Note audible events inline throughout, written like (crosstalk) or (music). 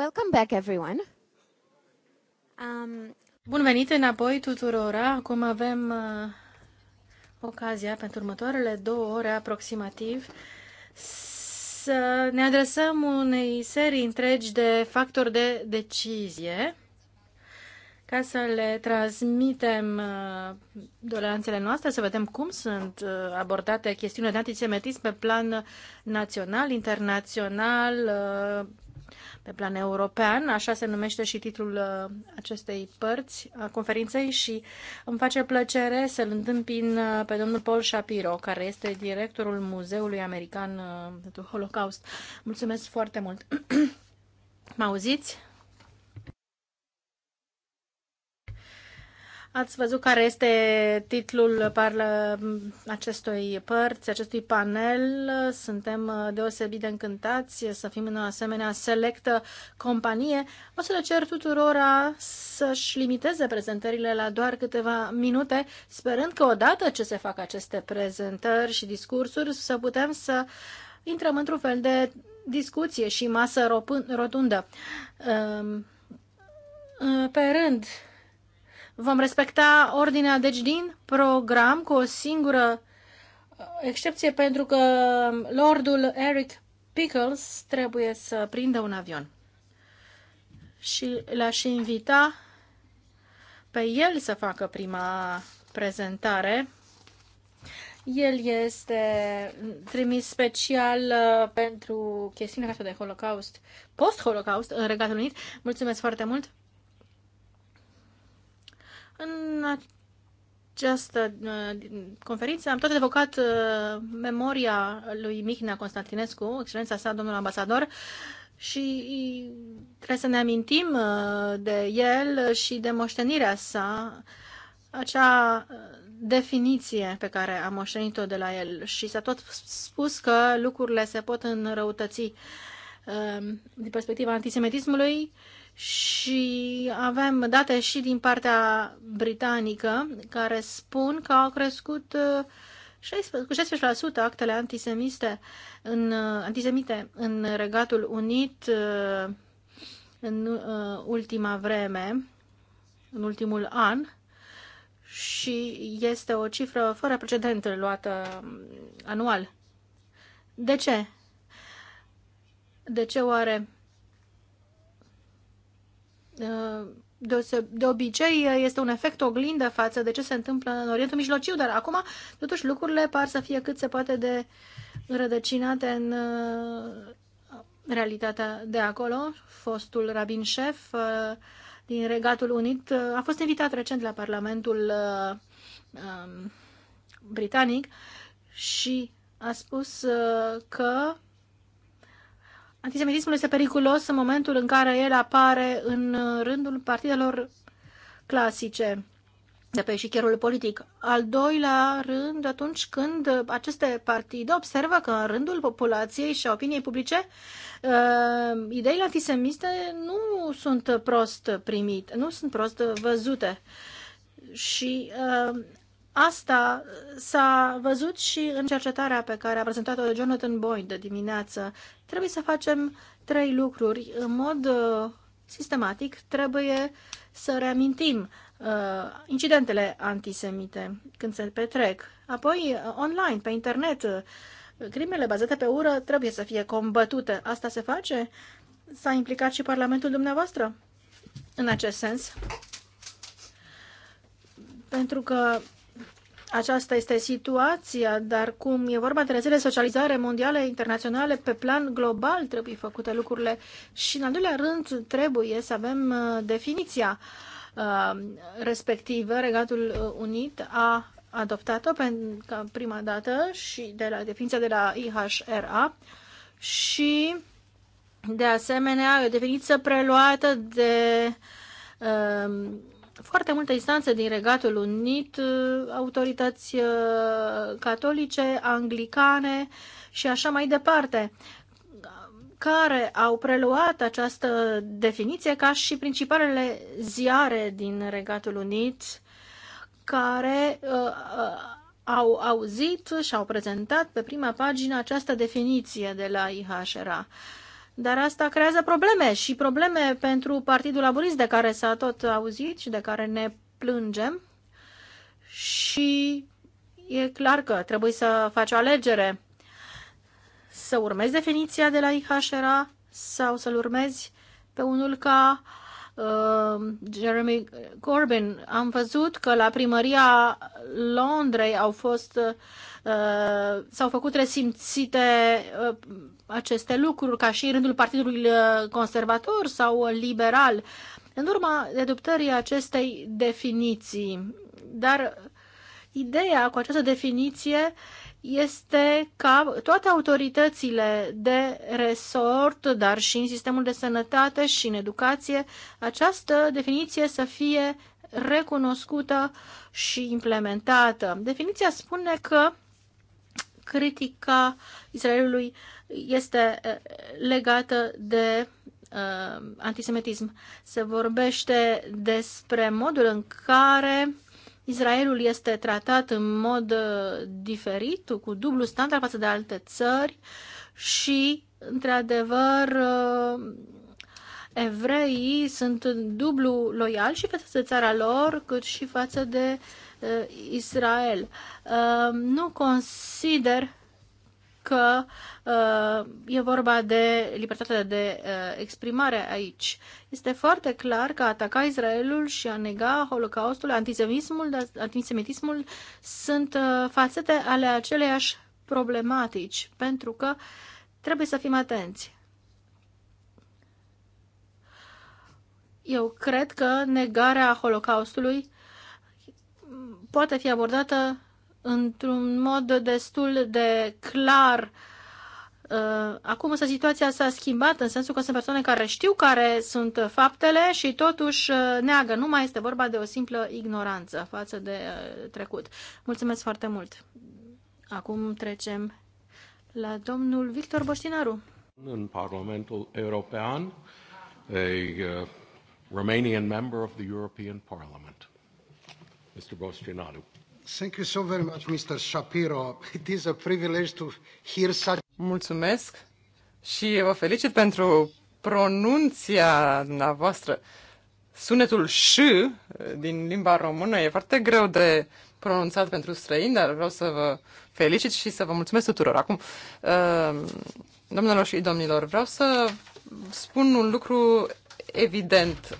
Welcome back, everyone. Um... Bun venit înapoi tuturora. Acum avem uh, ocazia pentru următoarele două ore aproximativ să ne adresăm unei serii întregi de factori de decizie ca să le transmitem uh, doleanțele noastre, să vedem cum sunt uh, abordate chestiunile de antisemitism pe plan național, internațional, uh, pe plan european, așa se numește și titlul uh, acestei părți a conferinței și îmi face plăcere să-l întâmpin uh, pe domnul Paul Shapiro, care este directorul Muzeului American uh, pentru Holocaust. Mulțumesc foarte mult! (clears throat) mă auziți? Ați văzut care este titlul parla acestui părți, acestui panel. Suntem uh, deosebit de încântați să fim în o asemenea selectă companie. O să le cer tuturora să-și limiteze prezentările la doar câteva minute, sperând că odată ce se fac aceste prezentări și discursuri, să putem să intrăm într-un fel de discuție și masă rotundă. Um, uh, pe rând, Vom respecta ordinea, deci, din program cu o singură uh, excepție pentru că um, Lordul Eric Pickles trebuie să prindă un avion. Și l-aș invita pe el să facă prima prezentare. El este trimis special uh, pentru chestiunea asta de Holocaust, post-Holocaust, în Regatul Unit. Mulțumesc foarte mult! În această uh, conferință am tot evocat uh, memoria lui Mihnea Constantinescu, excelența sa, domnul ambasador, și trebuie să ne amintim uh, de el și de moștenirea sa, acea definiție pe care am moștenit-o de la el și s-a tot spus că lucrurile se pot înrăutăți din perspectiva antisemitismului și avem date și din partea britanică care spun că au crescut uh, cu 16% actele antisemite în, uh, antisemite în Regatul Unit uh, în ultima vreme, în ultimul an și este o cifră fără precedent luată um, anual. De ce? De ce oare de obicei uh, este un efect oglindă față de ce se întâmplă în Orientul Mijlociu, dar acum totuși lucrurile par să fie cât se poate de rădăcinate în uh, realitatea de acolo. Fostul rabin șef uh, din Regatul Unit a fost invitat recent la Parlamentul um, Britanic și a spus că Antisemitismul este periculos în momentul în care el apare în rândul partidelor clasice de pe șicherul politic. Al doilea rând, atunci când aceste partide observă că în rândul populației și a opiniei publice, uh, ideile antisemiste nu sunt prost primite, nu sunt prost văzute. Și uh, Asta s-a văzut și în cercetarea pe care a prezentat-o Jonathan Boyd de dimineață. Trebuie să facem trei lucruri. În mod uh, sistematic trebuie să reamintim uh, incidentele antisemite când se petrec. Apoi, uh, online, pe internet, uh, crimele bazate pe ură trebuie să fie combătute. Asta se face? S-a implicat și Parlamentul dumneavoastră în acest sens? Pentru că aceasta este situația, dar cum e vorba de rețele socializare mondiale, internaționale, pe plan global trebuie făcute lucrurile și, în al doilea rând, trebuie să avem uh, definiția uh, respectivă. Regatul uh, Unit a adoptat-o pentru prima dată și de la definiția de la IHRA și, de asemenea, o definiție preluată de foarte multe instanțe din Regatul Unit, uh, autorități uh, catolice, anglicane și așa mai departe, care au preluat această definiție ca și principalele ziare din Regatul Unit, care uh, uh au auzit și au prezentat pe prima pagină această definiție de la IHRA. Uh, dar asta creează probleme și probleme pentru Partidul Laborist de care s-a tot auzit și de care ne plângem. Și e clar că trebuie să faci o alegere. Să urmezi definiția de la IHRA sau să-l urmezi pe unul ca uh, Jeremy Corbyn. Am văzut că la primăria Londrei au fost uh, Uh, s-au făcut resimțite uh, aceste lucruri ca și în rândul Partidului uh, Conservator sau Liberal în urma adoptării acestei definiții. Dar ideea cu această definiție este ca toate autoritățile de resort, dar și în sistemul de sănătate și în educație, această definiție să fie recunoscută și implementată. Definiția spune că critica Israelului este eh, legată de uh, antisemitism. Se vorbește despre modul în care Israelul este tratat în mod eh, diferit, cu dublu standard față de alte țări și, într-adevăr, uh, evreii sunt dublu loiali și față de țara lor, cât și față de uh, Uh, Israel. Uh, nu consider că uh, e vorba de libertatea de exprimare aici. Este foarte clar că a ataca Israelul și a nega Holocaustul, antisemitismul, antisemitismul sunt fațete ale aceleiași problematici, pentru că trebuie să fim atenți. Eu cred că negarea Holocaustului poate fi abordată într-un mod destul de clar. Uh, acum însă situația s-a schimbat în sensul că sunt persoane care știu care sunt faptele și totuși uh, neagă. Nu mai este vorba de o simplă ignoranță față de uh, trecut. Mulțumesc foarte mult! Acum trecem la domnul Victor Boștinaru. În Parlamentul European, a Romanian member of the European Parliament. Mr. Bostinaru. Thank you so very much, Mr. Shapiro. It is a privilege to hear such... Mulțumesc și vă felicit pentru pronunția voastră. Sunetul ș eh, din limba română e foarte greu de pronunțat pentru străini, dar vreau să vă felicit și să vă mulțumesc tuturor. Acum, eh, domnilor și domnilor, vreau să spun un lucru evident.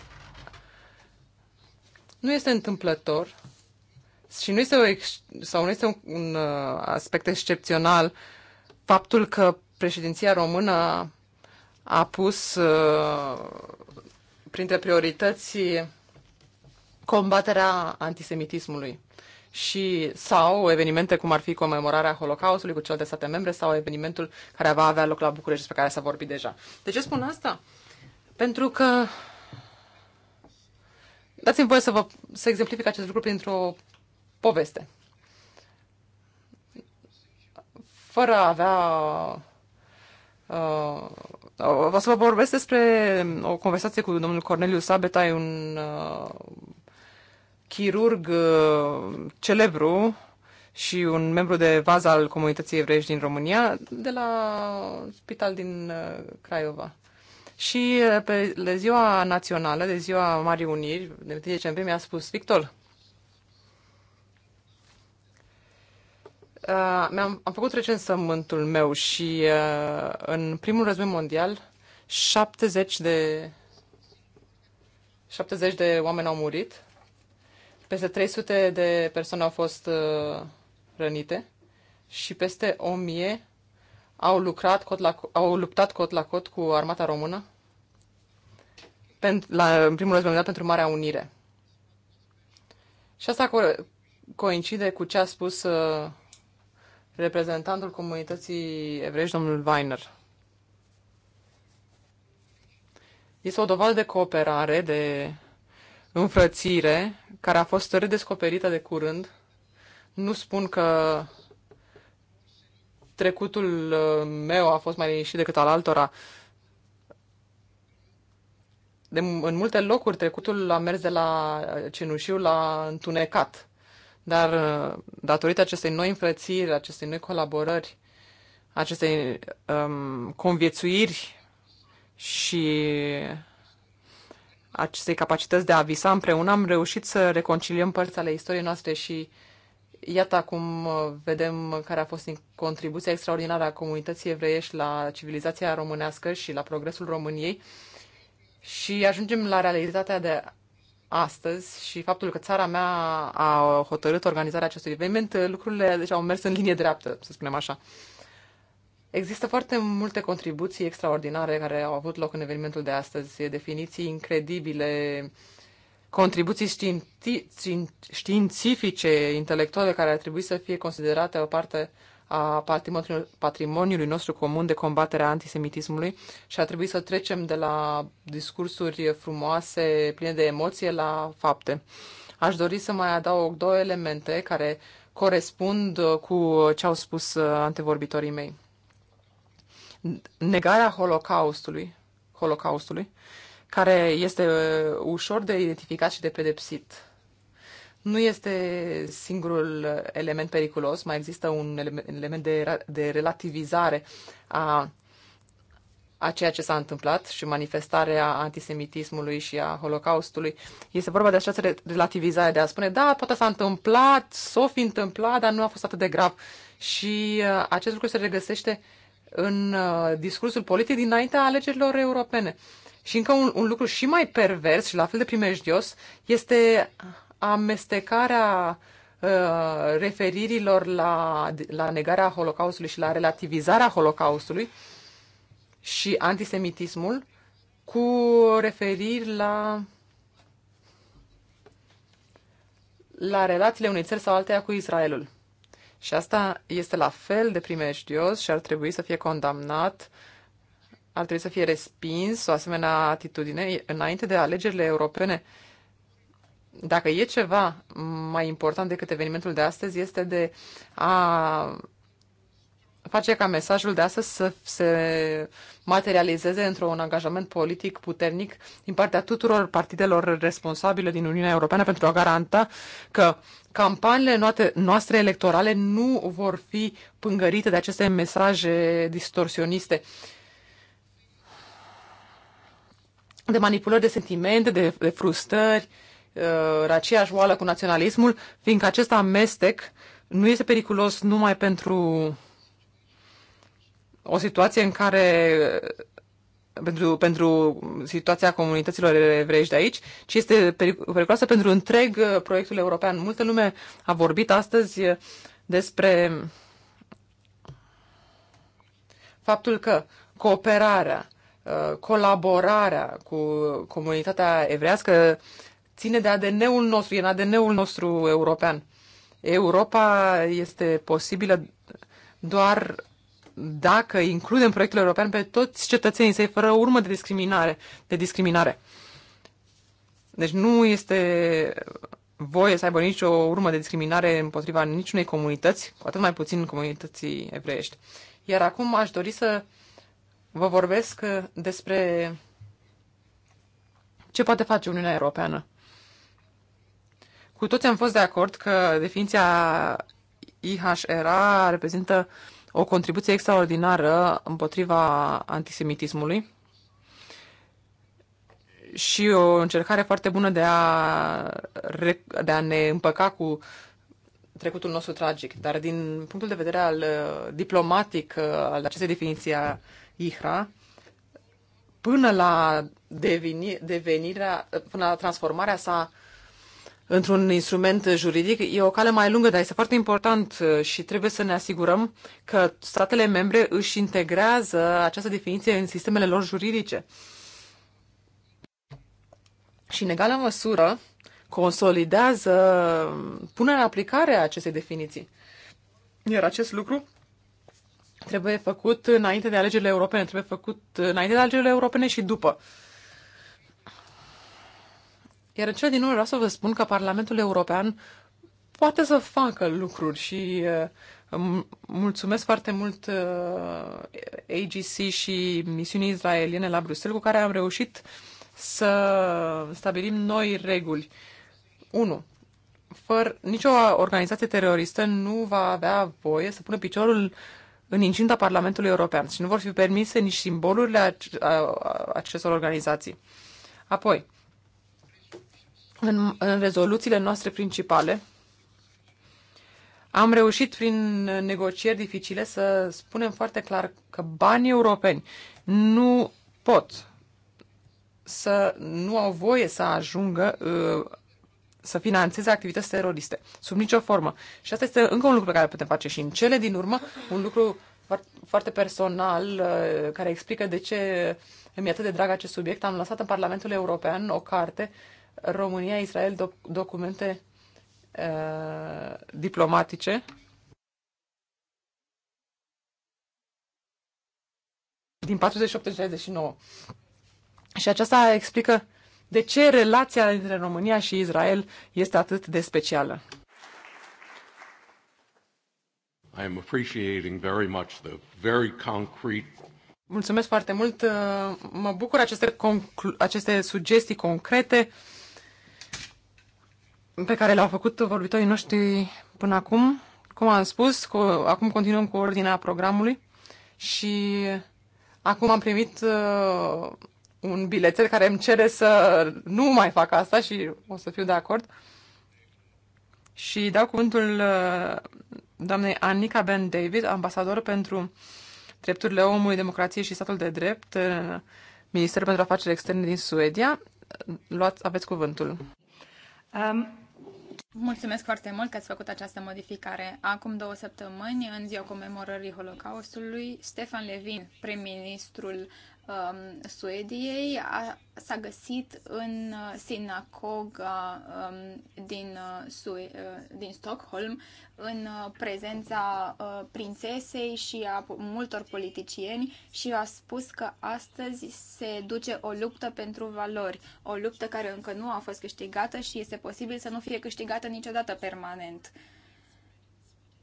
Nu este întâmplător și nu este, o ex- sau nu este un, un uh, aspect excepțional faptul că președinția română a pus uh, printre priorități combaterea antisemitismului și sau evenimente cum ar fi comemorarea Holocaustului cu celelalte state membre sau evenimentul care va avea loc la București despre care s-a vorbit deja. De ce spun asta? Pentru că Dați-mi voie să, vă, să exemplific acest lucru printr-o poveste. Fără a avea... Uh, o să vă vorbesc despre o conversație cu domnul Corneliu Sabeta, un uh, chirurg uh, celebru și un membru de vază al comunității evreiești din România, de la spital din uh, Craiova. Și eh, pe de ziua națională, de ziua Marii Uniri, de 1 decembrie, mi-a spus, Victor, Uh, mi-am, am făcut recensământul meu și uh, în primul război mondial 70 de 70 de oameni au murit, peste 300 de persoane au fost uh, rănite și peste 1000 au, lucrat cot la, au luptat cot la cot cu armata română? Pentru, la, în primul război mondial pentru Marea Unire. Și asta co- coincide cu ce a spus uh, reprezentantul comunității evreiești, domnul Weiner. Este o dovadă de cooperare, de înfrățire, care a fost redescoperită de curând. Nu spun că trecutul uh, meu a fost mai liniștit decât al altora. De, în multe locuri trecutul a mers de la cenușiu la întunecat. Dar uh, datorită acestei noi înfrățiri, acestei noi colaborări, acestei um, conviețuiri și acestei capacități de a visa împreună, am reușit să reconciliem părți ale istoriei noastre și uh, Iată acum uh, vedem care a fost contribuția extraordinară a comunității evreiești la civilizația românească și la progresul României și ajungem la realitatea de astăzi și faptul că țara mea a hotărât organizarea acestui eveniment, uh, lucrurile deja deci, au mers în linie dreaptă, să spunem așa. Există foarte multe contribuții extraordinare care au avut loc în evenimentul de astăzi, definiții incredibile contribuții științifice, intelectuale, care ar trebui să fie considerate o parte a patrimoniului, nostru comun de combatere a antisemitismului și ar trebui să trecem de la discursuri frumoase, pline de emoție, la fapte. Aș dori să mai adaug două elemente care corespund cu ce au spus antevorbitorii mei. Negarea Holocaustului, Holocaustului care este uh, ușor de identificat și de pedepsit. Nu este singurul element periculos, mai există un element de, de relativizare a, a ceea ce s-a întâmplat și manifestarea antisemitismului și a holocaustului. Este vorba de această relativizare de a spune, da, poate s-a întâmplat, s-o fi întâmplat, dar nu a fost atât de grav. Și uh, acest lucru se regăsește în uh, discursul politic dinaintea alegerilor europene. Și încă un, un lucru și mai pervers și la fel de primejdios este amestecarea uh, referirilor la, la negarea Holocaustului și la relativizarea Holocaustului și antisemitismul cu referiri la la relațiile unei țări sau alteia cu Israelul. Și asta este la fel de primejdios și ar trebui să fie condamnat uh, ar trebui să fie respins o asemenea atitudine înainte de alegerile europene. Dacă e ceva mai important decât evenimentul de astăzi, este de a face ca mesajul de astăzi să se materializeze într-un angajament politic puternic din partea tuturor partidelor responsabile din Uniunea Europeană pentru a garanta că campaniile noastre electorale nu vor fi pângărite de aceste mesaje distorsioniste. Uh, de manipulări de sentimente, de, de frustrări, uh, aceeași oală cu naționalismul, fiindcă acest amestec nu este periculos numai pentru o situație în care uh, pentru, pentru situația comunităților evreiești de aici, ci este periculoasă pentru întreg uh, proiectul european. Multă lume a vorbit astăzi uh, despre faptul că cooperarea, Uh, colaborarea cu comunitatea evrească ține de ADN-ul nostru, e în ADN-ul nostru european. Europa este posibilă doar dacă includem proiectul european pe toți cetățenii săi, fără urmă de discriminare. De discriminare. Deci nu este voie să aibă nicio urmă de discriminare împotriva niciunei comunități, cu atât mai puțin comunității evreiești. Iar acum aș dori să vă vorbesc uh, despre ce poate face Uniunea Europeană. Cu toți am fost de acord că definiția IHRA reprezintă o contribuție extraordinară împotriva antisemitismului și o încercare foarte bună de a, de a ne împăca cu trecutul nostru tragic. Dar din punctul de vedere al uh, diplomatic uh, al acestei definiții a IHRA, până la deveni, devenirea, până la transformarea sa într-un instrument juridic, e o cale mai lungă, dar este foarte important uh, și trebuie să ne asigurăm că statele membre își integrează această definiție în sistemele lor juridice. Și, în egală măsură, consolidează punerea în aplicare a acestei definiții. Iar acest lucru trebuie făcut înainte de alegerile europene, trebuie făcut înainte de alegerile europene și după. Iar în cele din urmă vreau să vă spun că Parlamentul European poate să facă lucruri și uh, mulțumesc foarte mult uh, AGC și misiunii israeliene la Bruxelles cu care am reușit să stabilim noi reguli. 1 fără nicio organizație teroristă nu va avea voie să pună piciorul în incinta Parlamentului European și nu vor fi permise nici simbolurile acestor organizații. Apoi, în, în rezoluțiile noastre principale, am reușit prin negocieri dificile să spunem foarte clar că banii europeni nu pot să nu au voie să ajungă uh, să financeze activități teroriste, sub nicio formă. Și asta este încă un lucru pe care putem face și în cele din urmă, un lucru foarte personal uh, care explică de ce mi-e atât de drag acest subiect. Am lansat în Parlamentul European o carte, România, Israel, doc- documente uh, diplomatice. Din 48-69. Și aceasta explică uh, de ce relația dintre România și Israel este atât de specială. I am appreciating very much the very concrete Mulțumesc foarte mult. Uh, mă bucur aceste, aceste sugestii concrete pe care le-au făcut vorbitorii noștri până acum. Cum am spus, cu, acum continuăm cu ordinea programului și acum am primit uh, un bilețel care îmi cere să nu mai fac asta și o să fiu de acord. Și dau cuvântul uh, doamnei Annika Ben David, ambasador pentru drepturile omului, democrație și statul de drept uh, Ministerul pentru Afaceri Externe din Suedia. Luați, aveți cuvântul. Um, mulțumesc foarte mult că ați făcut această modificare. Acum două săptămâni, în ziua comemorării Holocaustului, Stefan Levin, prim-ministrul um, Suediei a, s-a găsit în uh, sinagoga um, din, uh, uh din Stockholm în uh, prezența uh, prințesei și a multor politicieni și a spus că astăzi se duce o luptă pentru valori, o luptă care încă nu a fost câștigată și este posibil să nu fie câștigată niciodată permanent. Uh,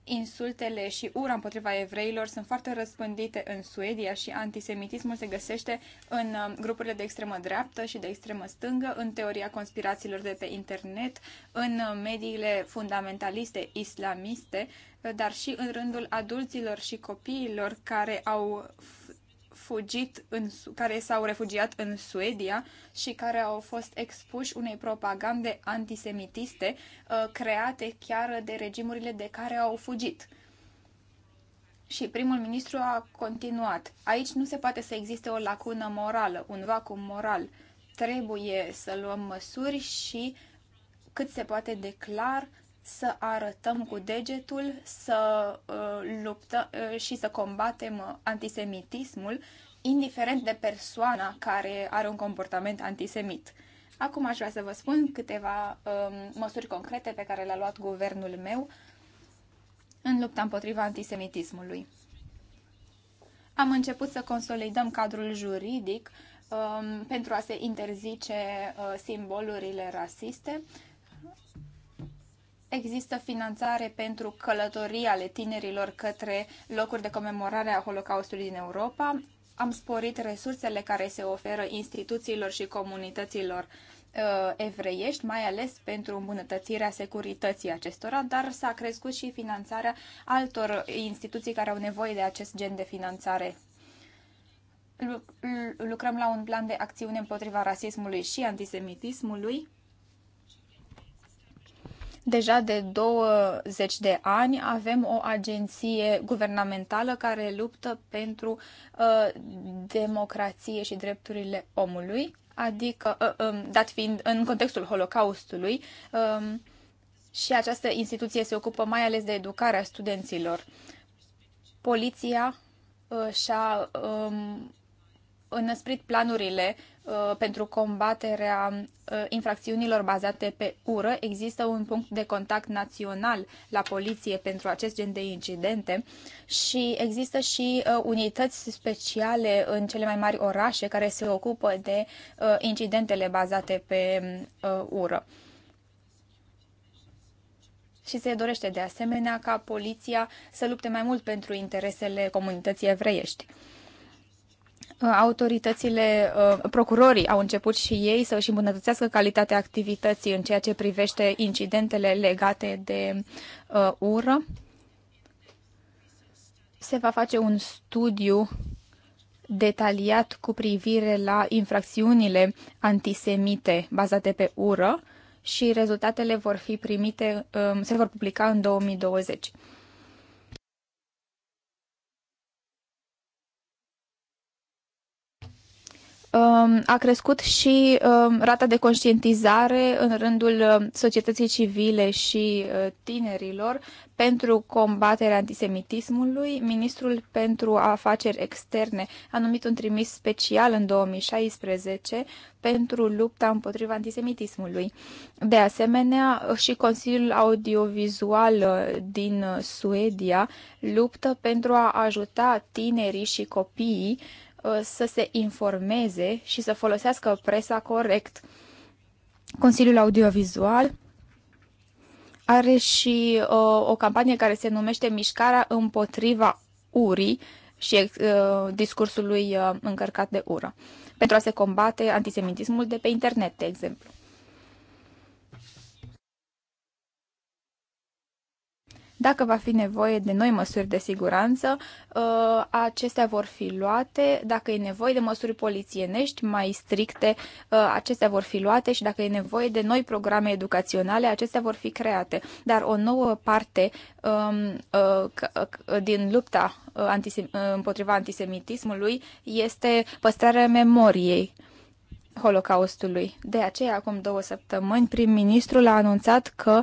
Insultele și ura împotriva evreilor sunt foarte răspândite în Suedia și antisemitismul se găsește în um, grupurile de extremă dreaptă și de extremă stângă, în teoria conspirațiilor de pe internet, în uh, mediile fundamentaliste islamiste, uh, dar și în rândul adulților și copiilor care au fugit în, care s-au refugiat în Suedia și care au fost expuși unei propagande antisemitiste uh, create chiar de regimurile de care au fugit. Și primul ministru a continuat. Aici nu se poate să existe o lacună morală, un vacuum moral. Trebuie să luăm măsuri și cât se poate de clar să arătăm cu degetul, să uh, luptăm uh, și să combatem uh, antisemitismul, indiferent de persoana care are un comportament antisemit. Acum aș vrea să vă spun câteva uh, măsuri concrete pe care le-a luat guvernul meu în lupta împotriva antisemitismului. Am început să consolidăm cadrul juridic um, pentru a se interzice uh, simbolurile rasiste există finanțare pentru călătorii ale tinerilor către locuri de comemorare a Holocaustului din Europa. Am sporit resursele care se oferă instituțiilor și comunităților uh, evreiești, mai ales pentru îmbunătățirea securității acestora, dar s-a crescut și finanțarea altor instituții care au nevoie de acest gen de finanțare. Lucrăm la un plan de acțiune împotriva rasismului și antisemitismului Deja de 20 de ani avem o agenție guvernamentală care luptă pentru uh, democrație și drepturile omului, adică, uh, um, dat fiind în contextul Holocaustului, um, și această instituție se ocupă mai ales de educarea studenților. Poliția uh, și-a um, înăsprit planurile uh, pentru combaterea uh, infracțiunilor bazate pe ură. Există un punct de contact național la poliție pentru acest gen de incidente și există și uh, unități speciale în cele mai mari orașe care se ocupă de incidentele bazate pe ură. Și se dorește de asemenea ca poliția să lupte mai mult pentru interesele comunității evreiești. Uh, autoritățile, uh, procurorii au început și ei să își îmbunătățească calitatea activității în ceea ce privește incidentele legate de uh, ură. Se va face un studiu detaliat cu privire la infracțiunile antisemite bazate pe ură și rezultatele vor fi primite, um, se vor publica în 2020. Um, a crescut și um, rata de conștientizare în rândul um, societății civile și uh, tinerilor pentru combaterea antisemitismului. Ministrul pentru afaceri externe a numit un trimis special în 2016 pentru lupta împotriva antisemitismului. De asemenea, și Consiliul Audiovizual uh, din uh, Suedia luptă pentru a ajuta tinerii și copiii uh, Uh, să se informeze și să folosească presa corect. Consiliul Audiovizual are și uh, o campanie care se numește Mișcarea împotriva urii și uh, discursului uh, încărcat de ură, pentru a se combate antisemitismul de pe internet, de exemplu. Dacă va fi nevoie de noi măsuri de siguranță, ă, acestea vor fi luate. Dacă e nevoie de măsuri polițienești mai stricte, ă, acestea vor fi luate și dacă e nevoie de noi programe educaționale, acestea vor fi create. Dar o nouă parte um, ă, din lupta împotriva antisemitismului este păstrarea memoriei. Holocaustului. De aceea, acum două săptămâni, prim-ministrul a anunțat că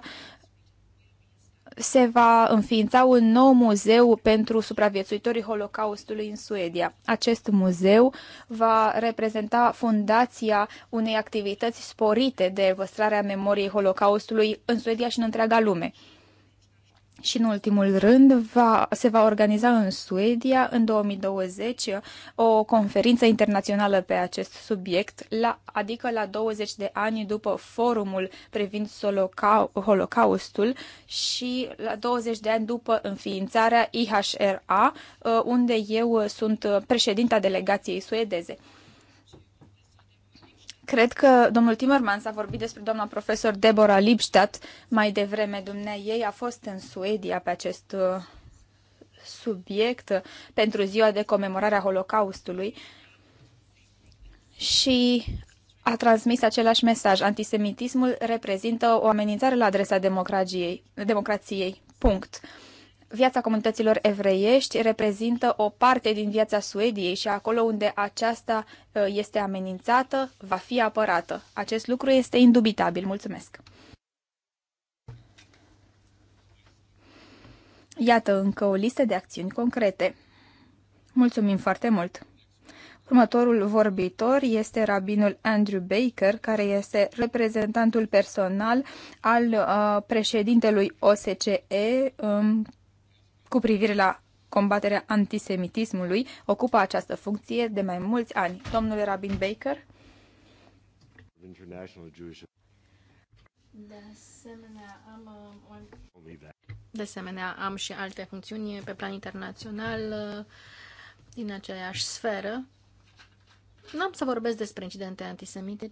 se va înființa un nou muzeu pentru supraviețuitorii Holocaustului în Suedia. Acest muzeu va reprezenta fundația unei activități sporite de păstrarea memoriei Holocaustului în Suedia și în întreaga lume. Și în ultimul rând, va, se va organiza în Suedia în 2020 o conferință internațională pe acest subiect, la, adică la 20 de ani după forumul privind Holocaustul și la 20 de ani după înființarea IHRA, uh, unde eu sunt președinta delegației suedeze. Cred că domnul Timmermans a vorbit despre doamna profesor Deborah Lipstadt mai devreme. Dumnea ei a fost în Suedia pe acest uh, subiect pentru ziua de comemorare a Holocaustului și a transmis același mesaj. Antisemitismul reprezintă o amenințare la adresa democrației. democrației. Punct. Viața comunităților evreiești reprezintă o parte din viața Suediei și acolo unde aceasta uh, este amenințată, va fi apărată. Acest lucru este indubitabil. Mulțumesc! Iată încă o listă de acțiuni concrete. Mulțumim foarte mult! Următorul vorbitor este rabinul Andrew Baker, care este reprezentantul personal al uh, președintelui OSCE, um, cu privire la combaterea antisemitismului ocupă această funcție de mai mulți ani. Domnule Rabin Baker? De asemenea, am, uh, de asemenea, am și alte funcțiuni pe plan internațional uh, din aceeași sferă. N-am să vorbesc despre incidente antisemite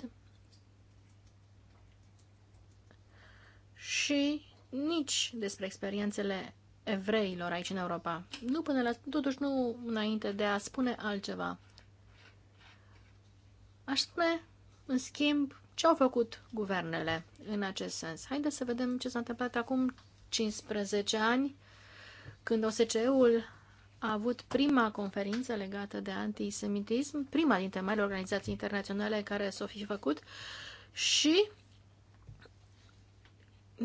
și nici despre experiențele evreilor aici în Europa. Nu până la, totuși nu înainte de a spune altceva. Aș spune, în schimb, ce au făcut guvernele în acest sens. Haideți să vedem ce s-a întâmplat acum 15 ani, când OSCE-ul a avut prima conferință legată de antisemitism, prima dintre mai organizații internaționale care s-o fi făcut și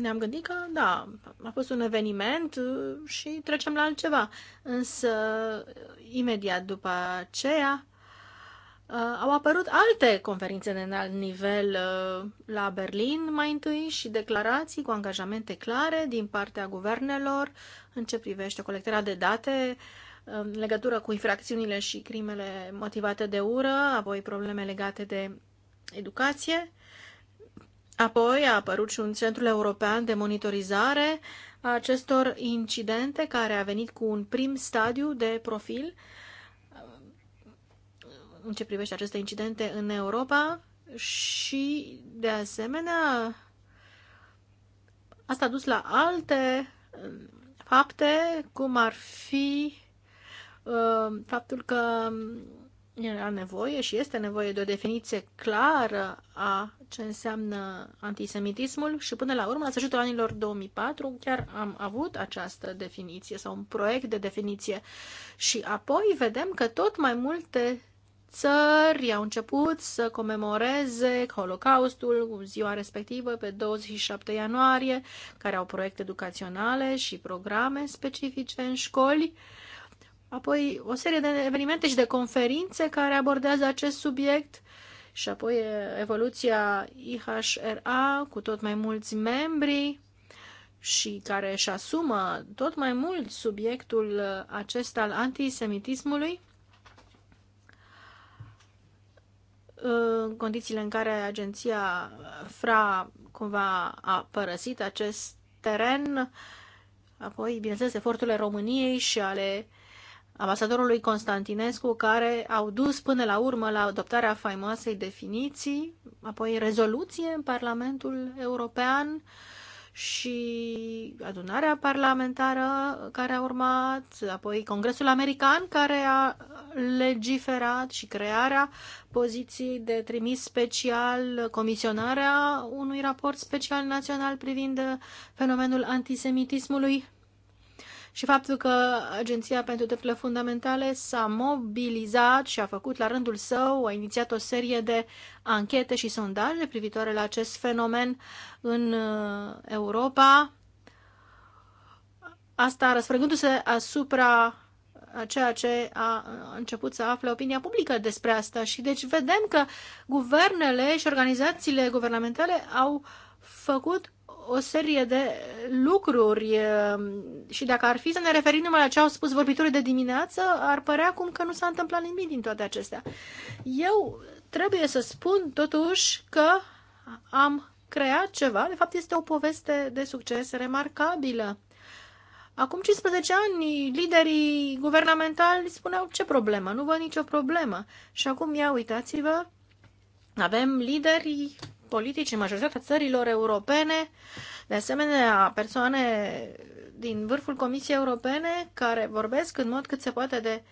ne-am gândit că, da, a fost un eveniment uh, și trecem la altceva. Însă, uh, imediat după aceea, uh, au apărut alte conferințe de înalt nivel la Berlin mai întâi și declarații cu angajamente clare din partea guvernelor în ce privește colectarea de date în legătură cu infracțiunile și crimele motivate de ură, apoi probleme legate de educație Apoi a apărut și un centru european de monitorizare a acestor incidente care a venit cu un prim stadiu de profil uh, în ce privește aceste incidente în Europa și, de asemenea, asta a dus la alte uh, fapte, cum ar fi uh, faptul că era nevoie și este nevoie de o definiție clară a ce înseamnă antisemitismul și până la urmă, la sfârșitul anilor 2004, chiar am avut această definiție sau un proiect de definiție și apoi vedem că tot mai multe țări au început să comemoreze Holocaustul, ziua respectivă, pe 27 ianuarie, care au proiecte educaționale și programe specifice în școli. Uh, apoi o serie de evenimente și de conferințe care abordează acest subiect și apoi evoluția IHRA cu tot mai mulți membri și care își asumă tot mai mult subiectul acesta al antisemitismului, în condițiile în care agenția FRA cumva a părăsit acest teren, apoi, bineînțeles, eforturile României și ale ambasadorului Constantinescu, care au dus până la urmă la adoptarea faimoasei definiții, apoi rezoluție în Parlamentul European și adunarea parlamentară care a urmat, apoi Congresul American care a legiferat și crearea poziției de trimis special, comisionarea unui raport special național privind fenomenul antisemitismului și faptul că Agenția pentru Drepturile Fundamentale s-a mobilizat și a făcut la rândul său, a inițiat o serie de anchete și sondaje privitoare la acest fenomen în uh, Europa, asta răsfrăgându-se asupra a ceea ce a început să afle opinia publică despre asta. Și deci vedem că guvernele și organizațiile guvernamentale au făcut o serie de lucruri și dacă ar fi să ne referim numai la ce au spus vorbitorii de dimineață, ar părea cum că nu s-a întâmplat nimic din toate acestea. Eu trebuie să spun totuși că am creat ceva, de fapt este o poveste de succes remarcabilă. Acum 15 ani, liderii guvernamentali spuneau ce problemă, nu văd nicio problemă. Și acum, ia uitați-vă, avem lideri politici în majoritatea țărilor europene, de asemenea persoane din vârful Comisiei Europene care vorbesc în mod cât se poate de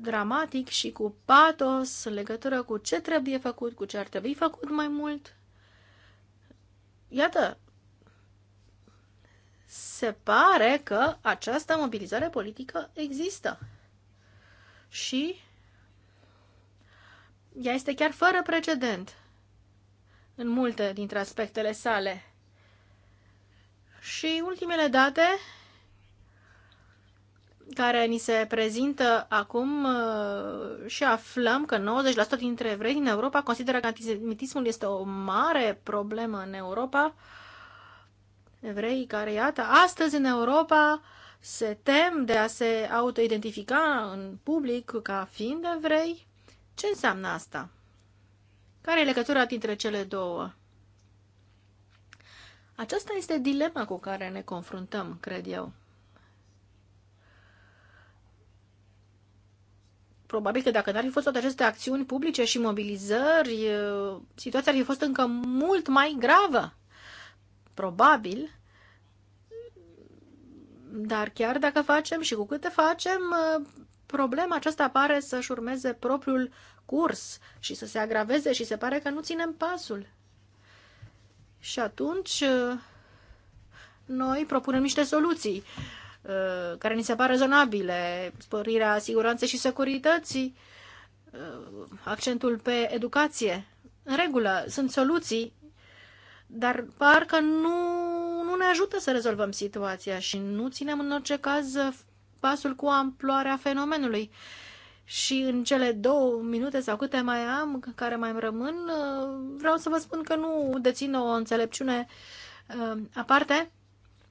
dramatic și cu patos în legătură cu ce trebuie făcut, cu ce ar trebui făcut mai mult. Iată, se pare că această mobilizare politică există. Și ea este chiar fără precedent în multe dintre aspectele sale. Și ultimele date care ni se prezintă acum uh, și aflăm că 90% dintre evrei din Europa consideră că antisemitismul este o mare problemă în Europa. Evrei care, iată, astăzi în Europa se tem de a se autoidentifica în public ca fiind evrei. Ce înseamnă asta? Care e legătura dintre cele două? Aceasta este dilema cu care ne confruntăm, cred eu. Probabil că dacă n-ar fi fost toate aceste acțiuni publice și mobilizări, uh, situația ar fi fost încă mult mai gravă. Probabil. Dar chiar dacă facem și cu câte facem, uh, problema aceasta pare să-și urmeze propriul curs și să se agraveze și se pare că nu ținem pasul. Și atunci noi propunem niște soluții uh, care ni se par rezonabile, sporirea siguranței și securității, uh, accentul pe educație. În regulă, sunt soluții, dar parcă nu, nu ne ajută să rezolvăm situația și nu ținem în orice caz pasul cu amploarea fenomenului. Și în cele două minute sau câte mai am, care mai rămân, uh, vreau să vă spun că nu dețin o înțelepciune uh, aparte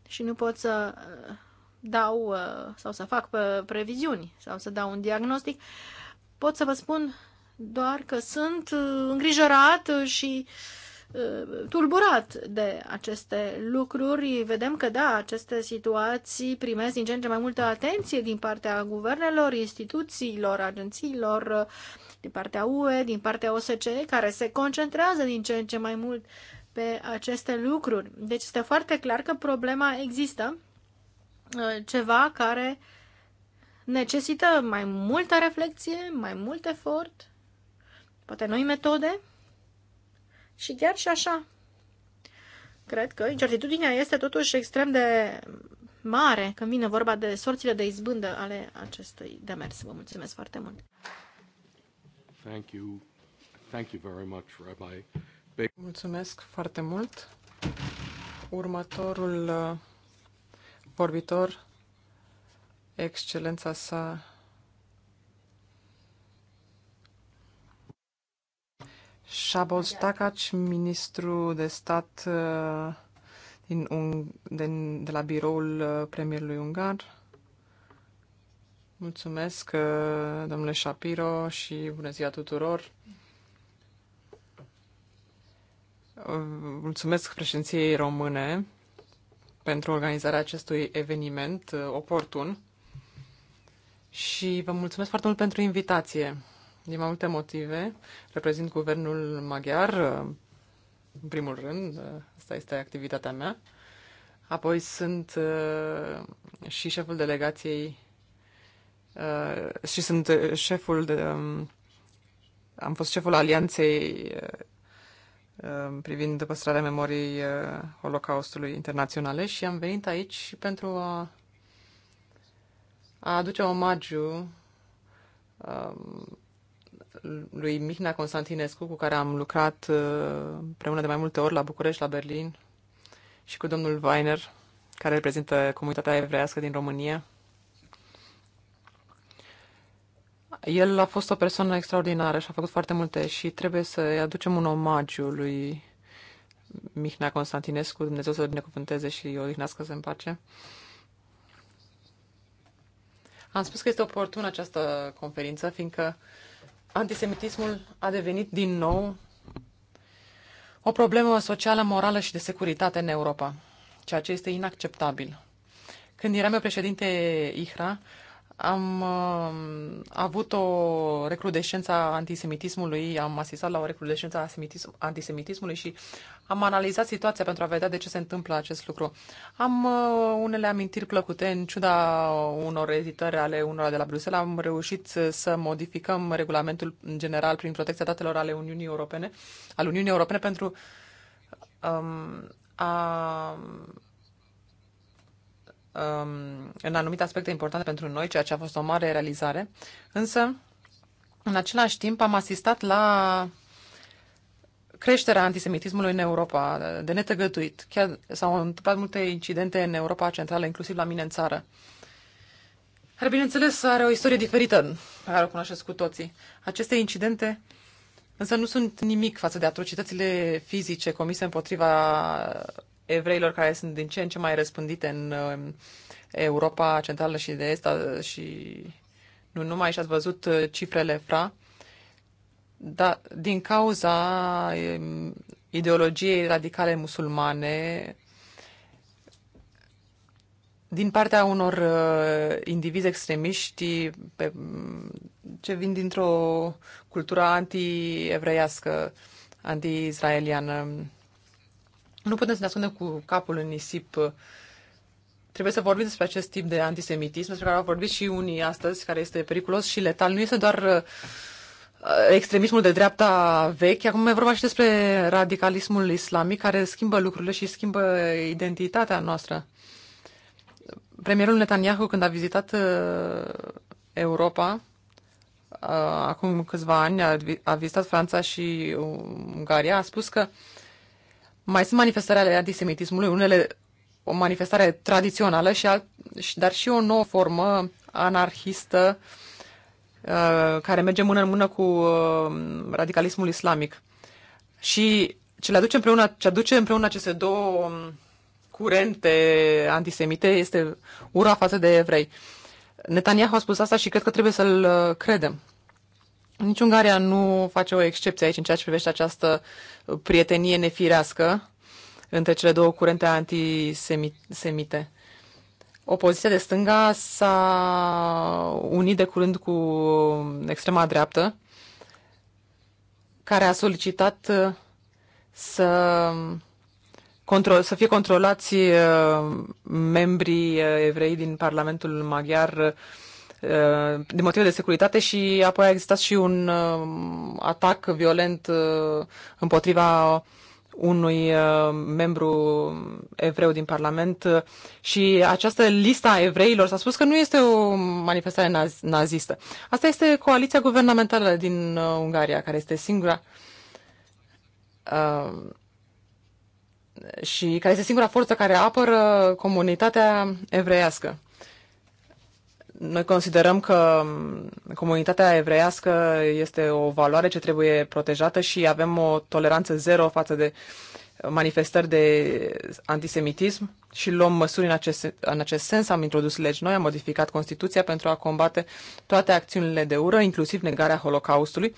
și nu pot să uh, dau sau să fac previziuni sau să dau un diagnostic. Pot să vă spun doar că sunt îngrijorat și uh, Uh, tulburat de aceste lucruri. Vedem că, da, aceste situații primesc din ce în ce mai multă atenție din partea guvernelor, instituțiilor, agențiilor, uh, din partea UE, din partea OSCE, care se concentrează din ce în ce mai mult pe aceste lucruri. Deci este foarte clar că problema există, uh, ceva care necesită mai multă reflexie, mai mult efort, poate noi metode, și chiar și așa, cred că incertitudinea este totuși extrem de mare când vine vorba de sorțile de izbândă ale acestui demers. Vă mulțumesc foarte mult! Thank you. Thank you very much, Rabbi. Mulțumesc foarte mult. Următorul uh, vorbitor, excelența sa, Szabolcs Takac, ministru de stat uh, din, din, de la biroul uh, premierului ungar. Mulțumesc, uh, domnule Shapiro, și bună ziua tuturor. Mulțumesc președinției române pentru organizarea acestui eveniment oportun și vă mulțumesc foarte mult pentru invitație din mai multe motive. Reprezint guvernul maghiar, în primul rând, asta este activitatea mea. Apoi sunt uh, și șeful delegației uh, și sunt uh, șeful de, um, am fost șeful alianței um, privind păstrarea memoriei Holocaustului internaționale și am venit aici pentru a, a aduce omagiu um, lui Mihnea Constantinescu, cu care am lucrat uh, împreună de mai multe ori la București, la Berlin, și cu domnul Weiner, care reprezintă comunitatea evreiască din România. El a fost o persoană extraordinară și a făcut foarte multe și trebuie să-i aducem un omagiu lui Mihnea Constantinescu, Dumnezeu să-l binecuvânteze și o odihnească să în pace. Am spus că este oportună această conferință, fiindcă uh, antisemitismul a devenit din nou o problemă socială, morală și de securitate în Europa, ceea ce este inacceptabil. Când eram eu președinte IHRA, am uh, avut o recrudescență a antisemitismului, am asistat la o recrudescență a antisemitismului și am analizat situația pentru a vedea de ce se întâmplă acest lucru. Am uh, unele amintiri plăcute, în ciuda unor editări ale unora de la Bruxelles, am reușit să modificăm regulamentul general prin protecția datelor ale Uniunii Europene, al Uniunii Europene pentru um, a Um, în anumite aspecte importante pentru noi, ceea ce a fost o mare realizare. Însă, în același timp, am asistat la creșterea antisemitismului în Europa, de netăgătuit. Chiar s-au întâmplat multe incidente în Europa Centrală, inclusiv la mine în țară. Dar, bineînțeles, are o istorie diferită, pe care o cunoașteți cu toții. Aceste incidente însă nu sunt nimic față de atrocitățile fizice comise împotriva evreilor care sunt din ce în ce mai răspândite în uh, Europa Centrală și de Est și nu numai, și ați văzut uh, cifrele FRA, dar din cauza um, ideologiei radicale musulmane, din partea unor uh, indivizi extremiști pe, ce vin dintr-o cultură anti-evreiască, anti israeliană nu putem să ne ascundem cu capul în nisip. Trebuie să vorbim despre acest tip de antisemitism, despre care au vorbit și unii astăzi, care este periculos și letal. Nu este doar uh, extremismul de dreapta vechi, acum e vorba și despre radicalismul islamic care schimbă lucrurile și schimbă identitatea noastră. Premierul Netanyahu, când a vizitat uh, Europa, uh, acum câțiva ani, a vizitat Franța și Ungaria, a spus că mai sunt manifestări ale antisemitismului, unele o manifestare tradițională, și alt, dar și o nouă formă anarhistă uh, care merge mână în mână cu uh, radicalismul islamic. Și ce, le aduce împreună, ce aduce împreună aceste două um, curente antisemite este ura față de evrei. Netanyahu a spus asta și cred că trebuie să-l uh, credem. Nici Ungaria nu face o excepție aici în ceea ce privește această uh, prietenie nefirească între cele două curente antisemite. Opoziția de stânga s-a unit de curând cu extrema dreaptă, care a solicitat uh, să, control, să fie controlați uh, membrii uh, evrei din Parlamentul Maghiar Uh, de motive de securitate și apoi a existat și un uh, atac violent uh, împotriva unui membru evreu din Parlament și această lista a evreilor s-a spus că nu este o manifestare nazistă. Asta este coaliția guvernamentală din Ungaria, care este singura și care este singura forță care apără comunitatea evreiască. Noi considerăm că comunitatea evreiască este o valoare ce trebuie protejată și avem o toleranță zero față de manifestări de antisemitism și luăm măsuri în acest, în acest sens. Am introdus legi noi, am modificat Constituția pentru a combate toate acțiunile de ură, inclusiv negarea Holocaustului.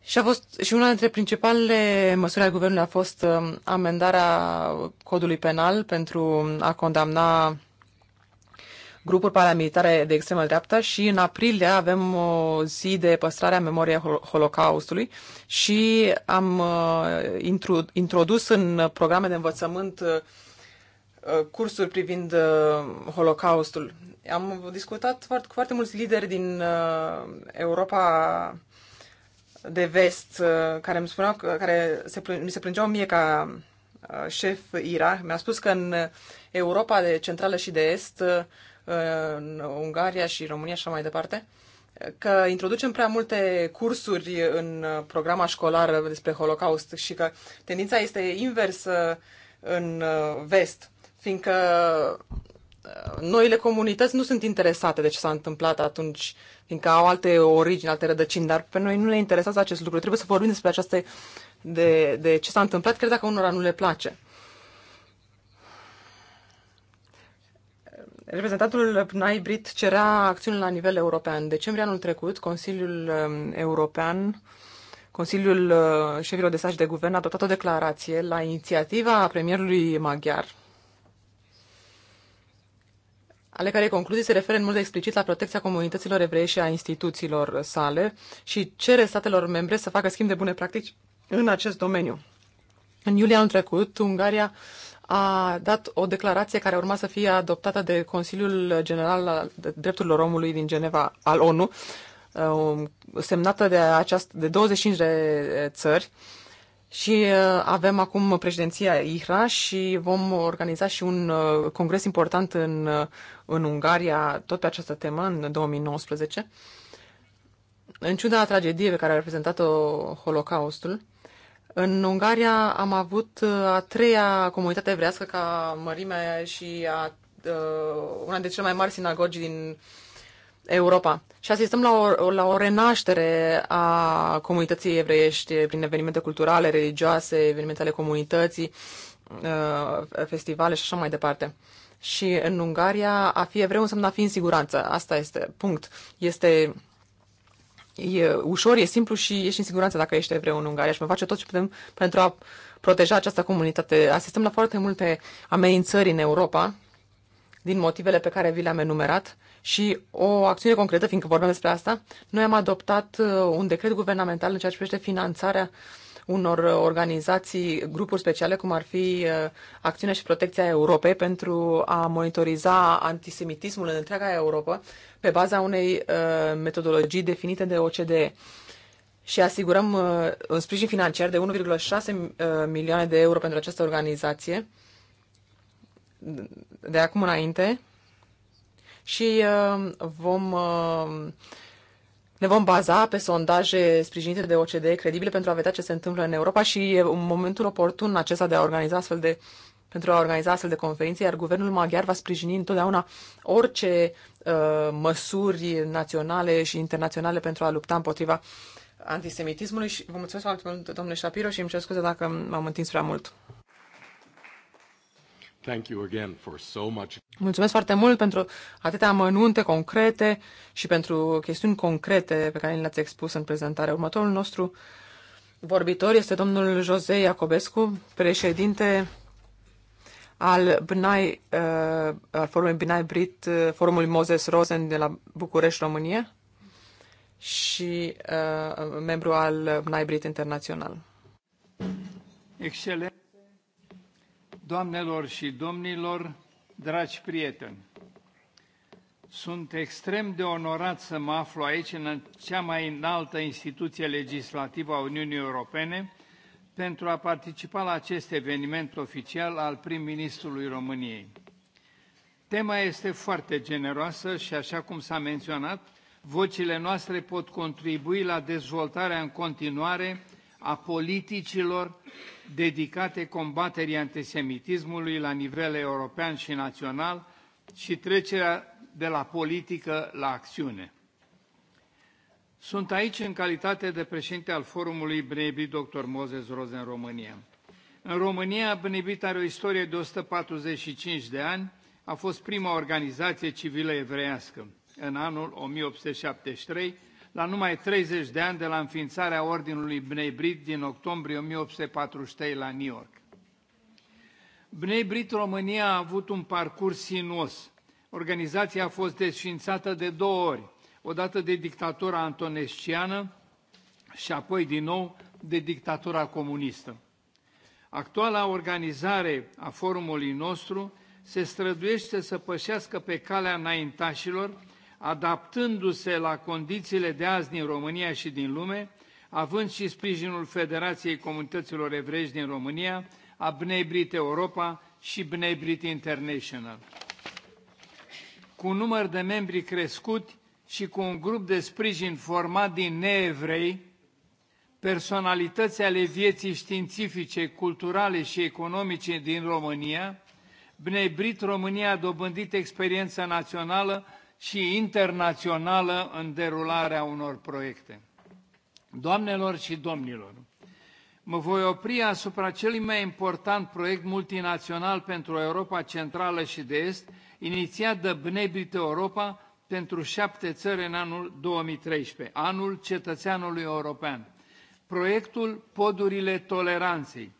Și, a fost, și una dintre principalele măsuri ale guvernului a fost amendarea codului penal pentru a condamna grupuri paramilitare de extremă dreaptă și în aprilie avem o zi de păstrare a memoriei Holocaustului și am uh, introdus în programe de învățământ uh, cursuri privind uh, Holocaustul. Am discutat foarte, cu foarte mulți lideri din Europa de vest care îmi spuneau, care se, mi se plângeau mie ca șef IRA, mi-a spus că în Europa de centrală și de est în Ungaria și România și așa mai departe, că introducem prea multe cursuri în programa școlară despre Holocaust și că tendința este inversă în vest, fiindcă uh, noile comunități nu sunt interesate de ce s-a întâmplat atunci, fiindcă au alte origini, alte rădăcini, dar pe noi nu ne interesează acest lucru. Trebuie să vorbim despre aceste de, de ce s-a întâmplat, cred dacă unora nu le place. Reprezentantul PNAI Brit cerea acțiuni la nivel european. În decembrie anul trecut, Consiliul um, European, Consiliul uh, șefilor de stat de guvern a adoptat o declarație la inițiativa premierului maghiar, ale cărei concluzii se referă în mod explicit la protecția comunităților evreie și a instituțiilor sale și cere statelor membre să facă schimb de bune practici în acest domeniu. În iulie anul trecut, Ungaria a dat o declarație care urma să fie adoptată de Consiliul General al Drepturilor Omului din Geneva al ONU, um, semnată de, aceast, de 25 de țări. Și avem acum președinția IHRA și vom organiza și un congres important în, în Ungaria, tot pe această temă, în 2019. În ciuda tragediei pe care a reprezentat-o Holocaustul, în Ungaria am avut uh, a treia comunitate evrească ca mărime și a, uh, una dintre cele mai mari sinagogi din Europa. Și asistăm la o, la o renaștere a comunității evreiești prin evenimente culturale, religioase, evenimente ale comunității, uh, festivale și așa mai departe. Și în Ungaria a fi evreu înseamnă a fi în siguranță. Asta este, punct. Este e ușor, e simplu și ești în siguranță dacă ești evreu în Ungaria și mă face tot ce putem pentru a proteja această comunitate. Asistăm la foarte multe amenințări în Europa din motivele pe care vi le-am enumerat și o acțiune concretă, fiindcă vorbim despre asta, noi am adoptat uh, un decret guvernamental în ceea ce privește finanțarea unor organizații, grupuri speciale, cum ar fi uh, Acțiunea și Protecția Europei, pentru a monitoriza antisemitismul în întreaga Europa pe baza unei uh, metodologii definite de OCDE și asigurăm uh, un sprijin financiar de 1,6 uh, milioane de euro pentru această organizație de acum înainte și uh, vom uh, ne vom baza pe sondaje sprijinite de OCDE credibile pentru a vedea ce se întâmplă în Europa și e un momentul oportun acesta de a organiza astfel de uh, pentru a organiza astfel de conferințe, iar guvernul maghiar va sprijini întotdeauna orice uh, măsuri naționale și internaționale pentru a lupta împotriva antisemitismului. Și vă mulțumesc foarte mult, domnule Shapiro, și îmi cer scuze dacă m-am întins prea mult. Thank you again for so much. Mulțumesc foarte mult pentru atâtea amănunte concrete și pentru chestiuni concrete pe care le-ați expus în prezentare. Următorul nostru vorbitor este domnul Jose Iacobescu, președinte al Bnai, uh, al forumului Bnai Brit, uh, forumului Moses Rosen de la București, România și uh, membru al Bnai Brit Internațional. Excelent! Doamnelor și domnilor, dragi prieteni, sunt extrem de onorat să mă aflu aici, în cea mai înaltă instituție legislativă a Uniunii Europene, pentru a participa la acest eveniment oficial al prim-ministrului României. Tema este foarte generoasă și, așa cum s-a menționat, vocile noastre pot contribui la dezvoltarea în continuare a politicilor dedicate combaterii antisemitismului la nivel european și național și trecerea de la politică la acțiune. Sunt aici în calitate de președinte al forumului Bnebit Dr. Moses în România. În România, Bnebit are o istorie de 145 de ani, a fost prima organizație civilă evreiască. În anul 1873, la numai 30 de ani de la înființarea Ordinului Bnei Brit din octombrie 1843 la New York. Bnei Brit România a avut un parcurs sinuos. Organizația a fost desfințată de două ori, odată de dictatura antonesciană și apoi din nou de dictatura comunistă. Actuala organizare a forumului nostru se străduiește să pășească pe calea înaintașilor, adaptându-se la condițiile de azi din România și din lume, având și sprijinul Federației Comunităților Evrești din România, a Bnebrit Europa și Bnebrit International. Cu număr de membri crescut, și cu un grup de sprijin format din neevrei, personalități ale vieții științifice, culturale și economice din România, Bnebrit România a dobândit experiență națională și internațională în derularea unor proiecte. Doamnelor și domnilor, mă voi opri asupra celui mai important proiect multinațional pentru Europa Centrală și de Est, inițiat de Bnebrit Europa, pentru șapte țări în anul 2013, anul cetățeanului european. Proiectul Podurile Toleranței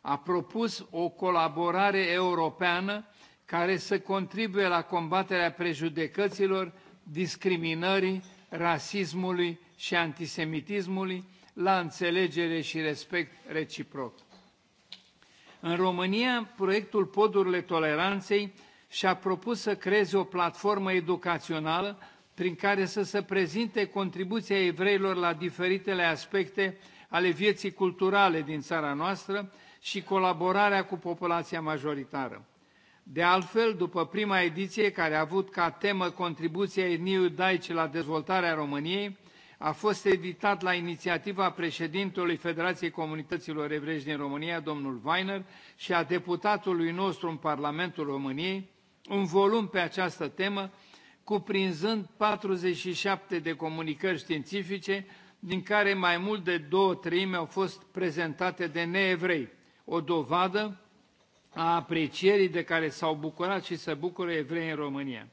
a propus o colaborare europeană care să contribuie la combaterea prejudecăților, discriminării, rasismului și antisemitismului, la înțelegere și respect reciproc. În România, proiectul Podurile Toleranței și a propus să creeze o platformă educațională prin care să se prezinte contribuția evreilor la diferitele aspecte ale vieții culturale din țara noastră și colaborarea cu populația majoritară. De altfel, după prima ediție, care a avut ca temă contribuția etniei iudaice la dezvoltarea României, a fost editat la inițiativa președintelui Federației Comunităților Evrești din România, domnul Weiner, și a deputatului nostru în Parlamentul României, un volum pe această temă, cuprinzând 47 de comunicări științifice, din care mai mult de două treimi au fost prezentate de neevrei, o dovadă a aprecierii de care s-au bucurat și se bucură evrei în România.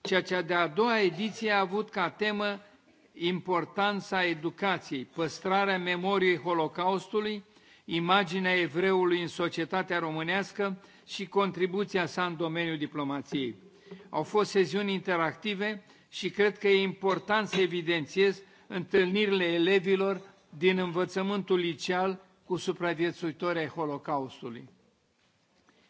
Ceea ce de-a doua ediție a avut ca temă importanța educației, păstrarea memoriei Holocaustului, imaginea evreului în societatea românească și contribuția sa în domeniul diplomației. Au fost sesiuni interactive și cred că e important să evidențiez întâlnirile elevilor din învățământul liceal cu supraviețuitori ai Holocaustului.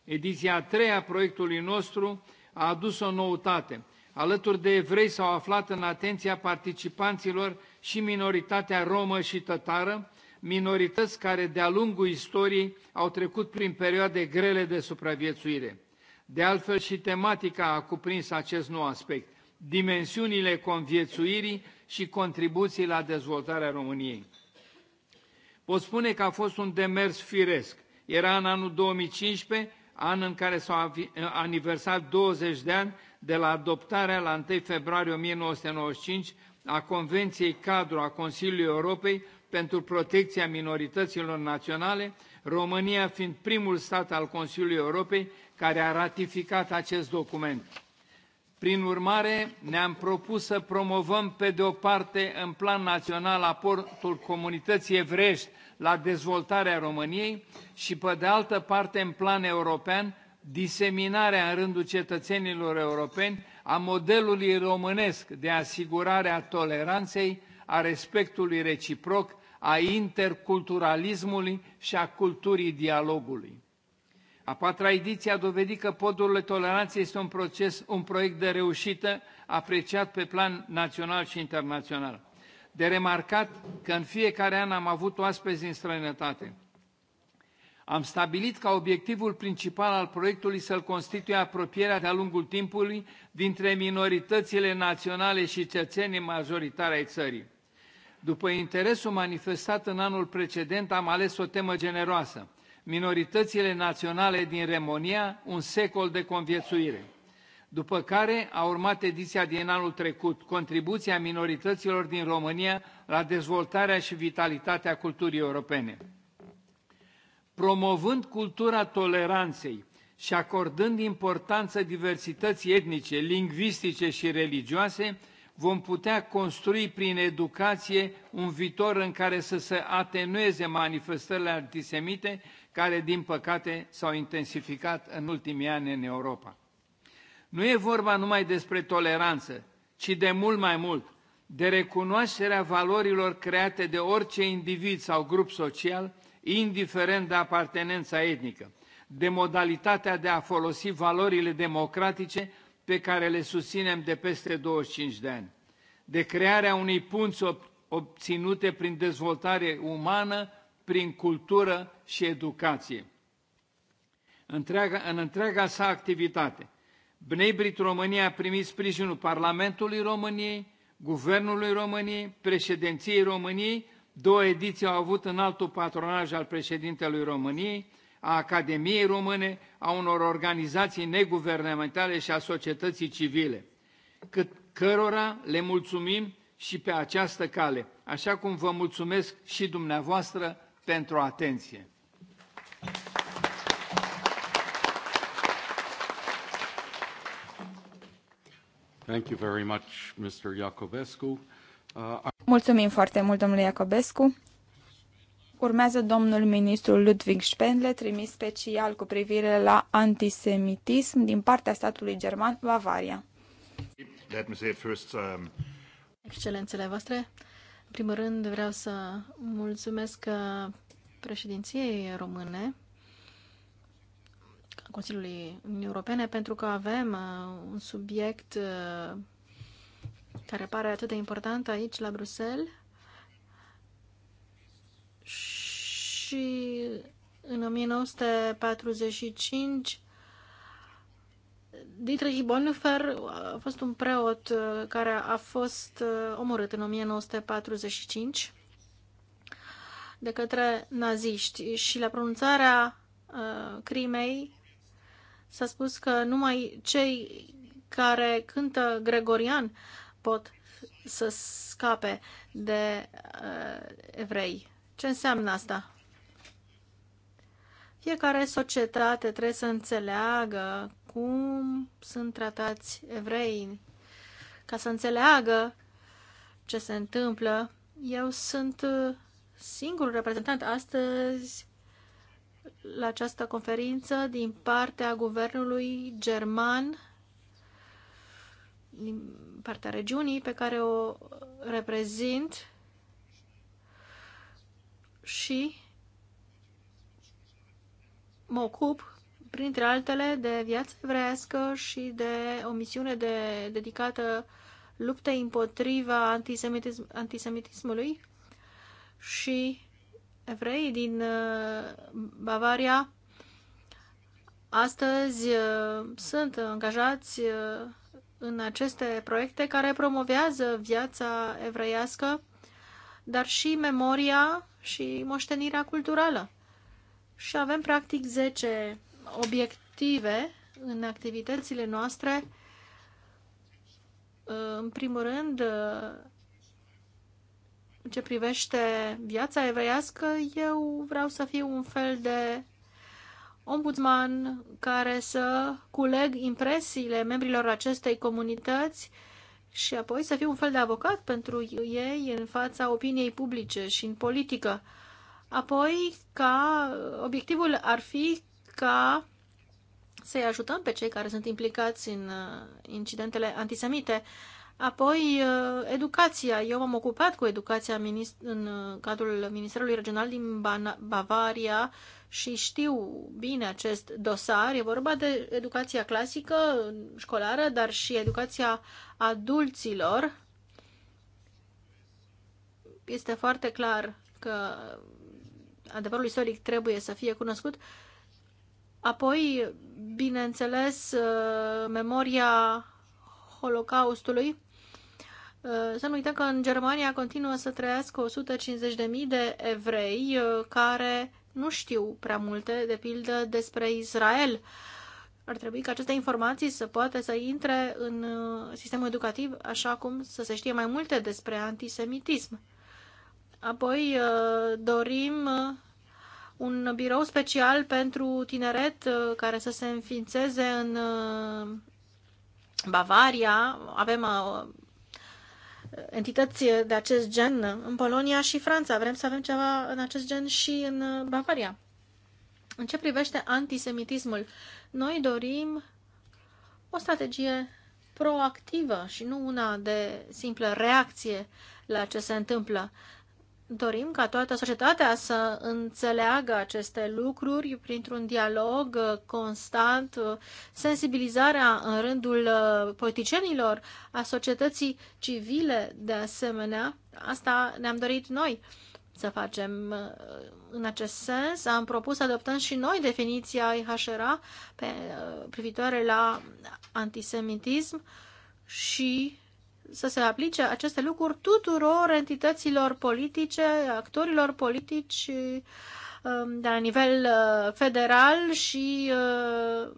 Ediția a treia proiectului nostru a adus o noutate. Alături de evrei s-au aflat în atenția participanților și minoritatea romă și tătară, minorități care de-a lungul istoriei au trecut prin perioade grele de supraviețuire. De altfel și tematica a cuprins acest nou aspect, dimensiunile conviețuirii și contribuții la dezvoltarea României. Pot spune că a fost un demers firesc. Era în anul 2015, an în care s-au aniversat 20 de ani de la adoptarea la 1 februarie 1995 a Convenției Cadru a Consiliului Europei pentru protecția minorităților naționale, România fiind primul stat al Consiliului Europei care a ratificat acest document. Prin urmare, ne-am propus să promovăm, pe de o parte, în plan național aportul comunității evrești la dezvoltarea României și, pe de altă parte, în plan european, diseminarea în rândul cetățenilor europeni a modelului românesc de asigurare a toleranței, a respectului reciproc, a interculturalismului și a culturii dialogului. A patra ediție a dovedit că Podurile Toleranței este un proces, un proiect de reușită apreciat pe plan național și internațional. De remarcat că în fiecare an am avut oaspeți din străinătate. Am stabilit ca obiectivul principal al proiectului să-l constituie apropierea de-a lungul timpului dintre minoritățile naționale și cetățenii majoritari ai țării. După interesul manifestat în anul precedent, am ales o temă generoasă. Minoritățile naționale din Remonia, un secol de conviețuire. După care a urmat ediția din anul trecut, contribuția minorităților din România la dezvoltarea și vitalitatea culturii europene. Promovând cultura toleranței și acordând importanță diversității etnice, lingvistice și religioase, vom putea construi prin educație un viitor în care să se atenueze manifestările antisemite care, din păcate, s-au intensificat în ultimii ani în Europa. Nu e vorba numai despre toleranță, ci de mult mai mult, de recunoașterea valorilor create de orice individ sau grup social, indiferent de apartenența etnică, de modalitatea de a folosi valorile democratice pe care le susținem de peste 25 de ani, de crearea unei punți obținute prin dezvoltare umană, prin cultură și educație. Întreaga, în întreaga sa activitate, Bneibrit România a primit sprijinul Parlamentului României, Guvernului României, președinției României, două ediții au avut în altul patronaj al președintelui României, a Academiei Române, a unor organizații neguvernamentale și a societății civile, cât cărora le mulțumim și pe această cale, așa cum vă mulțumesc și dumneavoastră pentru atenție. Thank you very much, Mr. Iacobescu. Uh, Mulțumim foarte mult, domnule Iacobescu. Urmează domnul ministru Ludwig Spendle, trimis special cu privire la antisemitism din partea statului german Bavaria. First, um... Excelențele voastre, în primul rând vreau să mulțumesc uh, președinției române a Consiliului Uniunii Europene pentru că avem uh, un subiect uh, care pare atât de important aici la Bruxelles și în 1945 Dietrich Bonhoeffer a fost un preot uh, care a fost uh, omorât în 1945 de către naziști și la pronunțarea uh, crimei s-a spus că numai cei care cântă gregorian pot să scape de uh, evrei. Ce înseamnă asta? Fiecare societate trebuie să înțeleagă cum sunt tratați evreii. Ca să înțeleagă ce se întâmplă, eu sunt singurul reprezentant astăzi la această conferință din partea guvernului german, din partea regiunii pe care o reprezint și mă ocup, printre altele, de viața evrească și de o misiune de, dedicată luptei împotriva antisemitism, antisemitismului și evrei din uh, Bavaria astăzi uh, sunt angajați uh, în aceste proiecte care promovează viața evreiască dar și memoria și moștenirea culturală. Și avem practic 10 obiective în activitățile noastre. În primul rând, în ce privește viața evreiască, eu vreau să fiu un fel de ombudsman care să culeg impresiile membrilor acestei comunități și apoi să fiu un fel de avocat pentru ei în fața opiniei publice și în politică. Apoi, ca obiectivul ar fi ca să-i ajutăm pe cei care sunt implicați în uh, incidentele antisemite. Apoi, uh, educația. Eu m-am ocupat cu educația în uh, cadrul Ministerului Regional din Bavaria și știu bine acest dosar. E vorba de educația clasică, școlară, dar și educația adulților. Este foarte clar că adevărul istoric trebuie să fie cunoscut. Apoi, bineînțeles, uh, memoria Holocaustului. Uh, să nu uităm că în Germania continuă să trăiască 150.000 de evrei uh, care nu știu prea multe, de pildă, despre Israel. Ar trebui ca aceste informații să poată să intre în uh, sistemul educativ, așa cum să se știe mai multe despre antisemitism. Apoi uh, dorim uh, un birou special pentru tineret care să se înființeze în Bavaria. Avem entități de acest gen în Polonia și Franța. Vrem să avem ceva în acest gen și în uh, Bavaria. În ce privește antisemitismul, noi dorim o strategie proactivă și nu una de simplă reacție la ce se întâmplă dorim ca toată societatea să înțeleagă aceste lucruri printr-un dialog uh, constant, uh, sensibilizarea în rândul uh, politicienilor, a societății civile de asemenea. Asta ne-am dorit noi să facem în acest sens. Am propus să adoptăm și noi definiția IHRA pe, privitoare la antisemitism și să se aplice aceste lucruri tuturor entităților politice, actorilor politici um, de la nivel uh, federal și uh,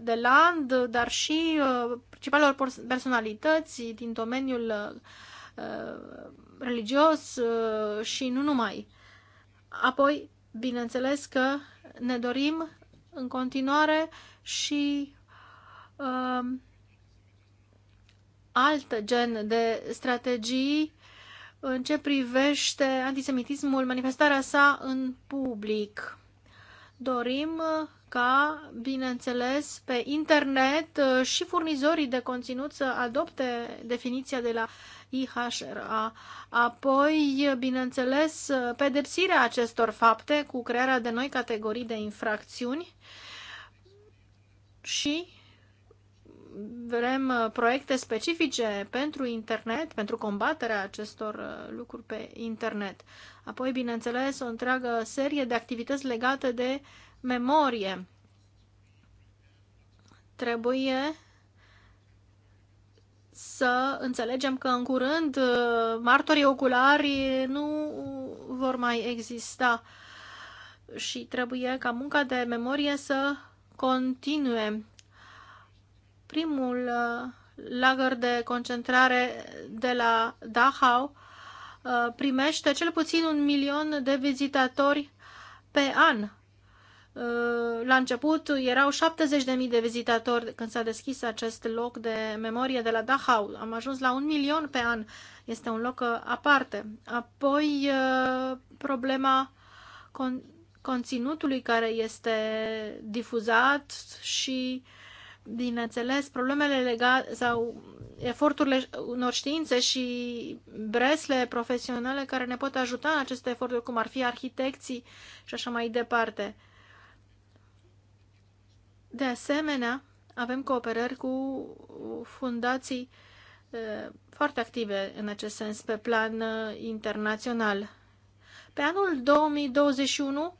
de land, dar și uh, principalelor personalități din domeniul religios și nu numai. Apoi, bineînțeles că ne dorim în continuare și um, alt gen de strategii în ce privește antisemitismul, manifestarea sa în public. Dorim uh, ca, bineînțeles, pe internet uh, și furnizorii de conținut să adopte definiția de la IHRA. Apoi, bineînțeles, uh, pedepsirea acestor fapte cu crearea de noi categorii de infracțiuni și vrem uh, proiecte specifice pentru internet, pentru combaterea acestor uh, lucruri pe internet. Apoi, bineînțeles, o întreagă serie de activități legate de memorie. Trebuie să înțelegem că în curând uh, martorii oculari nu vor mai exista și trebuie ca munca de memorie să continue. Primul uh, lagăr de concentrare de la Dachau uh, primește cel puțin un milion de vizitatori pe an. Uh, la început erau 70.000 de vizitatori când s-a deschis acest loc de memorie de la Dachau. Am ajuns la un milion pe an. Este un loc aparte. Apoi problema con- conținutului care este difuzat și uh, bineînțeles, problemele legate sau eforturile unor științe și bresle profesionale care ne pot ajuta în aceste eforturi, cum ar fi arhitecții și așa mai departe. De asemenea, avem cooperări cu fundații eh, foarte active în acest sens pe plan eh, internațional. Pe anul 2021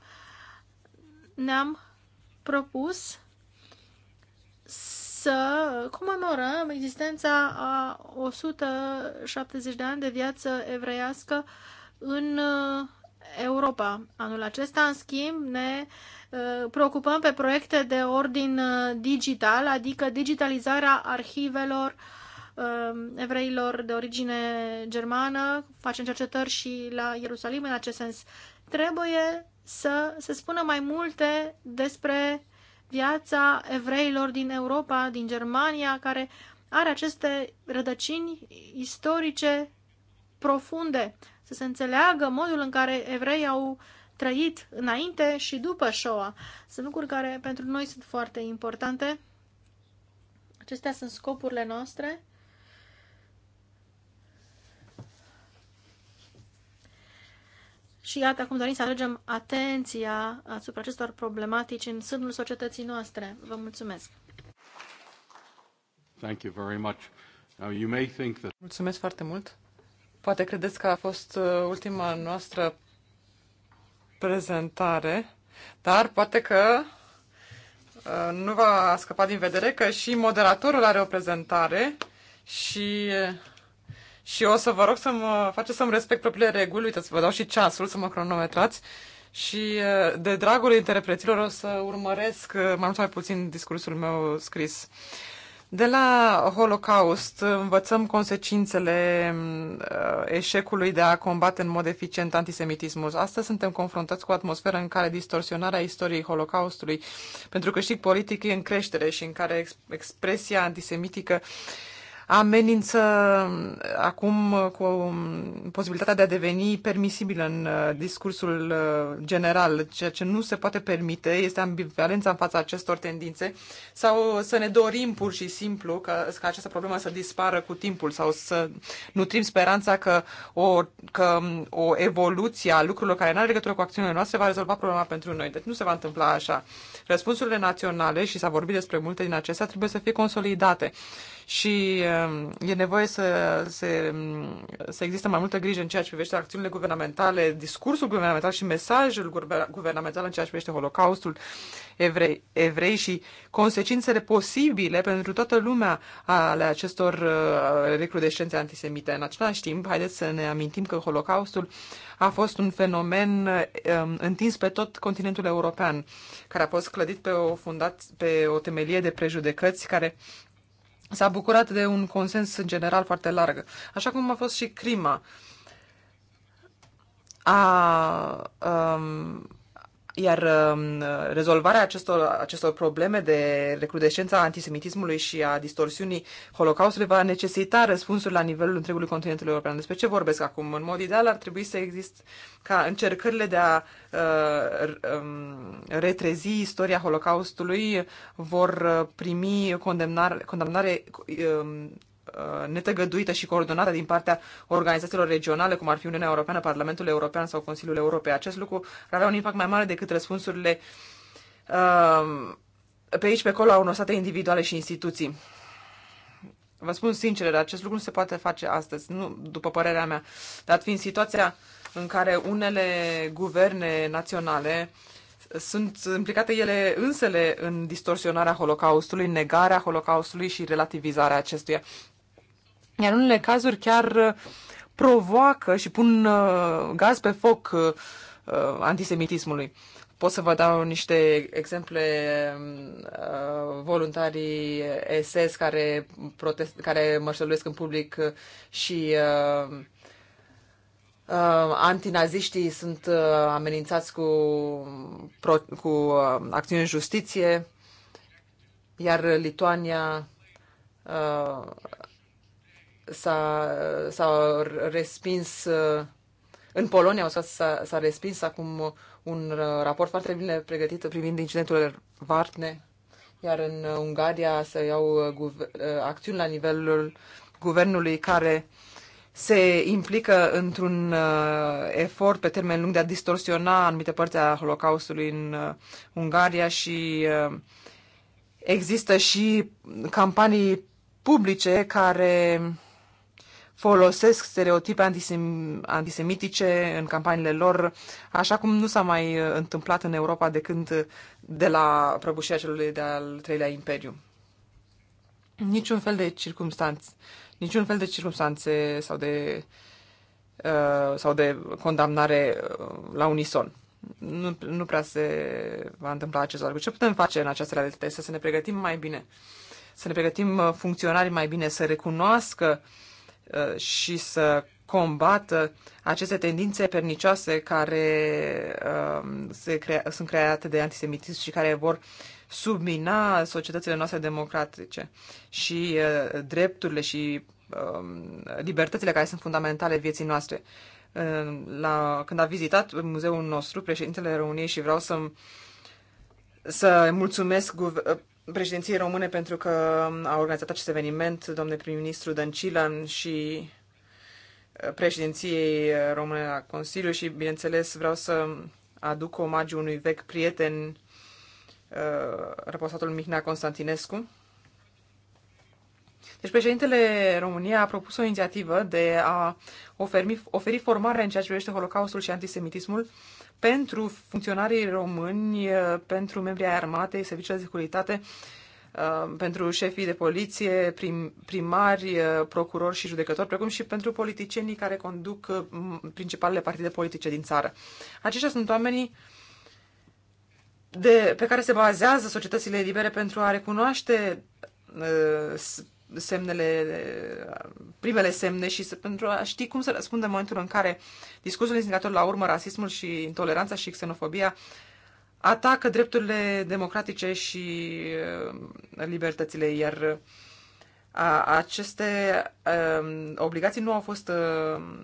ne-am propus să comemorăm existența a 170 de ani de viață evreiască în uh, Europa. Anul acesta, în schimb, ne uh, preocupăm pe proiecte de ordin uh, digital, adică digitalizarea arhivelor um, evreilor de origine germană, facem cercetări și la Ierusalim în acest sens. Trebuie să se spună mai multe despre viața evreilor din Europa, din Germania, care are aceste rădăcini istorice profunde, să se înțeleagă modul în care evreii au trăit înainte și după Shoah. Sunt lucruri care pentru noi sunt foarte importante. Acestea sunt scopurile noastre Și iată acum dorim să atragem atenția asupra acestor problematici în sânul societății noastre. Vă mulțumesc! Thank you very much. Now, you may think that... Mulțumesc foarte mult! Poate credeți că a fost uh, ultima noastră prezentare, dar poate că uh, nu va scăpa din vedere că și moderatorul are o prezentare și uh, și o să vă rog să mă faceți să-mi respect propriile reguli, să vă dau și ceasul să mă cronometrați și de dragul interpreților o să urmăresc mai mult sau mai puțin discursul meu scris. De la Holocaust învățăm consecințele eșecului de a combate în mod eficient antisemitismul. Astăzi suntem confruntați cu o atmosferă în care distorsionarea istoriei Holocaustului pentru și politic e în creștere și în care expresia antisemitică uh, amenință uh, acum uh, cu um, posibilitatea de a deveni permisibilă în uh, discursul general. Ceea ce nu se poate permite este ambivalența în fața acestor tendințe sau să ne dorim pur și simplu ca, ca această problemă să dispară cu timpul sau să nutrim speranța că o, că um, o evoluție a lucrurilor care nu are legătură cu acțiunile noastre va rezolva problema pentru noi. Deci nu se va întâmpla așa. Răspunsurile naționale, și s-a vorbit despre multe din acestea, trebuie să fie consolidate și um, e nevoie să, să, um, să existe mai multă grijă în ceea ce privește acțiunile guvernamentale, discursul guvernamental și mesajul guvernamental în ceea ce privește Holocaustul evrei, evrei și consecințele posibile pentru toată lumea ale acestor uh, recrudescențe antisemite. În același timp, haideți să ne amintim că Holocaustul a fost un fenomen um, întins pe tot continentul european, care a fost clădit pe o, fundat, pe o temelie de prejudecăți care s-a bucurat de un consens general foarte larg, așa cum a fost și crima. A, um, iar um, rezolvarea acestor, acestor probleme de recrudescența antisemitismului și a distorsiunii Holocaustului va necesita răspunsuri la nivelul întregului continent european. Despre ce vorbesc acum? În mod ideal ar trebui să existe ca încercările de a uh, um, retrezi istoria Holocaustului vor uh, primi condamnare, condamnare um, Uh, netăgăduită și coordonată din partea organizațiilor regionale, cum ar fi Uniunea Europeană, Parlamentul European sau Consiliul Europei. Acest lucru avea un impact mai mare decât răspunsurile uh, pe aici, pe acolo, a unor state individuale și instituții. Vă spun sincer, acest lucru nu se poate face astăzi, nu, după părerea mea, dat fiind situația în care unele guverne naționale sunt implicate ele însele în distorsionarea Holocaustului, negarea Holocaustului și relativizarea acestuia. Iar unele cazuri chiar uh, provoacă și pun uh, gaz pe foc uh, antisemitismului. Pot să vă dau niște exemple um, voluntarii SS care, protest, care mărșăluiesc în public și uh, antinaziștii sunt uh, amenințați cu, pro, cu uh, acțiuni în justiție, iar Lituania s-a, s-a respins în Polonia s-a, s-a respins acum un raport foarte bine pregătit privind incidentul Vartne, iar în Ungaria se iau acțiuni la nivelul guvernului care se implică într-un uh, efort pe termen lung de a distorsiona anumite părți a Holocaustului în uh, Ungaria și uh, există și campanii publice care folosesc stereotipe antisem- antisemitice în campaniile lor, așa cum nu s-a mai uh, întâmplat în Europa de când de la prăbușirea celui de-al treilea imperiu. Niciun fel de circunstanțe, niciun fel de circunstanțe sau de uh, sau de condamnare uh, la unison. Nu, nu prea se va întâmpla acest lucru. Ce putem face în această realitate? Să ne pregătim mai bine, să ne pregătim funcționarii mai bine, să recunoască uh, Uh, și să combată aceste tendințe pernicioase care um, se crea, sunt create de antisemitism și care vor submina societățile noastre democratice și uh, drepturile și um, libertățile care sunt fundamentale vieții noastre. Uh, la, când a vizitat muzeul nostru președintele României și vreau să să mulțumesc președinției române pentru că a organizat acest eveniment, domnule prim-ministru Dăncilă și uh, președinției române la Consiliu și, bineînțeles, vreau să aduc omagiu unui vechi prieten, uh, răposatul Mihnea Constantinescu, deci președintele România a propus o inițiativă de a oferi, oferi formare în ceea ce privește Holocaustul și antisemitismul pentru funcționarii români, uh, pentru membrii ai armatei, serviciile de securitate, uh, pentru șefii de poliție, prim, primari, uh, procurori și judecători, precum și pentru politicienii care conduc principalele partide politice din țară. Aceștia sunt oamenii de, pe care se bazează societățile libere pentru a recunoaște semnele, primele semne și să, pentru a ști cum să răspundă în momentul în care discursul instigator la urmă, rasismul și intoleranța și xenofobia atacă drepturile democratice și uh, libertățile, iar uh, aceste um, obligații nu au fost uh,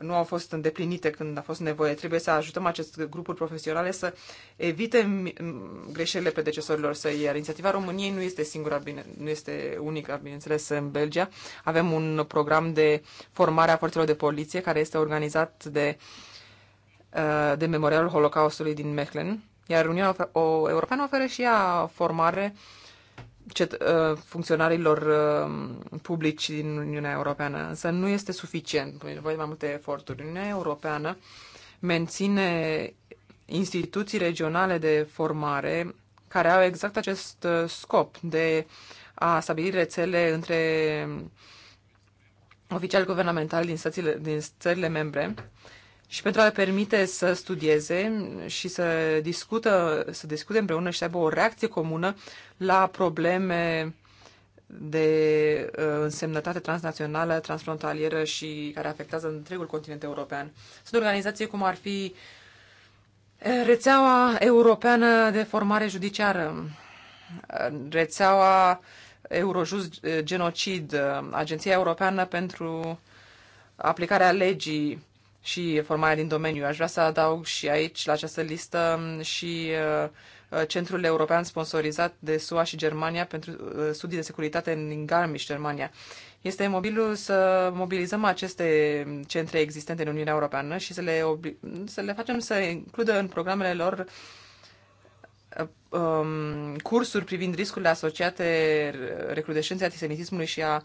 nu au fost îndeplinite când a fost nevoie. Trebuie să ajutăm acest grupuri profesionale să evite greșelile predecesorilor săi, iar inițiativa României nu este singura, bine, nu este unică, bineînțeles, în Belgia. Avem un program de formare a forțelor de poliție care este organizat de, uh, de Memorialul Holocaustului din Mechlen, iar Uniunea Europeană oferă și ea formare uh, cet- uh, funcționarilor uh, publici din Uniunea Europeană, însă nu este suficient. E nevoie de mai multe eforturi. Uniunea Europeană menține instituții regionale de formare care au exact acest uh, scop de a stabili rețele între oficiali guvernamentali din, stățile, din țările membre și pentru a le permite să studieze și să, discută, să discute împreună și să aibă o reacție comună la probleme de uh, însemnătate transnațională, transfrontalieră și care afectează întregul continent european. Sunt organizații cum ar fi uh, rețeaua europeană de formare judiciară, uh, rețeaua Eurojust Genocid, Agenția Europeană pentru aplicarea legii, și formarea din domeniu. Aș vrea să adaug și aici, la această listă, și uh, Centrul European sponsorizat de SUA și Germania pentru uh, studii de securitate în Garmisch, Germania. Este mobilul să mobilizăm aceste centre existente în Uniunea Europeană și să le, să le facem să includă în programele lor uh, um, cursuri privind riscurile asociate recrudescenței antisemitismului și a uh,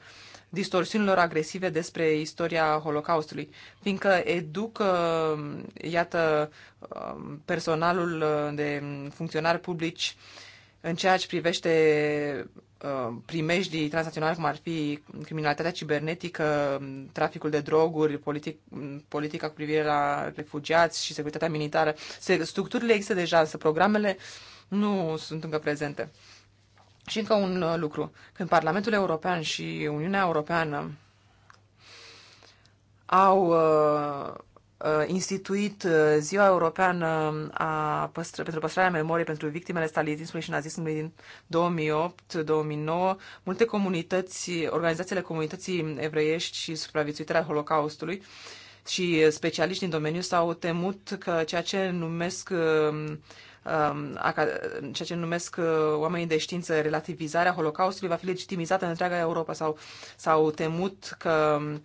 distorsiunilor agresive despre istoria Holocaustului, fiindcă educ, uh, iată, um, personalul uh, de funcționari publici în ceea ce privește uh, primejdii transnaționale, cum ar fi criminalitatea cibernetică, traficul de droguri, politic, politica cu privire la refugiați și securitatea militară. Se, structurile există deja, însă programele nu sunt încă prezente. Și încă un uh, lucru. Când Parlamentul European și Uniunea Europeană au uh, uh instituit uh, Ziua Europeană a păstră, pentru păstrarea memoriei pentru victimele stalinismului și nazismului din 2008-2009, multe comunități, organizațiile comunității evreiești și supraviețuitele Holocaustului și specialiști din domeniu s-au temut că ceea ce numesc uh, Um, ceea ce numesc uh, oamenii de știință relativizarea Holocaustului va fi legitimizată în întreaga Europa sau, sau temut că um,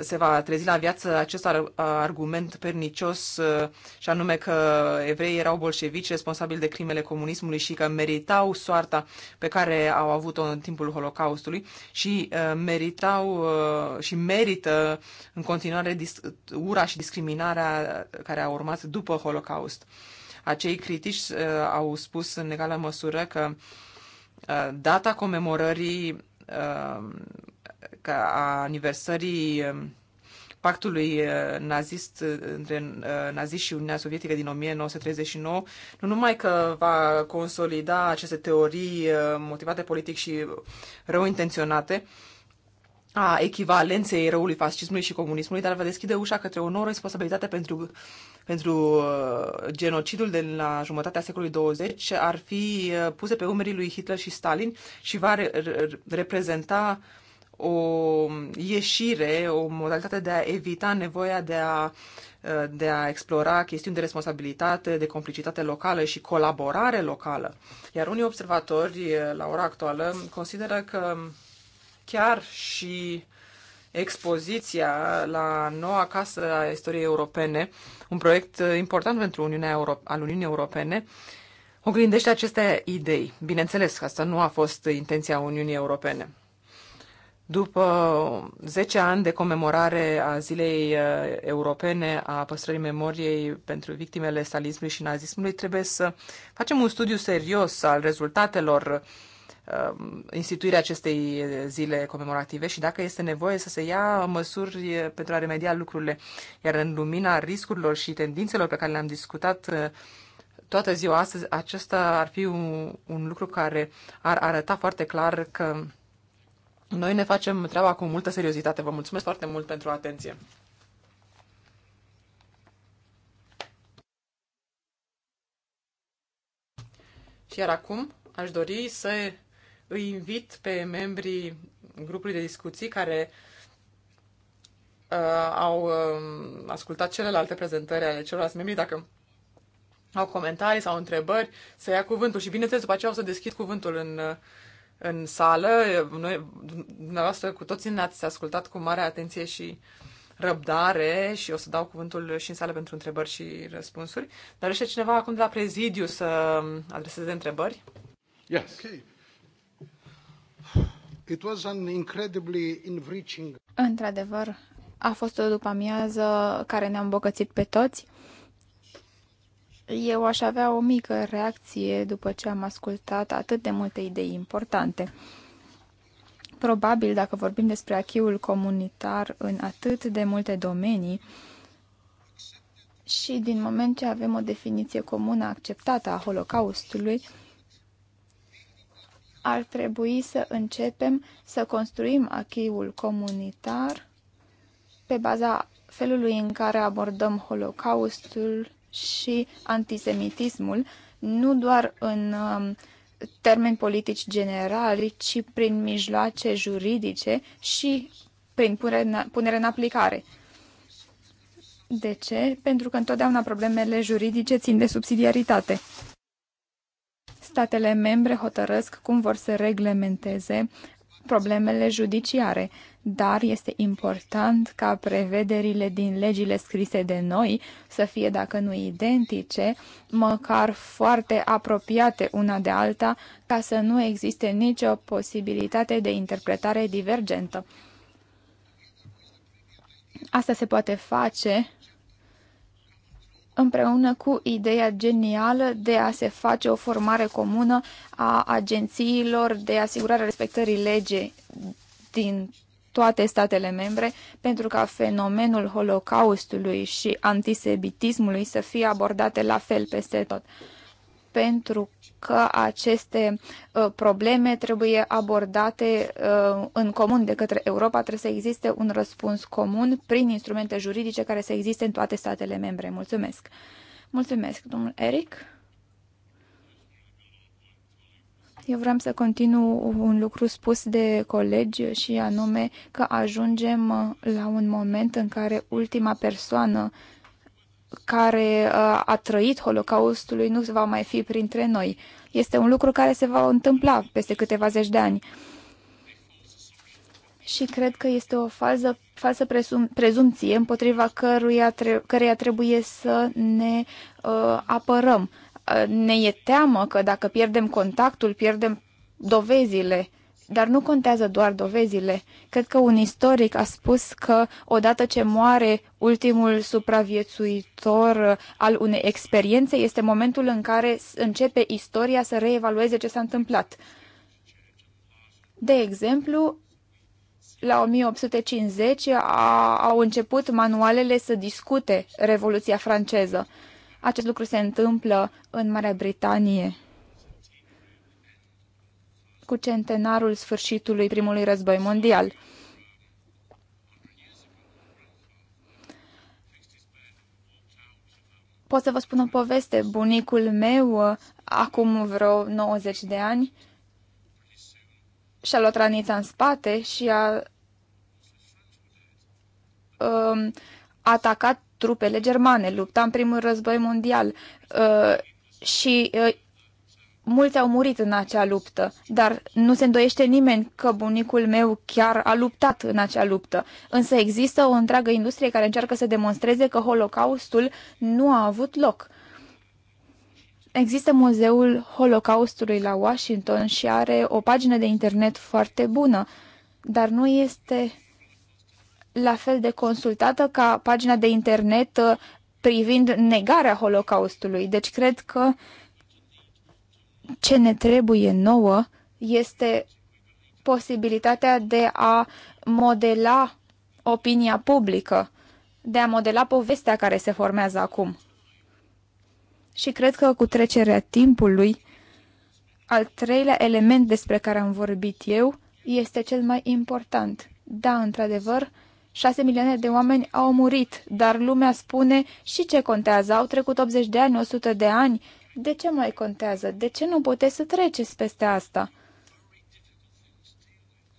se va trezi la viață acest ar, uh, argument pernicios uh, și anume că evreii erau bolșevici responsabili de crimele comunismului și că meritau soarta pe care au avut-o în timpul Holocaustului și meritau și merită în continuare ura și discriminarea care a urmat după Holocaust. Acei critici uh, au spus în egală măsură că uh, data comemorării uh, a aniversării uh, pactului uh, nazist uh, între naziști și Uniunea Sovietică din 1939, nu numai că va consolida aceste teorii motivate politic și rău intenționate, a echivalenței răului fascismului și comunismului, dar va deschide ușa către o nouă responsabilitate pentru, pentru uh, genocidul de la jumătatea secolului 20 ar fi uh, puse pe umerii lui Hitler și Stalin și va re- re- reprezenta o ieșire, o modalitate de a evita nevoia de a, uh, de a explora chestiuni de responsabilitate, de complicitate locală și colaborare locală. Iar unii observatori, la ora actuală, consideră că chiar și expoziția la noua casă a istoriei europene, un proiect important pentru Uniunea Euro- al Uniunii Europene, oglindește aceste idei. Bineînțeles că asta nu a fost intenția Uniunii Europene. După 10 ani de comemorare a Zilei uh, Europene a păstrării memoriei pentru victimele stalismului și nazismului, trebuie să facem un studiu serios al rezultatelor uh, Um, instituirea acestei zile comemorative și dacă este nevoie să se ia măsuri pentru a remedia lucrurile. Iar în lumina riscurilor și tendințelor pe care le-am discutat uh, toată ziua astăzi, acesta ar fi un, un lucru care ar arăta foarte clar că noi ne facem treaba cu multă seriozitate. Vă mulțumesc foarte mult pentru atenție. Și iar acum aș dori să îi invit pe membrii grupului de discuții care uh, au uh, ascultat celelalte prezentări ale celorlalți membri, dacă au comentarii sau întrebări, să ia cuvântul. Și bineînțeles, după aceea o să deschid cuvântul în, uh, în sală. Noi, dumneavoastră, cu toții ne-ați ascultat cu mare atenție și răbdare și o să dau cuvântul și în sală pentru întrebări și răspunsuri. Dar este cineva acum de la prezidiu să adreseze întrebări? Yes. Okay. It was an incredibly enriching... Într-adevăr, a fost o după-amiază care ne-a îmbogățit pe toți. Eu aș avea o mică reacție după ce am ascultat atât de multe idei importante. Probabil, dacă vorbim despre achiul comunitar în atât de multe domenii, și din moment ce avem o definiție comună acceptată a Holocaustului, ar trebui să începem să construim achiul comunitar pe baza felului în care abordăm Holocaustul și antisemitismul, nu doar în um, termeni politici generali, ci prin mijloace juridice și prin punere în aplicare. De ce? Pentru că întotdeauna problemele juridice țin de subsidiaritate statele membre hotărăsc cum vor să reglementeze problemele judiciare, dar este important ca prevederile din legile scrise de noi să fie, dacă nu identice, măcar foarte apropiate una de alta, ca să nu existe nicio posibilitate de interpretare divergentă. Asta se poate face împreună cu ideea genială de a se face o formare comună a agențiilor de asigurare a respectării legii din toate statele membre pentru ca fenomenul holocaustului și antisemitismului să fie abordate la fel peste tot pentru că aceste ă, probleme trebuie abordate ă, în comun de către Europa. Trebuie să existe un răspuns comun prin instrumente juridice care să existe în toate statele membre. Mulțumesc! Mulțumesc, domnul Eric! Eu vreau să continu un lucru spus de colegi și anume că ajungem ă, la un moment în care ultima persoană care uh, a trăit Holocaustului nu va mai fi printre noi. Este un lucru care se va întâmpla peste câteva zeci de ani. Și cred că este o fază, falsă presum, prezumție împotriva căruia, tre- căreia trebuie să ne uh, apărăm. Uh, ne e teamă că dacă pierdem contactul, pierdem dovezile uh, dar nu contează doar dovezile. Cred că un istoric a spus că odată ce moare ultimul supraviețuitor al unei experiențe, este momentul în care începe istoria să reevalueze ce s-a întâmplat. De exemplu, la 1850 a, au început manualele să discute Revoluția franceză. Acest lucru se întâmplă în Marea Britanie cu centenarul sfârșitului primului război mondial. Pot să vă spun o poveste. Bunicul meu, acum vreo 90 de ani, și-a luat ranița în spate și a um, atacat trupele germane. Lupta în primul război mondial uh, și uh, mulți au murit în acea luptă, dar nu se îndoiește nimeni că bunicul meu chiar a luptat în acea luptă. Însă există o întreagă industrie care încearcă să demonstreze că Holocaustul nu a avut loc. Există muzeul Holocaustului la Washington și are o pagină de internet foarte bună, dar nu este la fel de consultată ca pagina de internet uh, privind negarea Holocaustului. Deci cred că uh, ce ne trebuie nouă este posibilitatea de a modela opinia publică, de a modela povestea care se formează acum. Și cred că cu trecerea timpului, al treilea element despre care am vorbit eu este cel mai important. Da, într-adevăr, șase milioane de oameni au murit, dar lumea spune și ce contează, au trecut 80 de ani, 100 de ani, de ce mai contează? De ce nu puteți să treceți peste asta?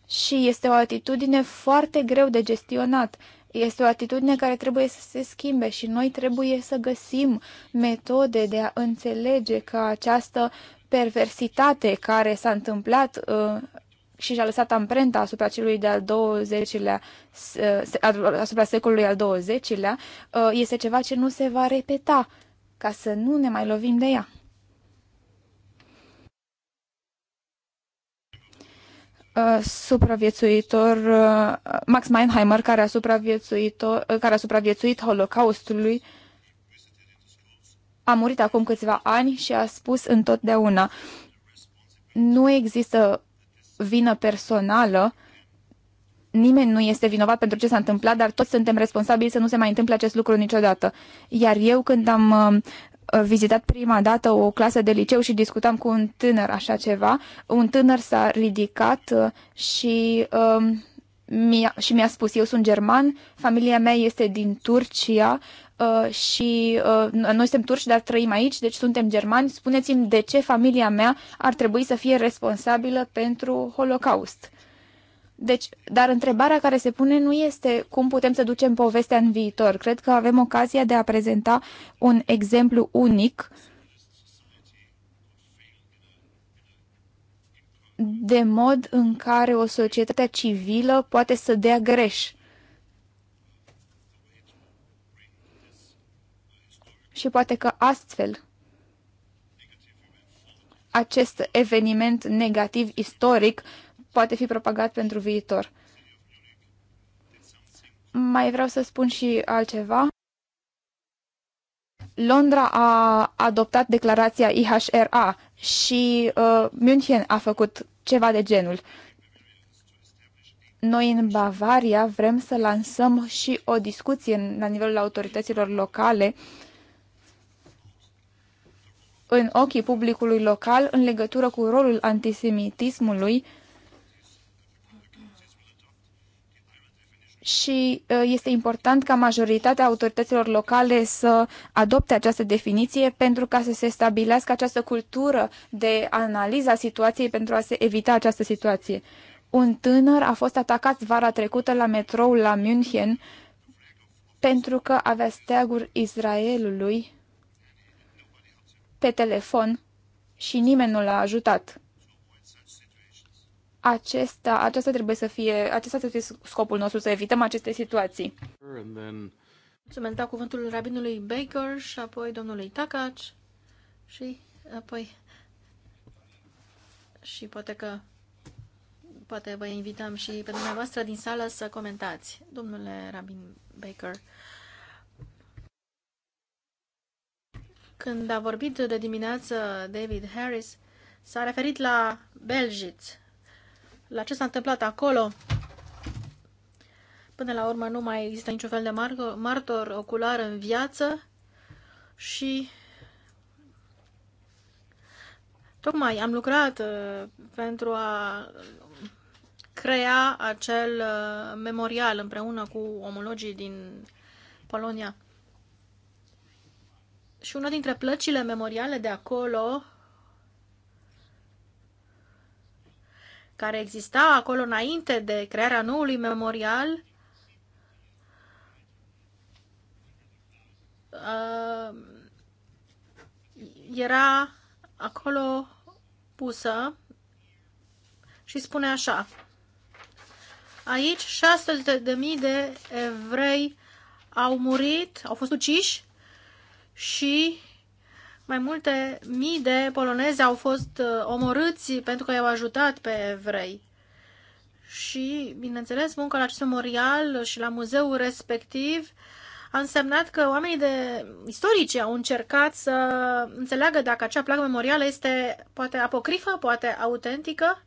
Și este o atitudine foarte greu de gestionat. Este o atitudine care trebuie să se schimbe și noi trebuie să găsim metode de a înțelege că această perversitate care s-a întâmplat uh, și și-a lăsat amprenta asupra celui de-al 20-lea, uh, asupra secolului al 20-lea, uh, este ceva ce nu se va repeta ca să nu ne mai lovim de ea. Uh, supraviețuitor uh, Max Meinheimer, care a supraviețuit, uh, care a supraviețuit Holocaustului, a murit acum câțiva ani și a spus întotdeauna nu există vină personală nimeni nu este vinovat pentru ce s-a întâmplat, dar toți suntem responsabili să nu se mai întâmple acest lucru niciodată. Iar eu când am uh, vizitat prima dată o clasă de liceu și discutam cu un tânăr așa ceva, un tânăr s-a ridicat uh, și um, mi-a, și mi-a spus, eu sunt german, familia mea este din Turcia uh, și uh, noi suntem turci, dar trăim aici, deci suntem germani. Spuneți-mi de ce familia mea ar trebui să fie responsabilă pentru Holocaust. Deci, dar întrebarea care se pune nu este cum putem să ducem povestea în viitor. Cred că avem ocazia de a prezenta un exemplu unic de mod în care o societate civilă poate să dea greș. Și poate că astfel acest eveniment negativ istoric poate fi propagat pentru viitor. Mai vreau să spun și altceva. Londra a adoptat declarația IHRA și uh, München a făcut ceva de genul. Noi în Bavaria vrem să lansăm și o discuție la nivelul autorităților locale în ochii publicului local în legătură cu rolul antisemitismului uh, și uh, este important ca majoritatea autorităților locale să adopte această definiție pentru ca să se stabilească această cultură de analiza situației pentru a se evita această situație. Un tânăr a fost atacat vara trecută la metrou la München pentru că avea steagul Israelului pe telefon și nimeni nu l-a ajutat acesta, acesta trebuie să fie, acesta să fie scopul nostru, să evităm aceste situații. Mulțumesc, da cuvântul rabinului Baker și apoi domnului Takaci și apoi și poate că poate vă invităm și pe dumneavoastră din sală să comentați. Domnule Rabin Baker, când a vorbit de dimineață David Harris, s-a referit la Belgiți la ce s-a întâmplat acolo. Până la urmă nu mai există niciun fel de martor ocular în viață și tocmai am lucrat uh, pentru a crea acel uh, memorial împreună cu omologii din Polonia. Și una dintre plăcile memoriale de acolo care exista acolo înainte de crearea noului memorial uh, era acolo pusă și spune așa Aici 600.000 de evrei au murit, au fost uciși și mai multe mii de polonezi au fost uh, omorâți pentru că i-au ajutat pe evrei. Și, bineînțeles, munca la acest memorial și la muzeul respectiv a însemnat că oamenii de istorici au încercat să înțeleagă dacă acea placă memorială este poate apocrifă, poate autentică,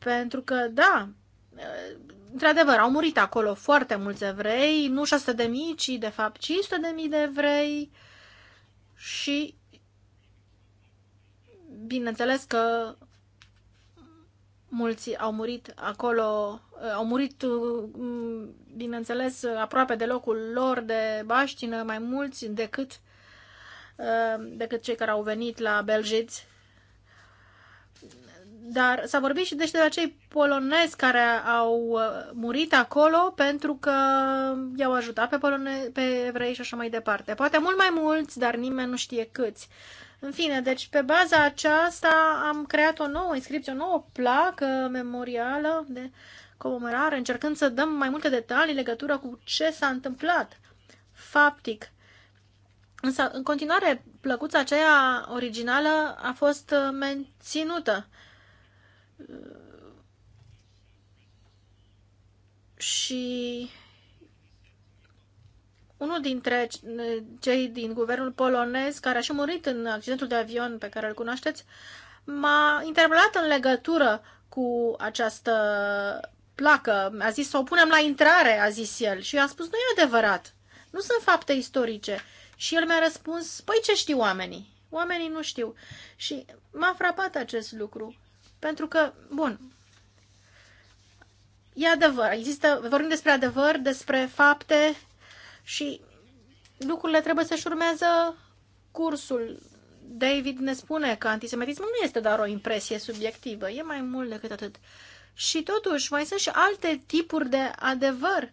pentru că, da, uh, într-adevăr, au murit acolo foarte mulți evrei, nu 600 de mii, ci de fapt 500 de mii de evrei, și bineînțeles că mulți au murit acolo, eh, au murit, mm, bineînțeles, aproape de locul lor de baștină, mai mulți decât, eh, decât cei care au venit la Belgeți dar s-a vorbit și de acei polonezi care au uh, murit acolo pentru că i-au ajutat pe, polone- pe evrei și așa mai departe. Poate mult mai mulți, dar nimeni nu știe câți. În fine, deci pe baza aceasta am creat o nouă inscripție, o nouă placă memorială de comemorare, încercând să dăm mai multe detalii în legătură cu ce s-a întâmplat faptic. Însă, în continuare, plăcuța aceea originală a fost uh, menținută. Uh, și unul dintre cei din guvernul polonez care a și murit în accidentul de avion pe care îl cunoașteți m-a interpelat în legătură cu această placă. a zis să o punem la intrare, a zis el. Și eu am spus, nu e adevărat. Nu sunt fapte istorice. Și el mi-a răspuns, păi ce știu oamenii? Oamenii nu știu. Și m-a frapat acest lucru. Pentru că, bun, e adevăr, există, vorbim despre adevăr, despre fapte și lucrurile trebuie să-și urmează cursul. David ne spune că antisemitismul nu este doar o impresie subiectivă, e mai mult decât atât. Și totuși, mai sunt și alte tipuri de adevăr.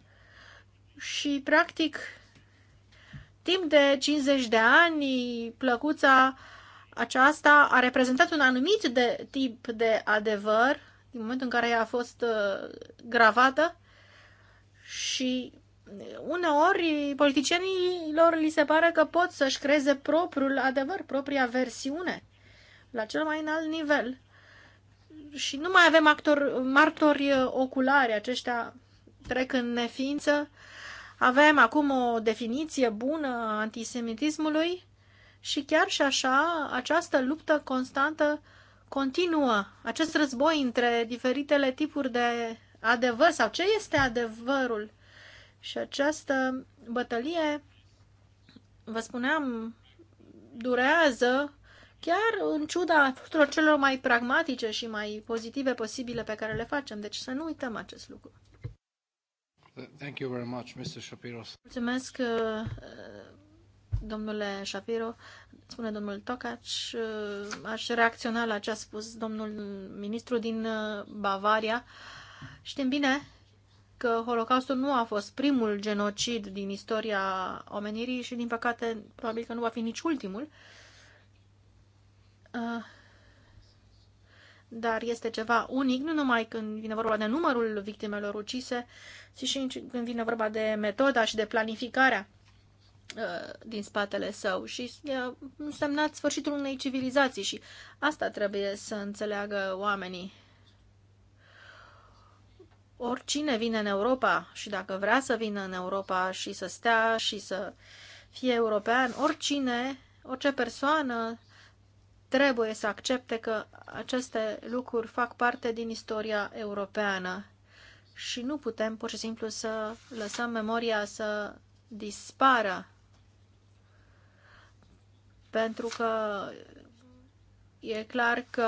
Și, practic, timp de 50 de ani, plăcuța uh, aceasta a reprezentat un anumit de tip de adevăr din momentul în care ea a fost uh, gravată și uh, uneori politicienilor li se pare că pot să-și creeze propriul adevăr, propria versiune la cel mai înalt nivel. Și nu mai avem actor, martori uh, oculari, aceștia trec în neființă. Avem acum o definiție bună a antisemitismului și chiar și așa această luptă constantă continuă. Acest război între diferitele tipuri de adevăr sau ce este adevărul. Și această bătălie, vă spuneam, durează chiar în ciuda tuturor celor mai pragmatice și mai pozitive posibile pe care le facem. Deci să nu uităm acest lucru. Thank you very much, Mr. Shapiros. Mulțumesc, uh, domnule Shapiro, spune domnul Tocaci, uh, aș reacționa la ce a spus domnul ministru din uh, Bavaria. Știm bine că Holocaustul nu a fost primul genocid din istoria omenirii și, din păcate, probabil că nu va fi nici ultimul. Uh, dar este ceva unic, nu numai când vine vorba de numărul victimelor ucise, ci și când vine vorba de metoda și de planificarea Uh, din spatele său și a însemnat sfârșitul unei civilizații și asta trebuie să înțeleagă oamenii. Oricine vine în Europa și dacă vrea să vină în Europa și să stea și să fie european, oricine, orice persoană trebuie să accepte că aceste lucruri fac parte din istoria europeană și nu putem pur și simplu să lăsăm memoria să dispară pentru că e clar că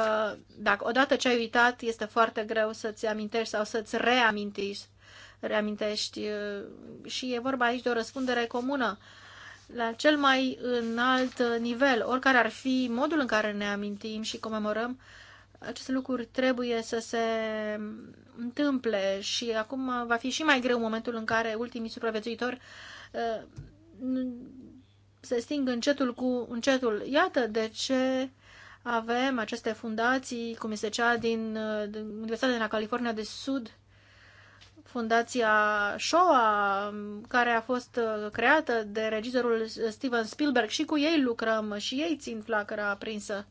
dacă odată ce ai uitat, este foarte greu să-ți amintești sau să-ți reamintești, reamintești uh, și e vorba aici de o răspundere comună la cel mai înalt nivel, oricare ar fi modul în care ne amintim și comemorăm, aceste lucruri trebuie să se întâmple și acum va fi și mai greu momentul în care ultimii supraviețuitori uh, se sting încetul cu încetul. Iată de ce avem aceste fundații, cum este cea din, din Universitatea din California de Sud, Fundația Shoa, care a fost uh, creată de regizorul Steven Spielberg și cu ei lucrăm și ei țin flacăra aprinsă.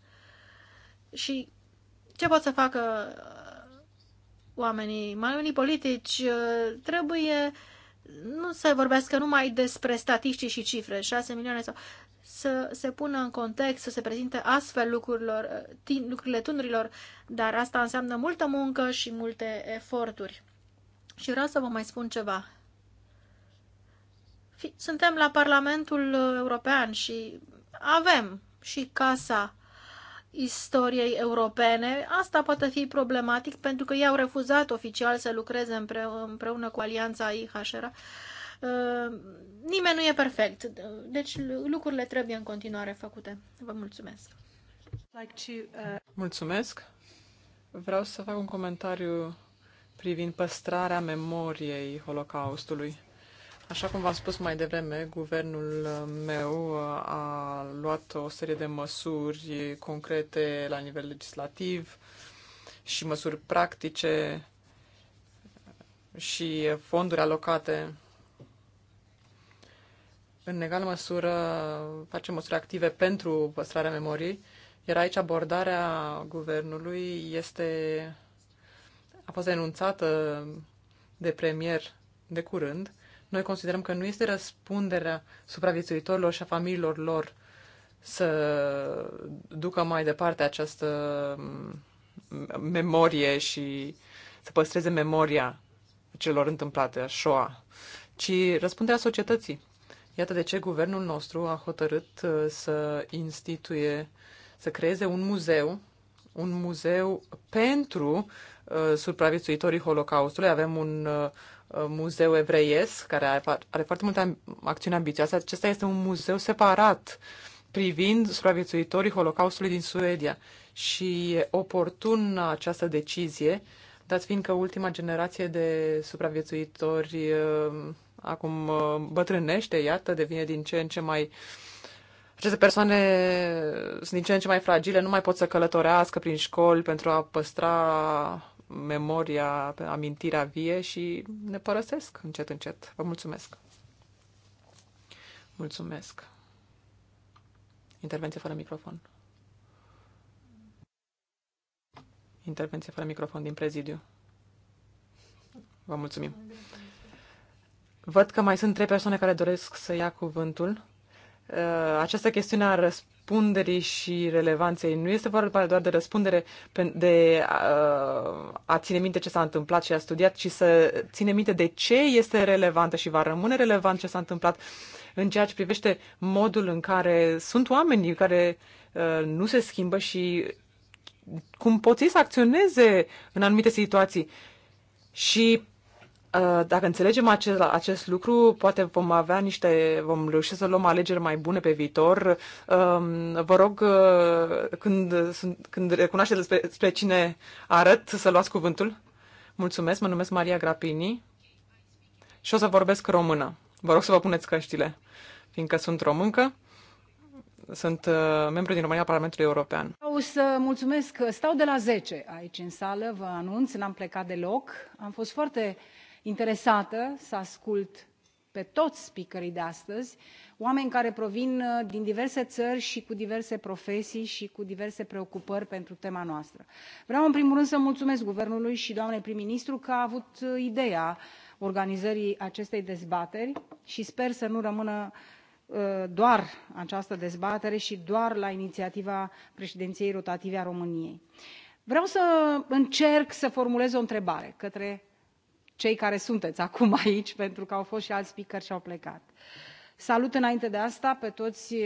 Și ce pot să facă uh, oamenii? Oamenii politici uh, trebuie uh, nu se vorbească numai despre statistici și cifre, 6 milioane sau să se pună în context, să se prezinte astfel lucrurilor, uh, tin, lucrurile tunurilor, dar asta înseamnă multă muncă și multe eforturi. Și vreau să vă mai spun ceva. Suntem la Parlamentul European și avem și Casa istoriei europene. Asta poate fi problematic pentru că ei au refuzat oficial să lucreze împreună cu alianța IHR. Uh, nimeni nu e perfect, deci lucrurile trebuie în continuare făcute. Vă mulțumesc! Uh, mulțumesc! Vreau să fac un comentariu privind păstrarea memoriei Holocaustului. Așa cum v-am spus mai devreme, guvernul uh, meu uh, a luat o serie de măsuri concrete la nivel legislativ și măsuri practice și fonduri alocate. În egală măsură facem măsuri active pentru păstrarea memoriei, iar aici abordarea guvernului este a fost denunțată de premier de curând noi considerăm că nu este răspunderea supraviețuitorilor și a familiilor lor să ducă mai departe această memorie și să păstreze memoria celor întâmplate, a Shoah, ci răspunderea societății. Iată de ce guvernul nostru a hotărât uh, să instituie, să creeze un muzeu, un muzeu pentru uh, supraviețuitorii Holocaustului. Avem un uh, Uh, muzeu evreiesc, care are foarte multe acțiuni ambițioase. Acesta este un muzeu separat privind supraviețuitorii Holocaustului din Suedia. Și oportun această decizie, dat fiindcă ultima generație de supraviețuitori uh, acum uh, bătrânește, iată, devine din ce în ce mai aceste persoane sunt din ce în ce mai fragile, nu mai pot să călătorească prin școli pentru a păstra memoria, amintirea vie și ne părăsesc încet, încet. Vă mulțumesc! Mulțumesc! Intervenție fără microfon. Intervenție fără microfon din prezidiu. Vă mulțumim. Văd că mai sunt trei persoane care doresc să ia cuvântul. Ă, această chestiune a răspuns răspunderii și relevanței. Nu este vorba doar de răspundere de uh, a ține minte ce s-a întâmplat și a studiat, ci să ține minte de ce este relevantă și va rămâne relevant ce s-a întâmplat în ceea ce privește modul în care sunt oamenii care uh, nu se schimbă și cum pot să acționeze în anumite situații. Și Uh, dacă înțelegem acest, acest lucru, poate vom avea niște, vom reuși să luăm alegeri mai bune pe viitor. Um, vă rog, uh, când, când recunoașteți despre, despre cine arăt, să luați cuvântul. Mulțumesc, mă numesc Maria Grapini și o să vorbesc română. Vă rog să vă puneți căștile, fiindcă sunt româncă sunt uh, membru din România Parlamentului European. Vreau să mulțumesc. Stau de la 10 aici în sală, vă anunț, n-am plecat deloc. Am fost foarte interesată să ascult pe toți speakerii de astăzi oameni care provin uh, din diverse țări și cu diverse profesii și cu diverse preocupări pentru tema noastră. vreau în primul rând să mulțumesc guvernului și doamnei prim ministru că a avut uh, ideea organizării acestei dezbateri și sper să nu rămână uh, doar această dezbatere și doar la inițiativa președinției rotative a româniei. vreau să încerc să formulez o întrebare către cei care sunteți acum (laughs) aici pentru că au fost și alți speaker și au plecat. Salut înainte de asta pe toți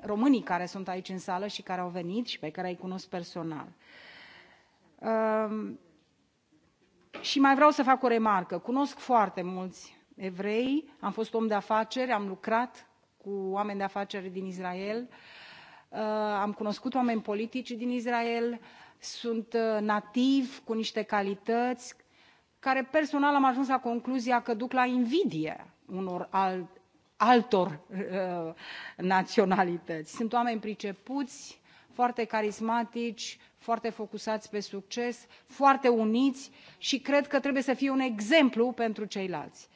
românii care sunt aici în sală și care au venit și pe care îi cunosc personal. Ehm, și mai vreau să fac o remarcă. Cunosc foarte mulți evrei, am fost om de afaceri, am lucrat cu oameni de afaceri din Israel, ehm, am cunoscut oameni politici din Israel, sunt ehm, nativ, cu niște calități care personal am ajuns la concluzia că duc la invidie unor alt, altor uh, naționalități. Sunt oameni pricepuți, foarte carismatici, foarte focusați pe succes, foarte uniți și cred că trebuie să fie un exemplu pentru ceilalți.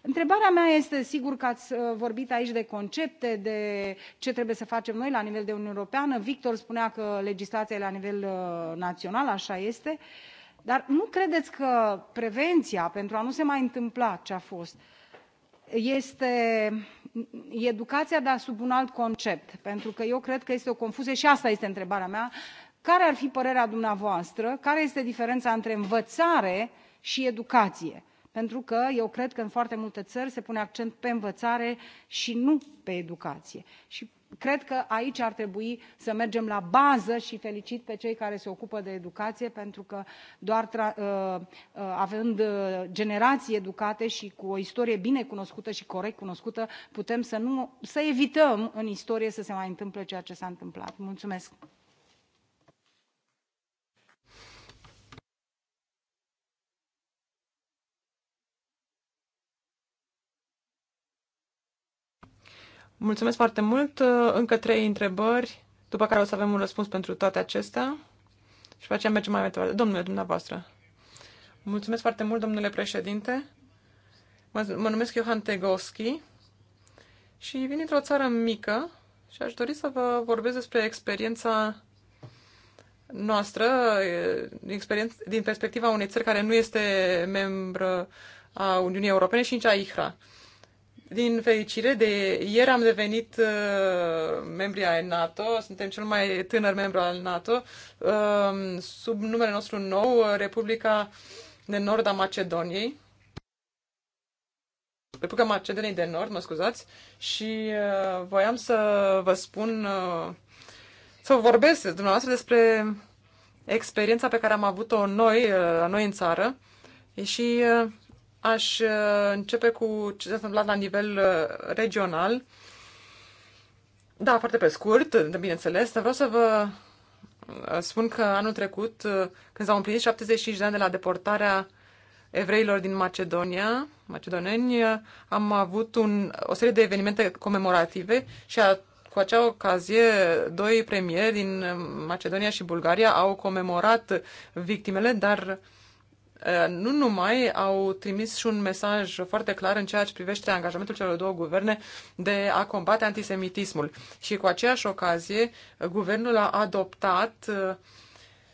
Întrebarea mea este, sigur că ați uh, vorbit aici de concepte, de ce trebuie să facem noi la nivel de Uniune Europeană. Victor spunea că legislația e la nivel uh, național, așa este. Uh, dar nu credeți că prevenția pentru a nu se mai întâmpla ce a fost este educația dar sub un alt concept pentru că eu cred că este o confuzie și asta este întrebarea mea care ar fi părerea dumneavoastră care este diferența între învățare și educație? pentru că eu cred că în foarte multe țări se pune accent pe învățare și nu pe educație și cred că aici ar trebui să mergem la bază și îi felicit pe cei care se ocupă de educație pentru că doar uh, uh, având uh, generații educate și cu o istorie bine cunoscută și corect cunoscută putem să evităm în istorie să se mai întâmple ceea ce s a întâmplat. mulțumesc. Mulțumesc foarte mult. Încă trei întrebări, după care o să avem un răspuns pentru toate acestea. Și după aceea mergem mai departe. Domnule, dumneavoastră. Mulțumesc foarte mult, domnule președinte. Mă, mă numesc Johan Tegoski și vin dintr-o țară mică și aș dori să vă vorbesc despre experiența noastră, din perspectiva unei țări care nu este membră a Uniunii Europene și nici a IHRA. Din fericire, de ieri am devenit uh, membri ai NATO, suntem cel mai tânăr membru al NATO, uh, sub numele nostru nou, uh, Republica de Nord a Macedoniei. Republica Macedoniei de Nord, mă scuzați, și uh, voiam să vă spun, uh, să vorbesc dumneavoastră despre experiența pe care am avut-o noi, uh, noi în țară și uh, Aș uh, începe cu ce s-a întâmplat la nivel uh, regional. Da, foarte pe scurt, de bineînțeles, dar vreau să vă uh, spun că anul trecut, când s-au împlinit 75 de ani de la deportarea evreilor din Macedonia, macedoneni, am avut un, o serie de evenimente comemorative și a, cu acea ocazie, doi premieri din Macedonia și Bulgaria au comemorat victimele, dar uh, Uh, nu numai au trimis și un mesaj foarte clar în ceea ce privește angajamentul celor două guverne de a combate antisemitismul. Și cu aceeași ocazie, guvernul a adoptat uh,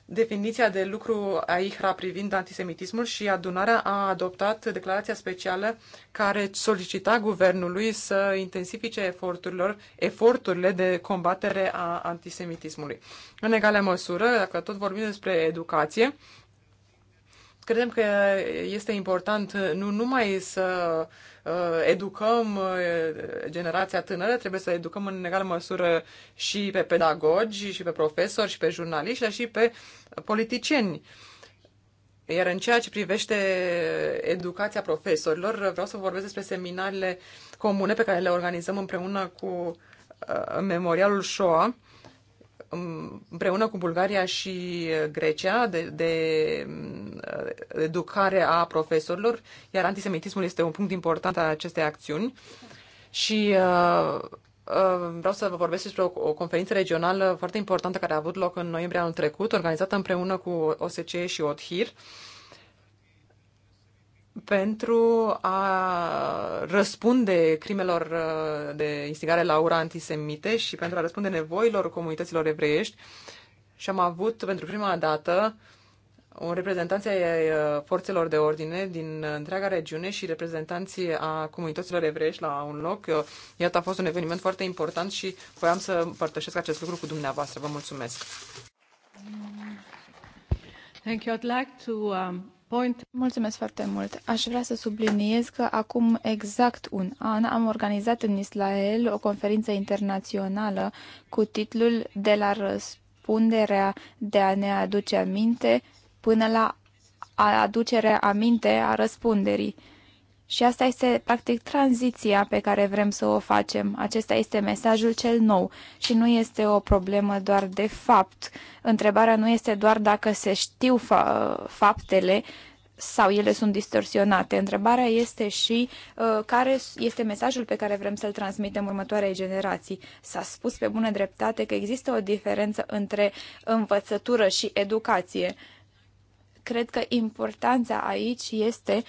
definiția de lucru a IHRA privind antisemitismul și adunarea a adoptat declarația specială care solicita guvernului să intensifice eforturilor, eforturile de combatere a antisemitismului. În egală măsură, dacă tot vorbim despre educație, Credem că este important nu numai să uh, educăm uh, generația tânără, trebuie să educăm în egală măsură și pe pedagogi, și pe profesori, și pe jurnaliști, dar și pe politicieni. Iar în ceea ce privește educația profesorilor, vreau să vorbesc despre seminarele comune pe care le organizăm împreună cu uh, Memorialul Shoah împreună cu Bulgaria și Grecia de, de educare a profesorilor, iar antisemitismul este un punct important al acestei acțiuni. Și uh, uh, vreau să vă vorbesc despre o, o conferință regională foarte importantă care a avut loc în noiembrie anul trecut, organizată împreună cu OSCE și OTHIR. Uh, pentru a răspunde crimelor uh, de instigare la ura antisemite și pentru a răspunde nevoilor comunităților evreiești. Și am avut pentru prima dată un reprezentanți ai uh, forțelor de ordine din întreaga regiune și reprezentanții a comunităților evreiești la un loc. Iată, a fost un eveniment foarte important și voiam să împărtășesc acest lucru cu dumneavoastră. Vă mulțumesc! Thank you. I'd like to um, point. Mulțumesc foarte mult. Aș vrea să subliniez că acum exact un an am organizat în Israel o conferință internațională cu titlul De la răspunderea de a ne aduce aminte până la aducerea aminte a răspunderii. Și asta este, practic, tranziția pe care vrem să o facem. Acesta este mesajul cel nou și nu este o problemă doar de fapt. Întrebarea nu este doar dacă se știu fa- faptele sau ele sunt distorsionate. Întrebarea este și uh, care este mesajul pe care vrem să-l transmitem următoarei generații. S-a spus pe bună dreptate că există o diferență între învățătură și educație cred că importanța aici este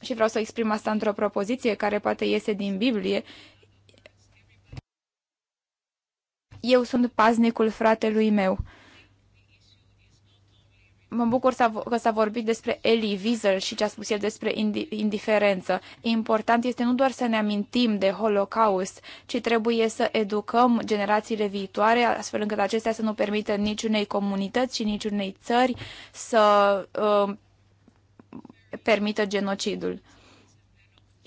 și vreau să exprim asta într-o propoziție care poate iese din Biblie, eu sunt paznicul fratelui meu. Mă bucur că s-a vorbit despre Eli Wiesel și ce a spus el despre indiferență. Important este nu doar să ne amintim de Holocaust, ci trebuie să educăm generațiile viitoare, astfel încât acestea să nu permită niciunei comunități și niciunei țări să uh, permită genocidul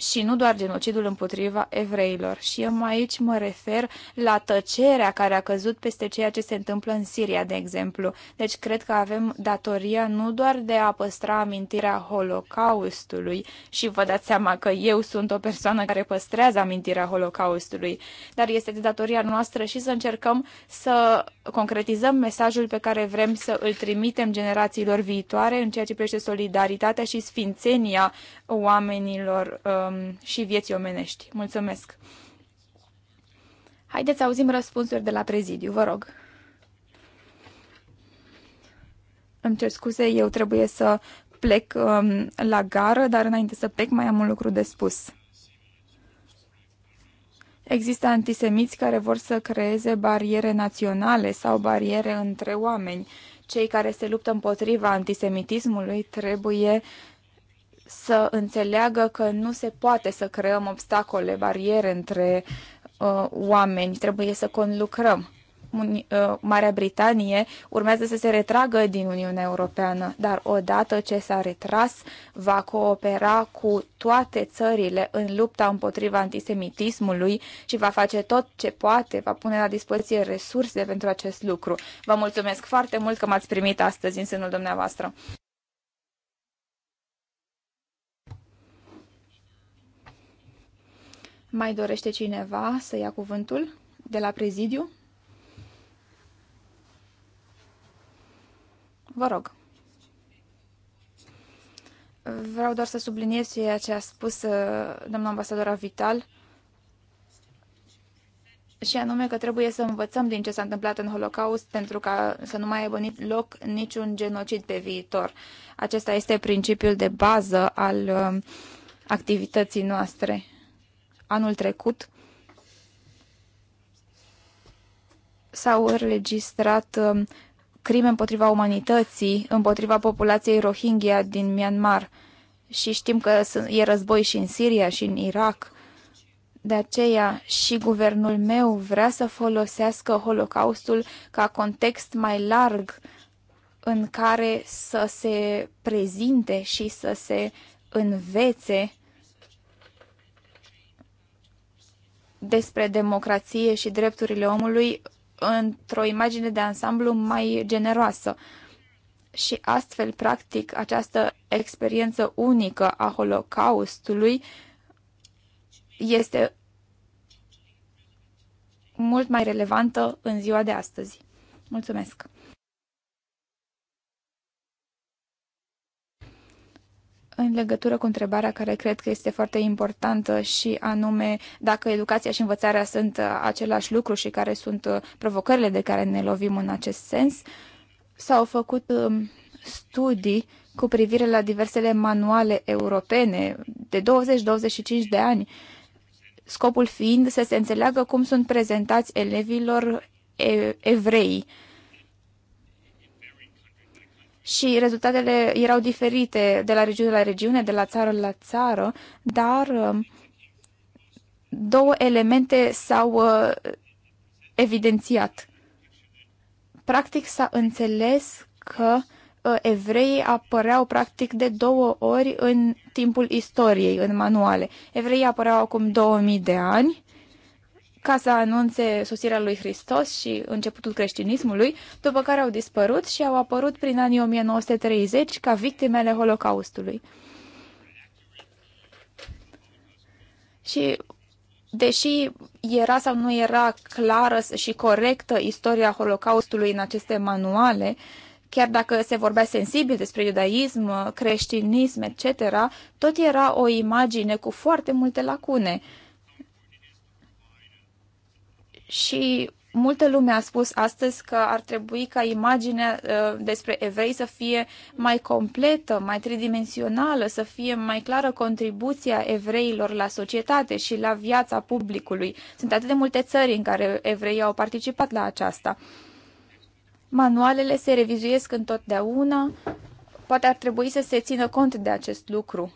și nu doar genocidul împotriva evreilor. Și eu aici mă refer la tăcerea care a căzut peste ceea ce se întâmplă în Siria, de exemplu. Deci cred că avem datoria nu doar de a păstra amintirea Holocaustului și vă dați seama că eu sunt o persoană care păstrează amintirea Holocaustului, dar este de datoria noastră și să încercăm să concretizăm mesajul pe care vrem să îl trimitem generațiilor viitoare în ceea ce privește solidaritatea și sfințenia oamenilor uh, Um, și vieții omenești. Mulțumesc! Haideți să auzim răspunsuri de la prezidiu, vă rog. Îmi cer scuze, eu trebuie să plec um, la gară, dar înainte să plec mai am un lucru de spus. Există antisemiți care vor să creeze bariere naționale sau bariere între oameni. Cei care se luptă împotriva antisemitismului trebuie să înțeleagă că nu se poate să creăm obstacole, bariere între uh, oameni, trebuie să conlucrăm. Uni- uh, Marea Britanie urmează să se retragă din Uniunea Europeană, dar odată ce s-a retras, va coopera cu toate țările în lupta împotriva antisemitismului și va face tot ce poate, va pune la dispoziție resurse pentru acest lucru. Vă mulțumesc foarte mult că m-ați primit astăzi în sânul dumneavoastră. Mai dorește cineva să ia cuvântul de la prezidiu? Vă rog. Vreau doar să subliniez ceea ce a spus uh, doamna ambasadora Vital și anume că trebuie să învățăm din ce s-a întâmplat în Holocaust pentru ca să nu mai aibă loc niciun genocid pe viitor. Acesta este principiul de bază al uh, activității noastre anul trecut s-au înregistrat um, crime împotriva umanității, împotriva populației Rohingya din Myanmar. Și știm că e război și în Siria și în Irak. De aceea și guvernul meu vrea să folosească Holocaustul ca context mai larg în care să se prezinte și să se învețe despre democrație și drepturile omului într-o imagine de ansamblu mai generoasă. Și astfel, practic, această experiență unică a Holocaustului este mult mai relevantă în ziua de astăzi. Mulțumesc! în legătură cu întrebarea care cred că este foarte importantă și anume dacă educația și învățarea sunt uh, același lucru și care sunt uh, provocările de care ne lovim în acest sens, s-au făcut um, studii cu privire la diversele manuale europene de 20-25 de ani, scopul fiind să se înțeleagă cum sunt prezentați elevilor evrei și rezultatele erau diferite de la regiune la regiune, de la țară la țară, dar um, două elemente s-au uh, evidențiat. Practic s-a înțeles că uh, evreii apăreau practic de două ori în timpul istoriei, în manuale. Evreii apăreau acum 2000 de ani ca să anunțe sosirea lui Hristos și începutul creștinismului, după care au dispărut și au apărut prin anii 1930 ca victimele Holocaustului. Și deși era sau nu era clară și corectă istoria Holocaustului în aceste manuale, chiar dacă se vorbea sensibil despre iudaism, creștinism, etc., tot era o imagine cu foarte multe lacune și multă lume a spus astăzi că ar trebui ca imaginea uh, despre evrei să fie mai completă, mai tridimensională, să fie mai clară contribuția evreilor la societate și la viața publicului. Sunt atât de multe țări în care evreii au participat la aceasta. Manualele se revizuiesc întotdeauna, poate ar trebui să se țină cont de acest lucru.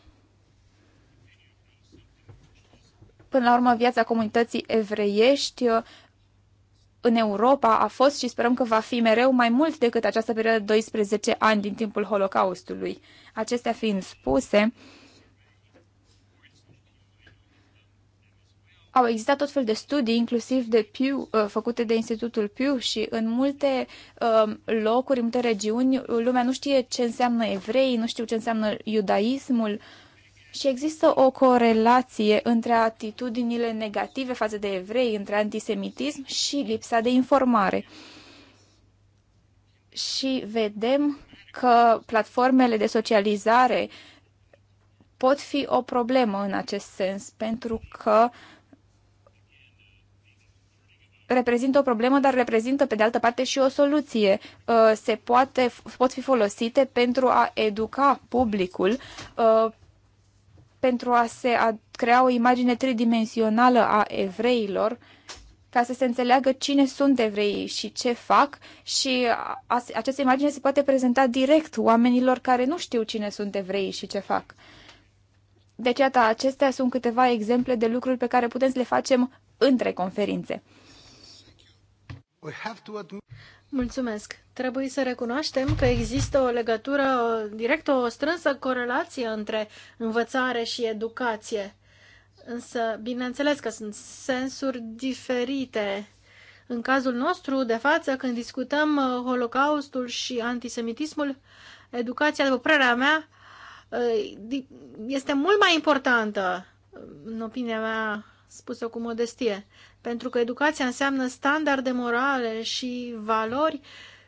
Până la urmă, viața comunității evreiești uh, în Europa a fost și sperăm că va fi mereu mai mult decât această perioadă de 12 ani din timpul Holocaustului. Acestea fiind spuse, au existat tot fel de studii, inclusiv de Pew, uh, făcute de Institutul Pew și în multe uh, locuri, în multe regiuni, lumea nu știe ce înseamnă evrei, nu știu ce înseamnă iudaismul, și există o corelație între atitudinile negative față de evrei, între antisemitism și lipsa de informare. Și vedem că platformele de socializare pot fi o problemă în acest sens, pentru că reprezintă o problemă, dar reprezintă pe de altă parte și o soluție. Uh, se poate, pot fi folosite pentru a educa publicul uh, pentru a se a crea o imagine tridimensională a evreilor, ca să se înțeleagă cine sunt evreii și ce fac și această imagine se poate prezenta direct oamenilor care nu știu cine sunt evreii și ce fac. Deci, iată, acestea sunt câteva exemple de lucruri pe care putem să le facem între conferințe. Mulțumesc. Trebuie să recunoaștem că există o legătură directă, o strânsă corelație între învățare și educație. Însă, bineînțeles că sunt sensuri diferite. În cazul nostru, de față, când discutăm uh, Holocaustul și antisemitismul, educația, după părerea mea, uh, este mult mai importantă, în opinia mea, spus-o cu modestie, pentru că educația înseamnă standarde morale și valori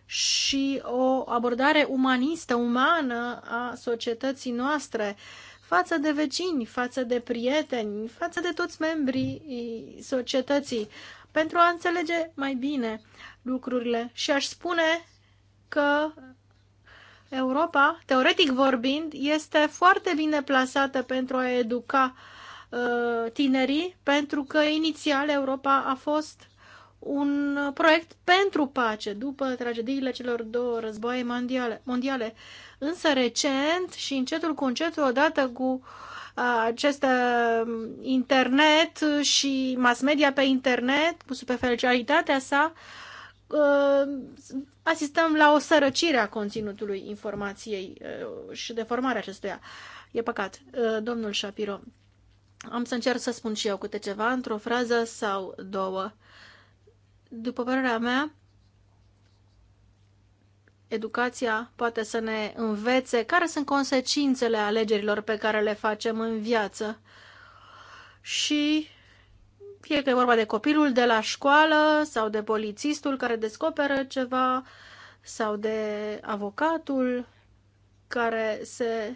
și o abordare umanistă, umană a societății noastre față de vecini, față de prieteni, față de toți membrii societății, pentru a înțelege mai bine lucrurile. Și aș spune că Europa, teoretic vorbind, este foarte bine plasată pentru a educa uh, Uh, tinerii, pentru că inițial Europa a fost un proiect pentru pace după tragediile celor două războaie mondiale. mondiale. Însă recent și încetul cu încetul, odată cu uh, acest um, internet și mass media pe internet, cu superficialitatea sa, uh, asistăm la o sărăcire a conținutului informației și deformarea acestuia. E păcat. Domnul Shapiro, am să încerc să spun și eu câte ceva într-o frază sau două. După părerea mea, educația poate să ne învețe care sunt consecințele alegerilor pe care le facem în viață. Și fie că e vorba de copilul de la școală sau de polițistul care descoperă ceva sau de avocatul care se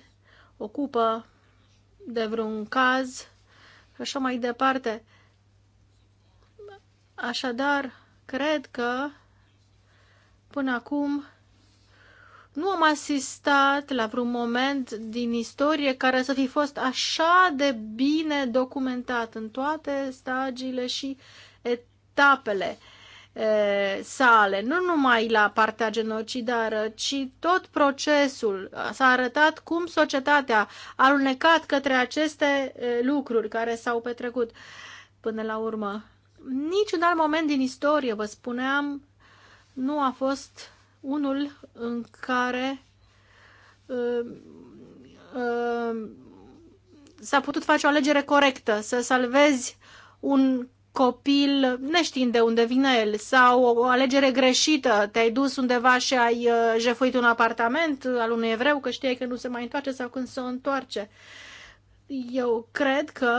ocupă de vreun caz și așa mai departe. Așadar, cred că până acum nu am asistat la vreun moment din istorie care să fi fost așa de bine documentat în toate stagiile și etapele sale, nu numai la partea genocidară, ci tot procesul. S-a arătat cum societatea a alunecat către aceste lucruri care s-au petrecut până la urmă. Niciun alt moment din istorie, vă spuneam, nu a fost unul în care uh, uh, s-a putut face o alegere corectă, să salvezi un copil neștiind de unde vine el sau o alegere greșită, te-ai dus undeva și ai uh, jefuit un apartament al unui evreu că știai că nu se mai întoarce sau când se întoarce. Eu cred că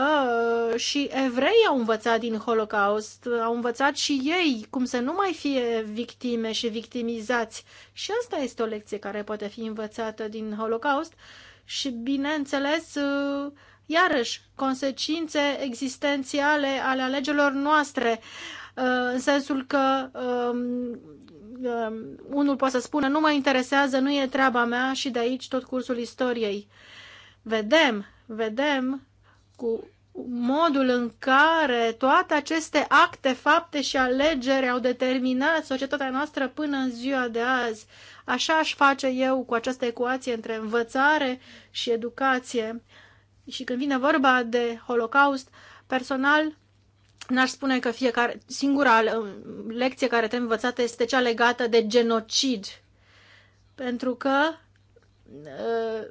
uh, și evrei au învățat din Holocaust, au învățat și ei cum să nu mai fie victime și victimizați. Și asta este o lecție care poate fi învățată din Holocaust și, bineînțeles, uh, iarăși, consecințe existențiale ale alegerilor noastre, uh, în sensul că um, um, unul poate să spună nu mă interesează, nu e treaba mea și de aici tot cursul istoriei. Vedem, vedem cu modul în care toate aceste acte, fapte și alegeri au determinat societatea noastră până în ziua de azi. Așa aș face eu cu această ecuație între învățare și educație și când vine vorba de Holocaust, personal n-aș spune că fiecare, singura uh, lecție care trebuie învățată este cea legată de genocid. Pentru că uh,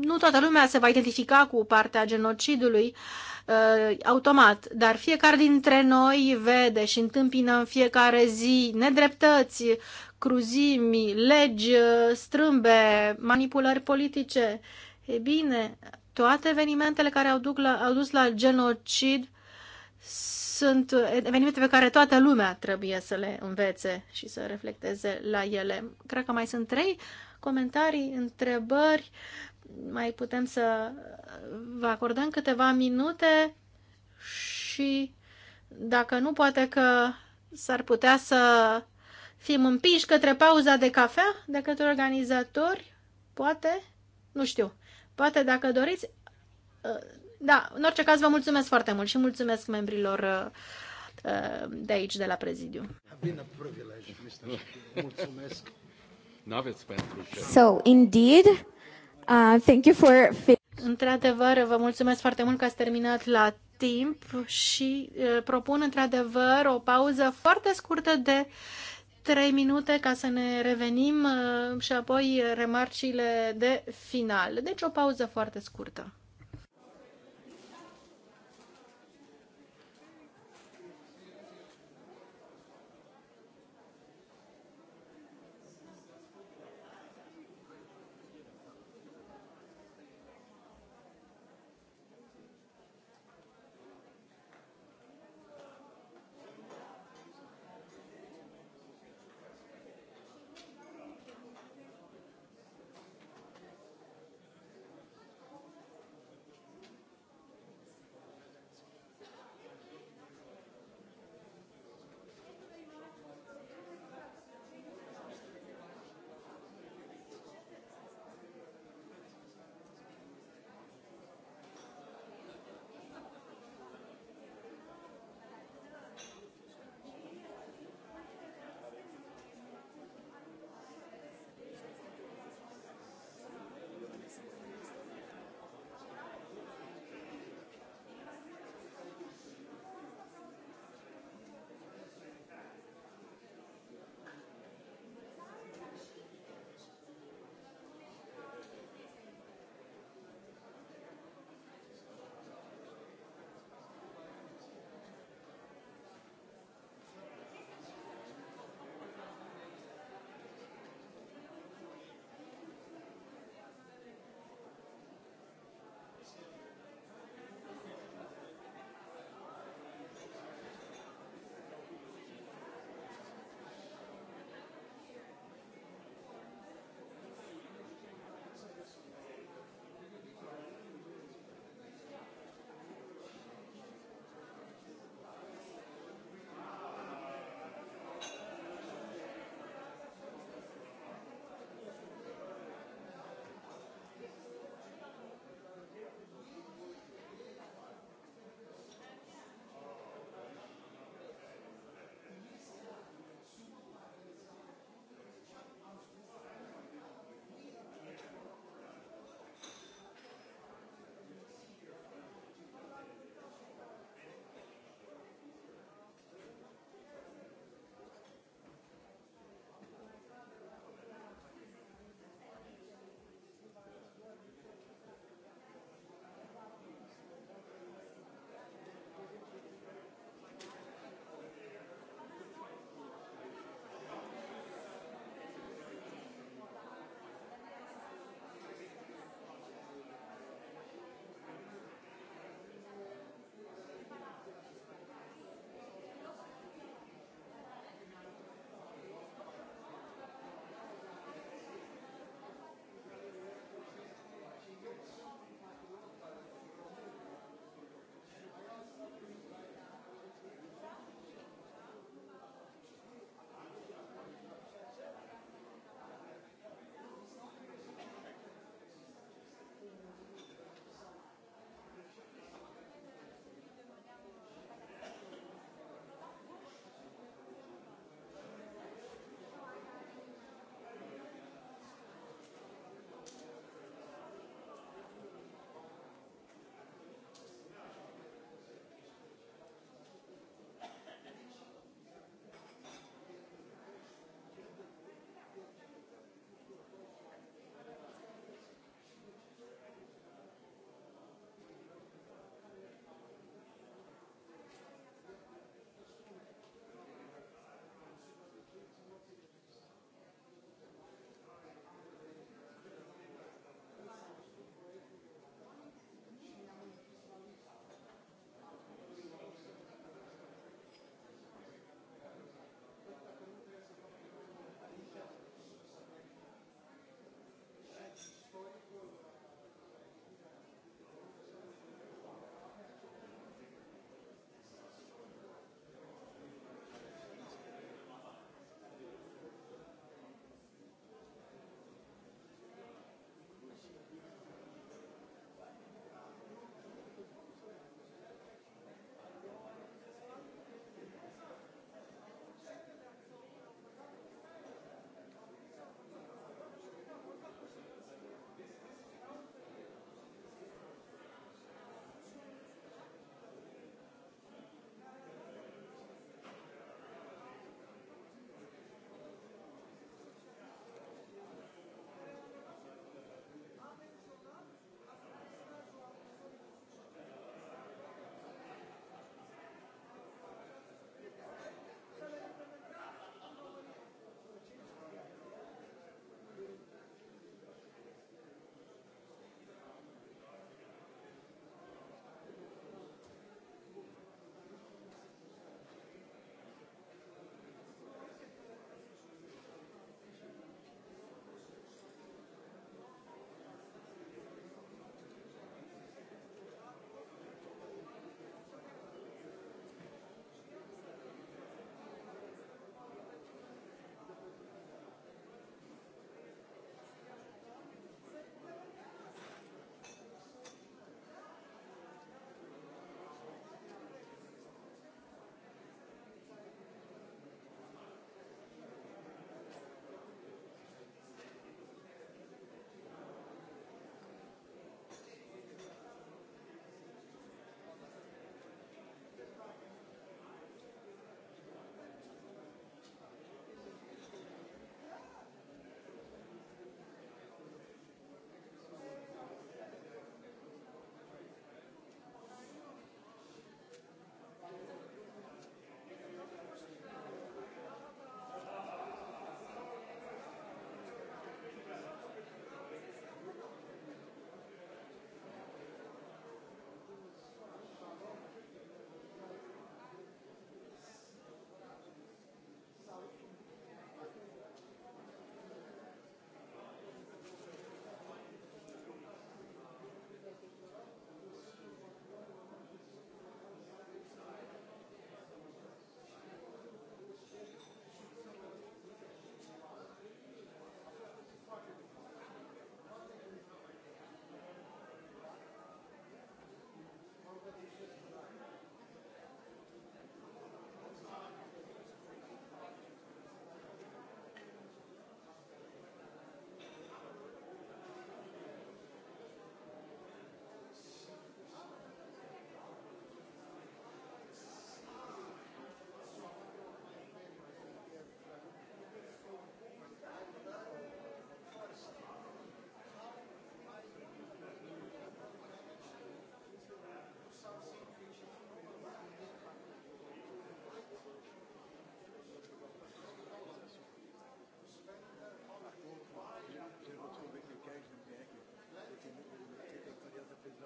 nu toată lumea se va identifica cu partea genocidului uh, automat, dar fiecare dintre noi vede și întâmpină în fiecare zi nedreptăți, cruzimi, legi strâmbe, manipulări politice, uh, E bine, toate evenimentele care au, duc la, au dus la genocid sunt evenimente pe care toată lumea trebuie să le învețe și să reflecteze la ele. Cred că mai sunt trei comentarii, întrebări. Mai putem să vă acordăm câteva minute și dacă nu, poate că s-ar putea să fim împiși către pauza de cafea de către organizatori, poate, nu știu. Poate dacă doriți... Uh, da, în orice caz vă mulțumesc foarte mult și mulțumesc membrilor uh, uh, de aici, de la prezidiu. So, indeed, uh, thank you for... Într-adevăr, vă mulțumesc foarte mult că ați terminat la timp și uh, propun într-adevăr o pauză foarte scurtă de trei minute ca să ne revenim uh, și apoi remarcile de final. Deci o pauză foarte scurtă.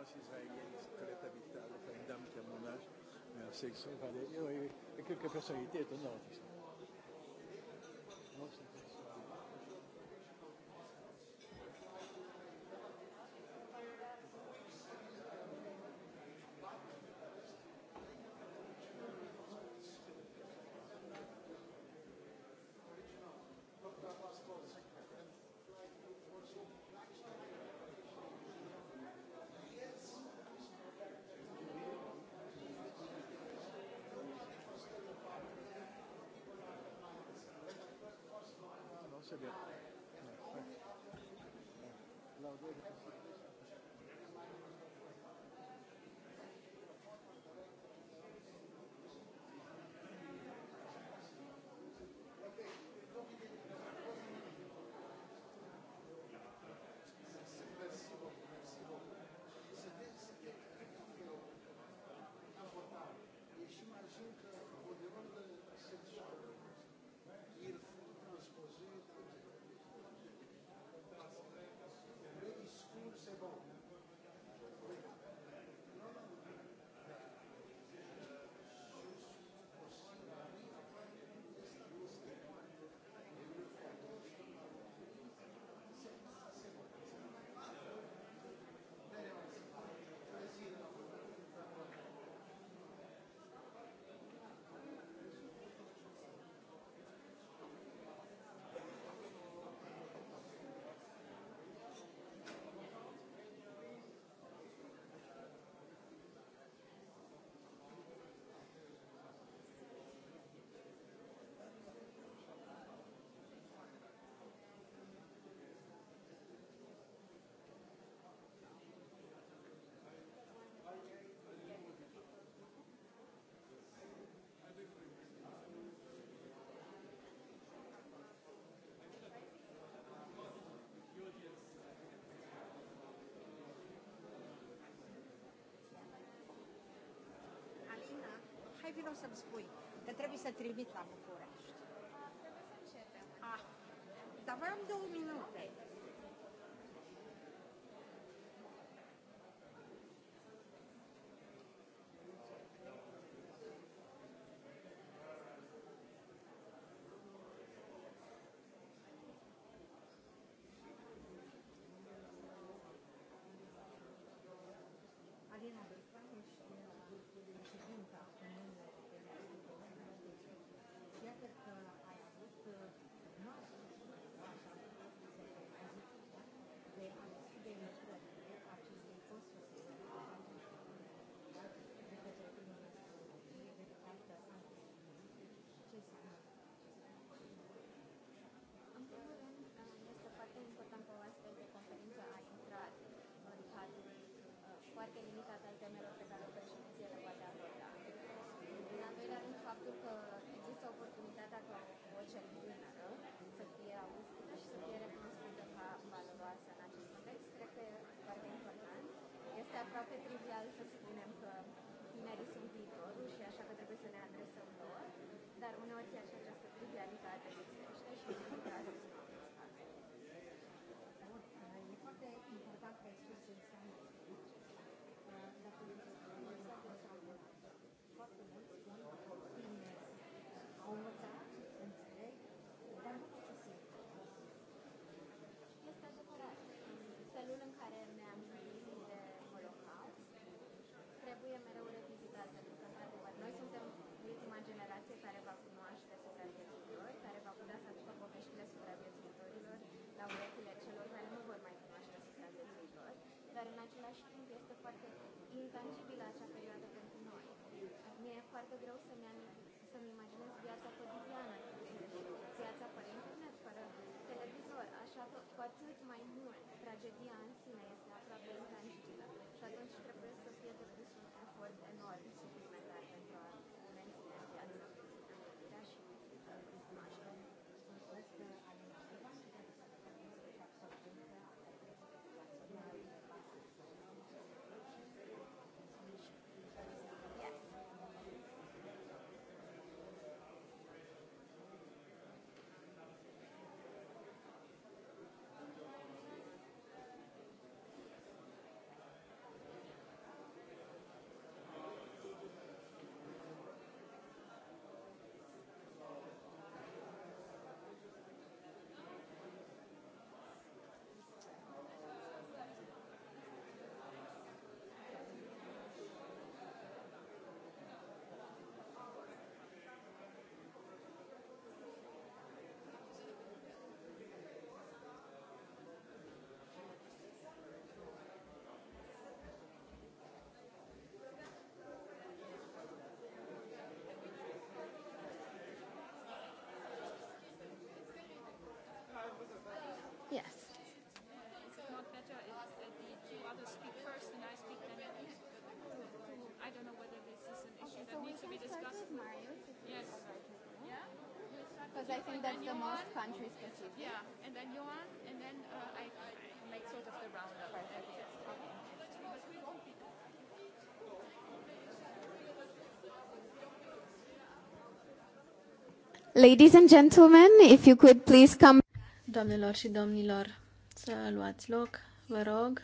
danse israélienne, Colette Habitat, enfin, une dame qui a mon âge, mais en sélection, enfin, et quelques personnalités étonnantes. Grazie a te. mai vino să-mi spui că trebuie să trimit la București. Ah, dar mai am două minute. foarte limitată al temelor pe care președinție le poate aborda. În al doilea rând, faptul că există oportunitatea ca vocea tânără să fie auzită și să fie recunoscută ca valoroasă în acest context, cred că e foarte important. Este aproape trivial să spunem că tinerii sunt viitorul și așa că trebuie să ne adresăm lor, dar uneori chiar și foarte greu să-mi, să-mi imaginez viața cotidiană, viața părinților fără televizor, așa că cu atât mai mult tragedia în sine este Because I think that's the most country specific. Yeah, and then you want, and then uh, I, I make sort of the roundup. Perfect. Okay. Ladies and gentlemen, if you could please come. Domnilor și domnilor, să luați loc, vă rog.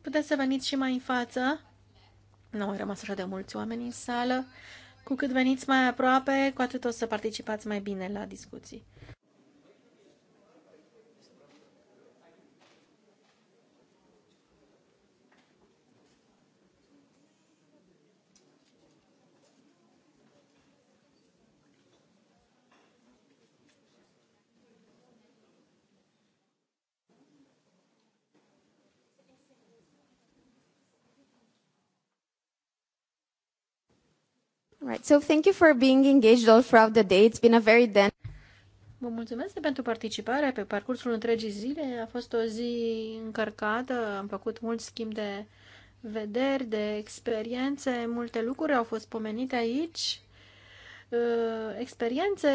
Puteți să veniți și mai în față. Nu au rămas așa de mulți oameni în sală. Cu cât veniți mai aproape, cu atât o să participați mai bine la discuții. So thank you for being engaged all throughout the day. It's been a very dense Vă mulțumesc pentru participare pe parcursul întregii zile. A fost o zi încărcată, am făcut mult schimb de vederi, de experiențe, multe lucruri au fost pomenite aici. Uh, experiențe,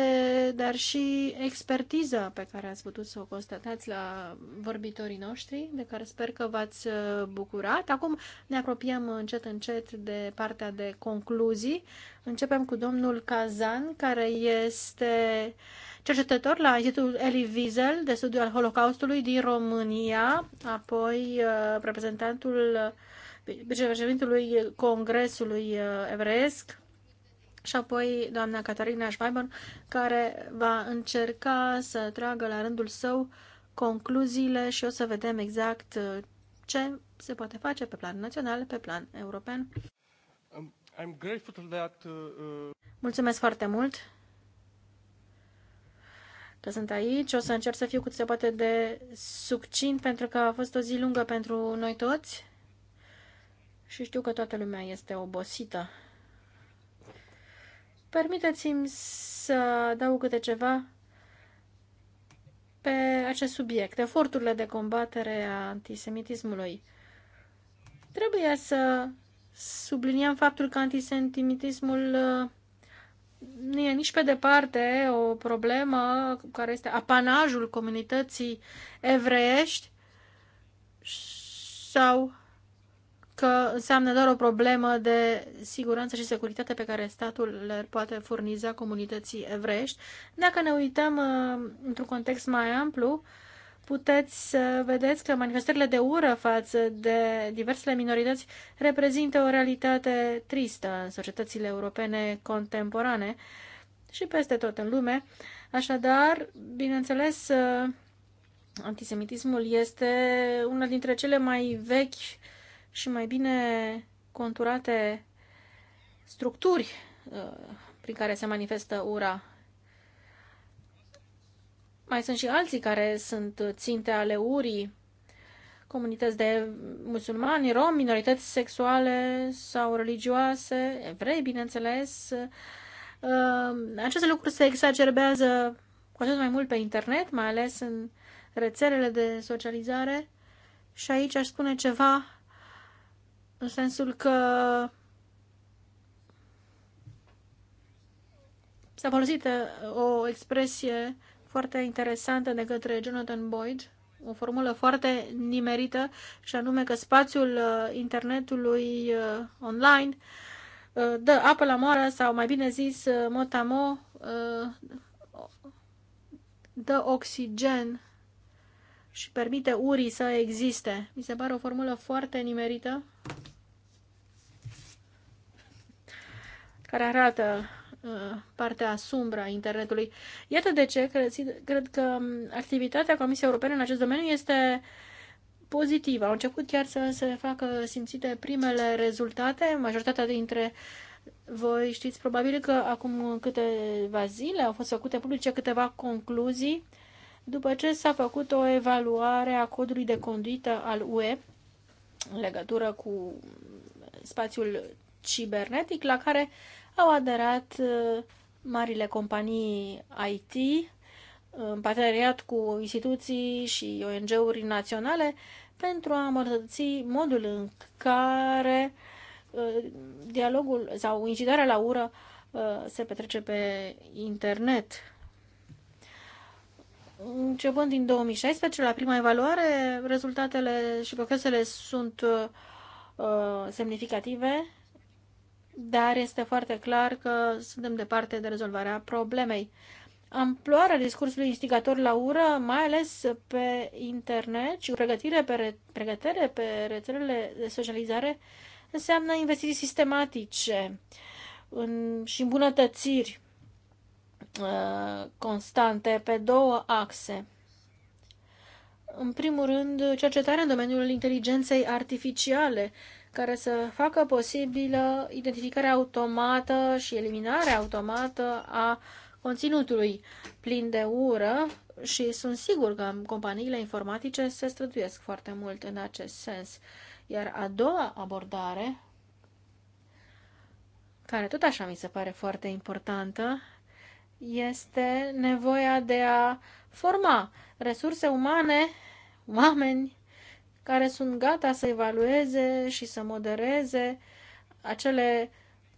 dar și expertiză pe care ați putut să o constatați la vorbitorii noștri, de care sper că v-ați uh, bucurat. Acum ne apropiem încet, încet de partea de concluzii. Începem cu domnul Kazan, care este cercetător la Institutul Eli Wiesel de studiu al Holocaustului din România, apoi uh, reprezentantul președintelui Congresului Evreiesc și apoi doamna Catarina Schweiber, care va încerca să tragă la rândul său concluziile și o să vedem exact uh, ce se poate face pe plan național, pe plan european. Um, I'm grateful that, uh, uh, Mulțumesc foarte mult că sunt aici. O să încerc să fiu cât se poate de succint pentru că a fost o zi lungă pentru noi toți și știu că toată lumea este obosită. Permiteți-mi să dau câte ceva pe acest subiect, eforturile de combatere a antisemitismului. Trebuie să subliniem faptul că antisemitismul uh, nu e nici pe departe o problemă care este apanajul comunității evreiești sau că înseamnă doar o problemă de siguranță și securitate pe care statul le poate furniza comunității evrești. Dacă ne uităm uh, într-un context mai amplu, puteți să vedeți că manifestările de ură față de diversele minorități reprezintă o realitate tristă în societățile europene contemporane și peste tot în lume. Așadar, bineînțeles, uh, antisemitismul este una dintre cele mai vechi și mai bine conturate structuri uh, prin care se manifestă ura. Mai sunt și alții care sunt ținte ale urii, comunități de musulmani, romi, minorități sexuale sau religioase, evrei, bineînțeles. Uh, aceste lucruri se exacerbează cu atât mai mult pe internet, mai ales în rețelele de socializare. Și aici aș spune ceva în sensul că s-a folosit uh, o expresie foarte interesantă de către Jonathan Boyd, o formulă foarte nimerită, și anume că spațiul uh, internetului uh, online dă apă la moară sau, mai bine zis, motamo dă oxigen și permite urii să existe. Mi se pare o formulă foarte nimerită care arată uh, partea sumbră a internetului. Iată de ce cred, cred că um, activitatea Comisiei Europene în acest domeniu este pozitivă. Au început chiar să se facă simțite primele rezultate. Majoritatea dintre voi știți probabil că acum câteva zile au fost făcute publice câteva concluzii uh, după ce s-a făcut o evaluare a codului de conduită al UE în legătură cu spațiul cibernetic la care au aderat uh, marile companii IT în parteneriat cu instituții și ONG-uri naționale pentru a îmbunătăți modul în care uh, dialogul sau incitarea la ură uh, se petrece pe internet. Începând din 2016, la prima evaluare, rezultatele și progresele sunt uh, semnificative, dar este foarte clar că suntem departe de rezolvarea problemei. Amploarea discursului instigator la ură, mai ales pe internet și pregătire pe, re- pregătire pe rețelele de socializare, înseamnă investiții sistematice în, și îmbunătățiri constante pe două axe. În primul rând, cercetarea în domeniul inteligenței artificiale, care să facă posibilă identificarea automată și eliminarea automată a conținutului plin de ură și sunt sigur că companiile informatice se străduiesc foarte mult în acest sens. Iar a doua abordare, care tot așa mi se pare foarte importantă, este nevoia de a forma resurse umane, oameni care sunt gata să evalueze și să modereze acele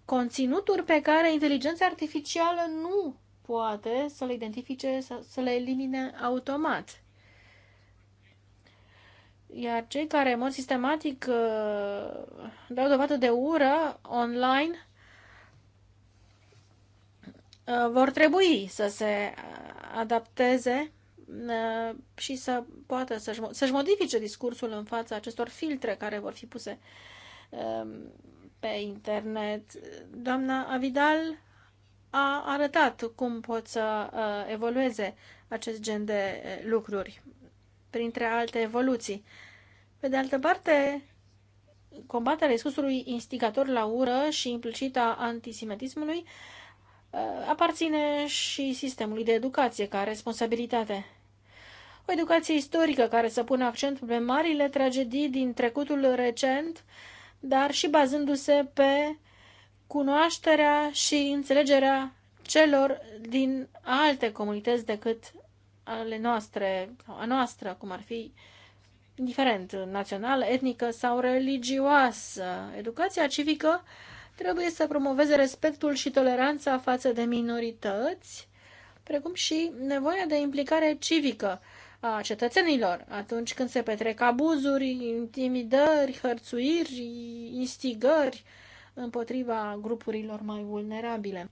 conținuturi pe care inteligența artificială nu poate să le identifice, să, le elimine automat. Iar cei care, în mod sistematic, uh, dau dovadă de ură online, Uh, vor trebui să se uh, adapteze uh, și să poată să-și, să-și modifice discursul în fața acestor filtre care vor fi puse um, pe internet. Doamna Avidal a arătat cum pot să evolueze acest gen de lucruri, printre alte evoluții. Pe de altă parte, combaterea discursului instigator la ură și implicita antisemitismului Uh, aparține și sistemului de educație ca responsabilitate. O educație istorică care să pună accent pe marile tragedii din trecutul recent, dar și bazându-se pe cunoașterea și înțelegerea celor din alte comunități decât ale noastre, a noastră, cum ar fi indiferent națională, etnică sau religioasă. Educația civică trebuie să promoveze respectul și toleranța față de minorități, precum și nevoia de implicare civică a cetățenilor atunci când se petrec abuzuri, intimidări, hărțuiri, instigări împotriva grupurilor mai vulnerabile.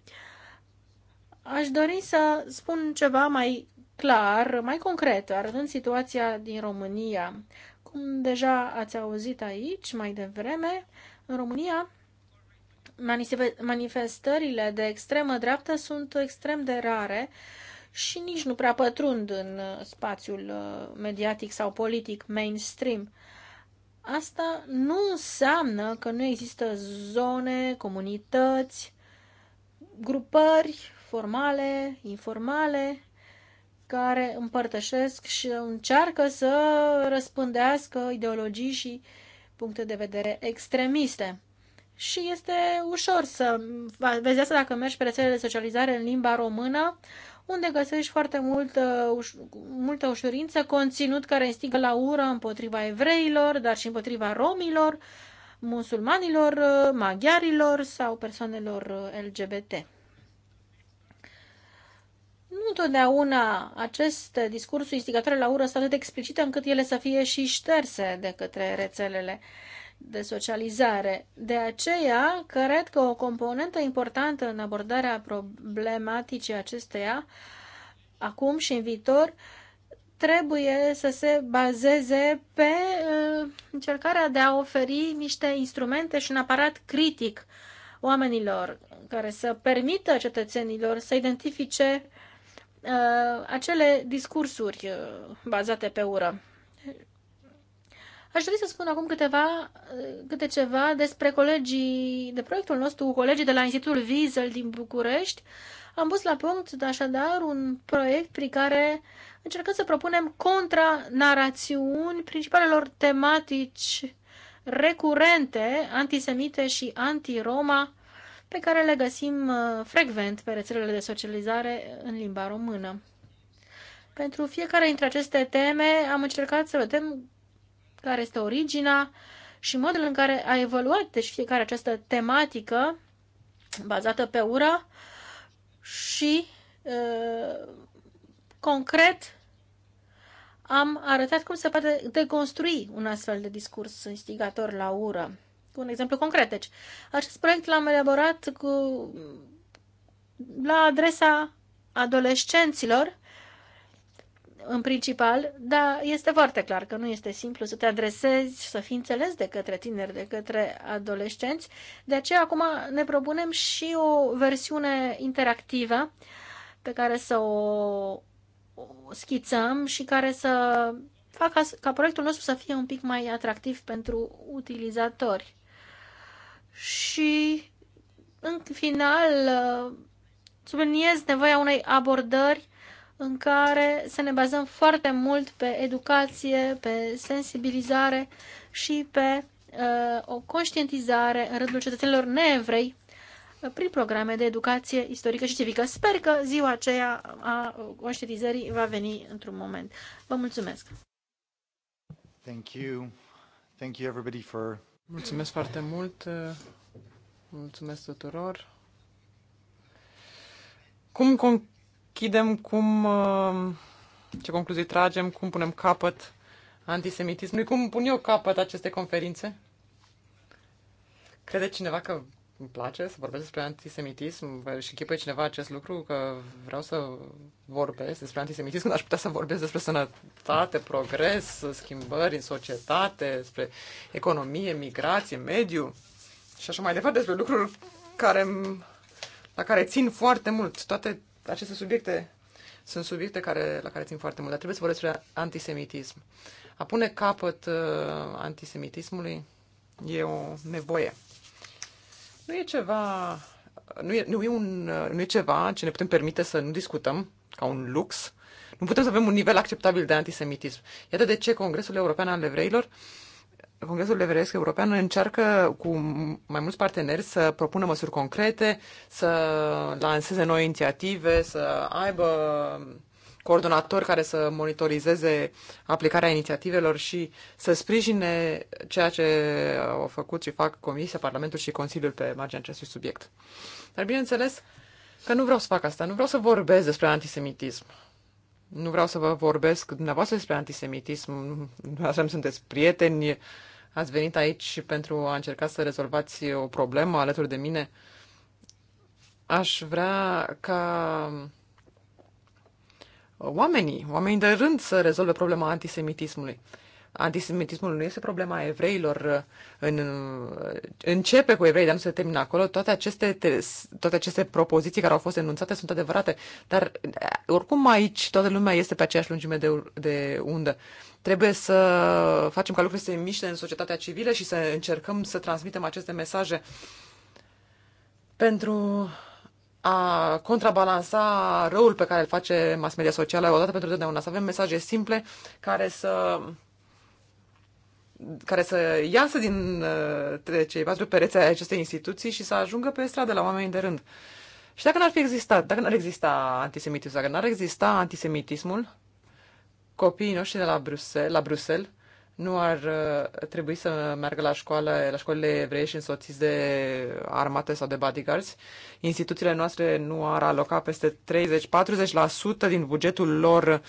Aș dori să spun ceva mai clar, mai concret, arătând situația din România. Cum deja ați auzit aici mai devreme, în România manifestările de extremă dreaptă sunt extrem de rare și nici nu prea pătrund în uh, spațiul uh, mediatic sau politic mainstream. Asta nu înseamnă că nu există zone, comunități, grupări formale, informale, care împărtășesc și încearcă să răspândească ideologii și puncte de vedere extremiste și este ușor să vezi asta dacă mergi pe rețelele de socializare în limba română, unde găsești foarte mult, uh, multă ușurință, conținut care instigă la ură împotriva evreilor, dar și împotriva romilor, musulmanilor, uh, maghiarilor sau persoanelor uh, LGBT. Nu întotdeauna aceste discursuri instigatoare la ură sunt atât explicite încât ele să fie și șterse de către rețelele uh, de socializare. De aceea, cred că o componentă importantă în abordarea problematicii acesteia, acum și în viitor, trebuie să se bazeze pe uh, încercarea de a oferi niște instrumente și un aparat critic oamenilor care să permită cetățenilor să identifice uh, acele discursuri uh, bazate pe ură Aș dori să spun acum câteva, uh, câte ceva despre colegii, de proiectul nostru, colegii de la Institutul Wiesel din București. Am pus la punct, așadar, un proiect prin care încercăm să propunem contranarațiuni principalelor tematici recurente, antisemite și anti-Roma pe care le găsim uh, frecvent pe rețelele de socializare în limba română. Pentru fiecare dintre aceste teme am încercat să vedem care este originea și modul în care a evoluat deci fiecare această tematică bazată pe ură și e, ă, concret am arătat cum se poate deconstrui un astfel de discurs instigator la ură. Cu un exemplu concret, deci, acest proiect l-am elaborat cu, la adresa adolescenților în principal, dar este foarte clar că nu este simplu să te adresezi, să fii înțeles de către tineri, de către adolescenți. De aceea acum ne propunem și o versiune interactivă pe care să o, schițăm și care să facă ca, ca proiectul nostru să fie un pic mai atractiv pentru utilizatori. Și în final subliniez nevoia unei abordări în care să ne bazăm foarte mult pe educație, pe sensibilizare și pe uh, o conștientizare în rândul cetățenilor neevrei uh, prin programe de educație istorică și civică. Sper că ziua aceea a conștientizării va veni într-un moment. Vă mulțumesc! Thank you. Thank you everybody for... Mulțumesc foarte mult! Mulțumesc tuturor! Cum închidem, cum, uh, ce concluzii tragem, cum punem capăt antisemitismului, cum pun eu capăt aceste conferințe. Crede cineva că îmi place să vorbesc despre antisemitism și chipuie cineva acest lucru, că vreau să vorbesc despre antisemitism, când aș putea să vorbesc despre sănătate, progres, schimbări în societate, despre economie, migrație, mediu și așa mai departe, despre lucruri care, la care țin foarte mult. Toate aceste subiecte sunt subiecte care, la care țin foarte mult, dar trebuie să vorbesc despre antisemitism. A pune capăt uh, antisemitismului e o nevoie. Nu e ceva, nu e, nu, e un, uh, nu e ceva ce ne putem permite să nu discutăm ca un lux. Nu putem să avem un nivel acceptabil de antisemitism. Iată de ce Congresul European al Evreilor uh, Congresul Everesc European încearcă cu mai mulți parteneri să propună măsuri concrete, să lanseze noi inițiative, să aibă coordonatori care să monitorizeze aplicarea inițiativelor și să sprijine ceea ce au făcut și fac Comisia, Parlamentul și Consiliul pe marginea acestui subiect. Dar bineînțeles că nu vreau să fac asta, nu vreau să vorbesc despre antisemitism. Nu vreau să vă vorbesc dumneavoastră despre antisemitism, dumneavoastră nu sunteți prieteni, ați venit aici pentru a încerca să rezolvați o problemă alături de mine. Aș vrea ca oamenii, oamenii de rând să rezolve problema antisemitismului antisemitismul nu este problema evreilor, uh, în, uh, începe cu evrei, dar nu se termină acolo. Toate aceste, toate aceste propoziții care au fost enunțate sunt adevărate, dar uh, oricum aici toată lumea este pe aceeași lungime de, de undă. Trebuie să facem ca lucrurile să se miște în societatea civilă și să încercăm să transmitem aceste mesaje pentru a contrabalansa răul pe care îl face mass media socială odată pentru totdeauna. Să avem mesaje simple care să care să iasă din uh, cei patru pereți ai acestei instituții și să ajungă pe stradă la oameni de rând. Și dacă n-ar fi existat, dacă n-ar exista antisemitismul, dacă n-ar exista antisemitismul, copiii noștri de la Bruxelles, la Bruxelles nu ar uh, trebui să meargă la școală, la școlile evreiești însoțiți de armate sau de bodyguards. Instituțiile noastre nu ar aloca peste 30-40% din bugetul lor uh,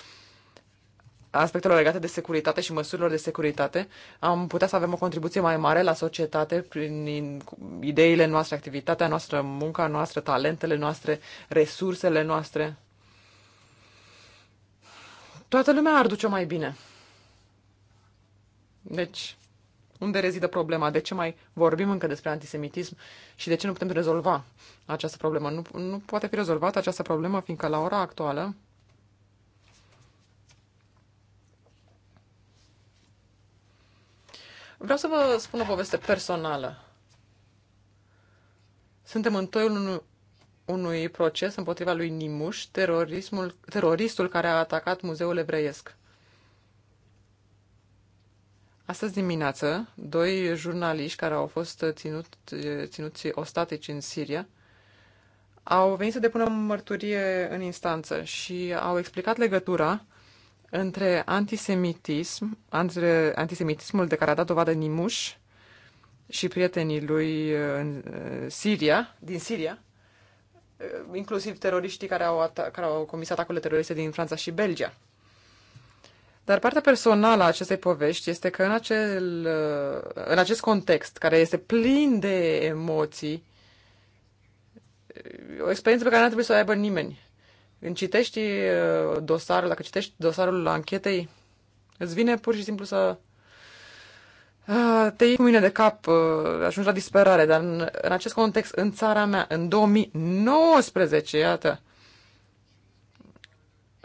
aspectelor legate de securitate și măsurilor de securitate, am putea să avem o contribuție mai mare la societate prin ideile noastre, activitatea noastră, munca noastră, talentele noastre, resursele noastre. Toată lumea ar duce mai bine. Deci, unde rezidă problema? De ce mai vorbim încă despre antisemitism și de ce nu putem rezolva această problemă? Nu, nu poate fi rezolvată această problemă, fiindcă la ora actuală Vreau să vă spun o poveste personală. Suntem în toiul unui, proces împotriva lui Nimuș, terorismul, teroristul care a atacat muzeul evreiesc. Astăzi dimineață, doi jurnaliști care au fost ținut, ținuți ostatici în Siria au venit să depună mărturie în instanță și au explicat legătura între antisemitism, între antisemitismul de care a dat dovadă Nimuș și prietenii lui uh, în uh, Siria, din Siria, uh, inclusiv teroriștii care au, care au comis atacurile teroriste din Franța și Belgia. Dar partea personală a acestei povești este că în, acel, în acest context, care este plin de emoții, o experiență pe care n a trebui să o aibă nimeni, când citești uh, dosarul, dacă citești dosarul închetei, îți vine pur și simplu să uh, te iei cu mine de cap, uh, ajungi la disperare, dar în, în acest context, în țara mea, în 2019, iată,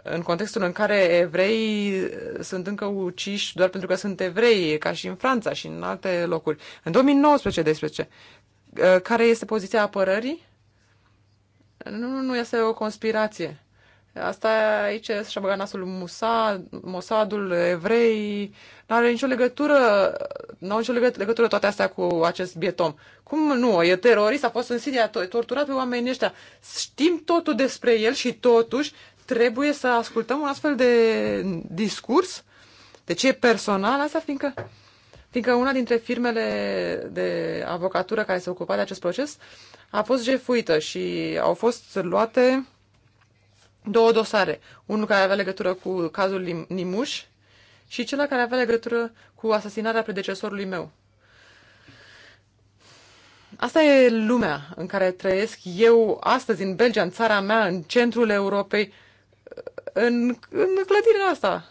în contextul în care evrei sunt încă uciși doar pentru că sunt evrei, ca și în Franța și în alte locuri. În 2019, 2019 care este poziția apărării? Nu, nu, nu este o conspirație. Asta aici și-a băgat nasul Musa, Mossadul, evrei, nu are nicio legătură, nu au nicio legătură toate astea cu acest bietom. Cum nu? E terorist, a fost în Siria, torturat pe oamenii ăștia. Știm totul despre el și totuși trebuie să ascultăm un astfel de discurs. ce e personal asta, fiindcă fiindcă una dintre firmele de avocatură care se ocupa de acest proces a fost jefuită și au fost luate două dosare. Unul care avea legătură cu cazul Nimuș și cel care avea legătură cu asasinarea predecesorului meu. Asta e lumea în care trăiesc eu astăzi în Belgia, în țara mea, în centrul Europei, în, în clădirea asta.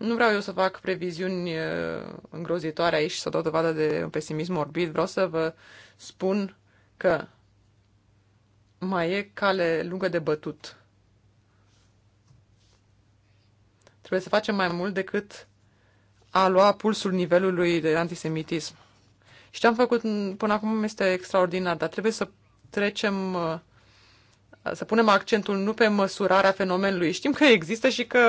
Nu vreau eu să fac previziuni uh, îngrozitoare aici și să dau dovadă de un pesimism morbid. Vreau să vă spun că mai e cale lungă de bătut. Trebuie să facem mai mult decât a lua pulsul nivelului de antisemitism. Și ce am făcut până acum este extraordinar, dar trebuie să trecem, uh, să punem accentul nu pe măsurarea fenomenului. Știm că există și că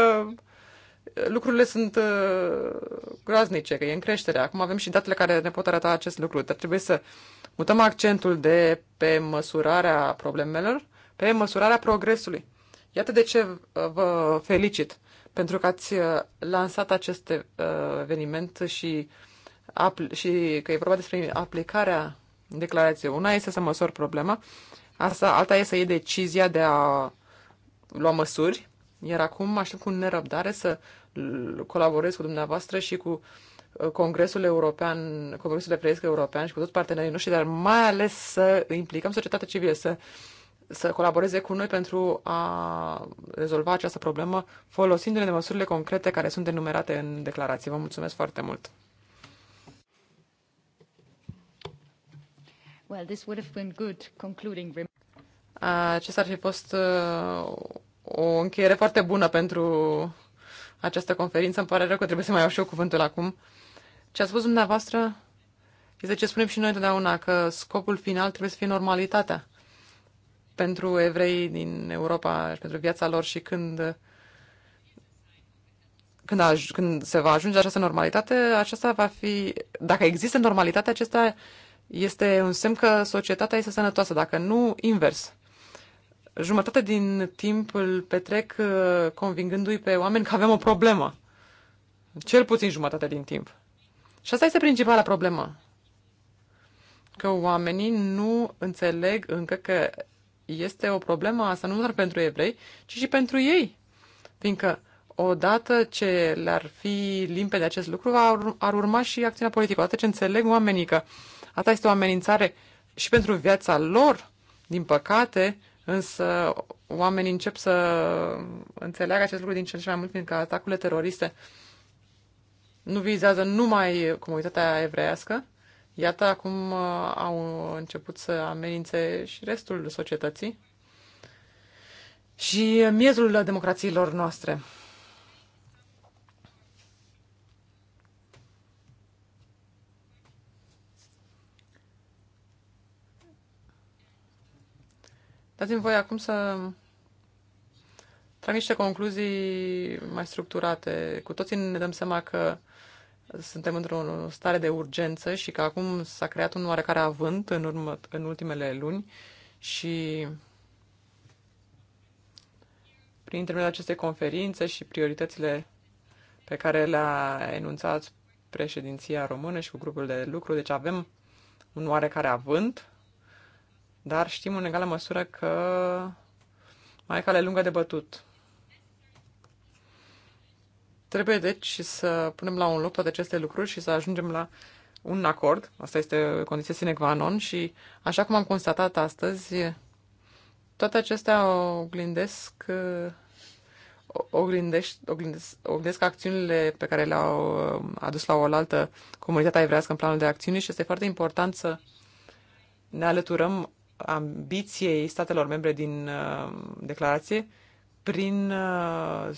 lucrurile sunt uh, groaznice, că e în creștere. Acum avem și datele care ne pot arăta acest lucru, dar trebuie să mutăm accentul de pe măsurarea problemelor, pe măsurarea progresului. Iată de ce uh, vă felicit, pentru că ați uh, lansat acest uh, eveniment și, și că e vorba despre aplicarea declarației. Una este să măsori problema, asta, alta este să iei decizia de a lua măsuri, iar acum aștept cu nerăbdare să colaborez cu dumneavoastră și cu uh, Congresul European, Congresul de Preiesc European și cu toți partenerii noștri, dar mai ales să implicăm societatea civilă, să, să colaboreze cu noi pentru a rezolva această problemă folosindu-ne de măsurile concrete care sunt enumerate în declarație. Vă mulțumesc foarte mult! Well, this would have been good concluding Acesta ar fi fost uh, o încheiere foarte bună pentru această conferință. Îmi pare rău că trebuie să mai iau și eu cuvântul acum. Ce a spus dumneavoastră este ce spunem și noi întotdeauna, că scopul final trebuie să fie normalitatea pentru evrei din Europa și pentru viața lor și când când, aj- când se va ajunge această normalitate, aceasta va fi, dacă există normalitate, acesta este un semn că societatea este sănătoasă, dacă nu, invers jumătate din timp îl petrec uh, convingându-i pe oameni că avem o problemă. Cel puțin jumătate din timp. Și asta este principala problemă. Că oamenii nu înțeleg încă că este o problemă asta nu doar pentru evrei, ci și pentru ei. Fiindcă odată ce le-ar fi limpede acest lucru, ar, ar urma și acțiunea politică. Odată ce înțeleg oamenii că asta este o amenințare și pentru viața lor, din păcate, Însă oamenii încep să înțeleagă acest lucru din ce în ce mai mult, fiindcă atacurile teroriste nu vizează numai comunitatea evreiască. Iată, acum uh, au început să amenințe și restul societății și miezul democrațiilor noastre. Dați-mi voi acum să trag niște concluzii mai structurate. Cu toții ne dăm seama că suntem într-o stare de urgență și că acum s-a creat un oarecare avânt în, urmă, în ultimele luni și prin intermediul acestei conferințe și prioritățile pe care le-a enunțat președinția română și cu grupul de lucru, deci avem un oarecare avânt dar știm în egală măsură că mai e cale lungă de bătut. Trebuie, deci, să punem la un loc toate aceste lucruri și să ajungem la un acord. Asta este condiția sine qua non și, așa cum am constatat astăzi, toate acestea oglindesc, oglindesc, oglindesc, oglindesc acțiunile pe care le-au adus la oaltă comunitatea evrească în planul de acțiuni și este foarte important să ne alăturăm ambiției statelor membre din uh, declarație prin uh,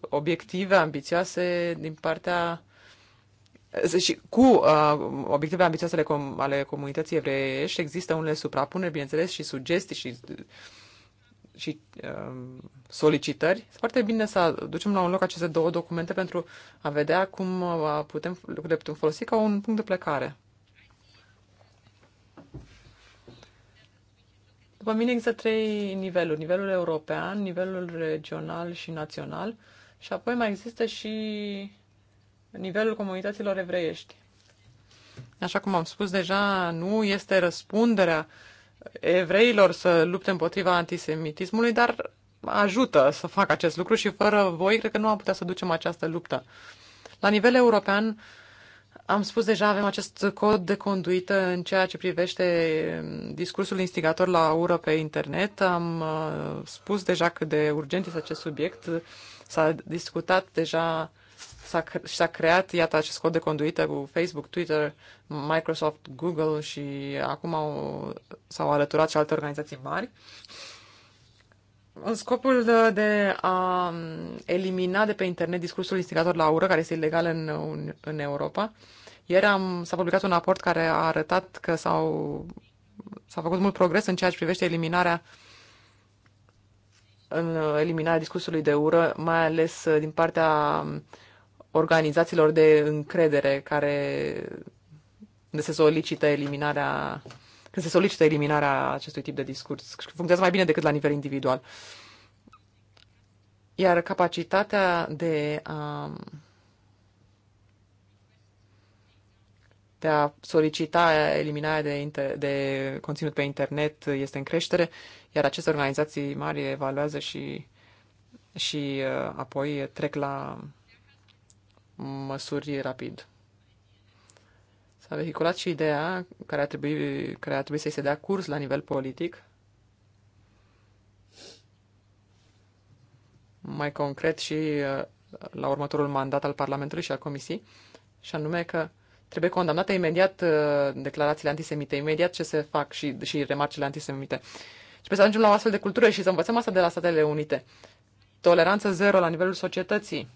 obiective ambițioase din partea și cu uh, obiective ambițioase ale, com- ale comunității evreiești există unele suprapuneri, bineînțeles, și sugestii și, și uh, solicitări. Foarte bine să ducem la un loc aceste două documente pentru a vedea cum uh, putem, le putem folosi ca un punct de plecare. După mine există trei niveluri. Nivelul european, nivelul regional și național și apoi mai există și nivelul comunităților evreiești. Așa cum am spus deja, nu este răspunderea evreilor să lupte împotriva antisemitismului, dar ajută să facă acest lucru și fără voi cred că nu am putea să ducem această luptă. La nivel european, am spus deja, avem acest cod de conduită în ceea ce privește um, discursul instigator la ură pe internet. Am uh, spus deja cât de urgent este acest subiect. S-a discutat deja și s-a creat, iată, acest cod de conduită cu Facebook, Twitter, Microsoft, Google și acum au, s-au alăturat și alte organizații mari. În scopul de, de a elimina de pe internet discursul instigator la ură, care este ilegal în, în Europa, ieri am, s-a publicat un raport care a arătat că s-au, s-a făcut mult progres în ceea ce privește eliminarea în eliminarea discursului de ură, mai ales uh, din partea organizațiilor de încredere care de se solicită eliminarea când se solicită eliminarea acestui tip de discurs. Funcționează mai bine decât la nivel individual. Iar capacitatea de a, de a solicita eliminarea de, inter, de conținut pe internet este în creștere, iar aceste organizații mari evaluează și, și uh, apoi trec la măsuri rapid. S-a vehiculat și ideea care a trebuit, care a trebuit să-i se dea curs la nivel politic, mai concret și uh, la următorul mandat al Parlamentului și al Comisiei, și anume că trebuie condamnate imediat uh, declarațiile antisemite, imediat ce se fac și, și remarcile antisemite. Și trebuie să ajungem la o astfel de cultură și să învățăm asta de la Statele Unite. Toleranță zero la nivelul societății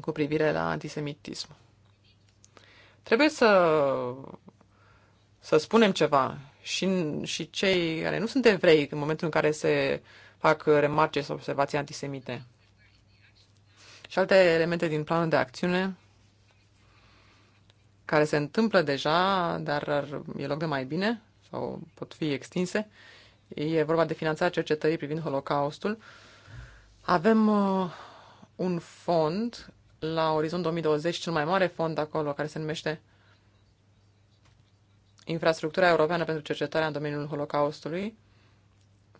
cu privire la antisemitism. Trebuie să, să spunem ceva și, și cei care nu sunt evrei în momentul în care se fac remarce sau observații antisemite. Și alte elemente din planul de acțiune care se întâmplă deja, dar e loc de mai bine sau pot fi extinse. E vorba de finanțarea cercetării privind Holocaustul. Avem uh, un fond la Orizont 2020 cel mai mare fond acolo, care se numește Infrastructura Europeană pentru Cercetarea în domeniul Holocaustului,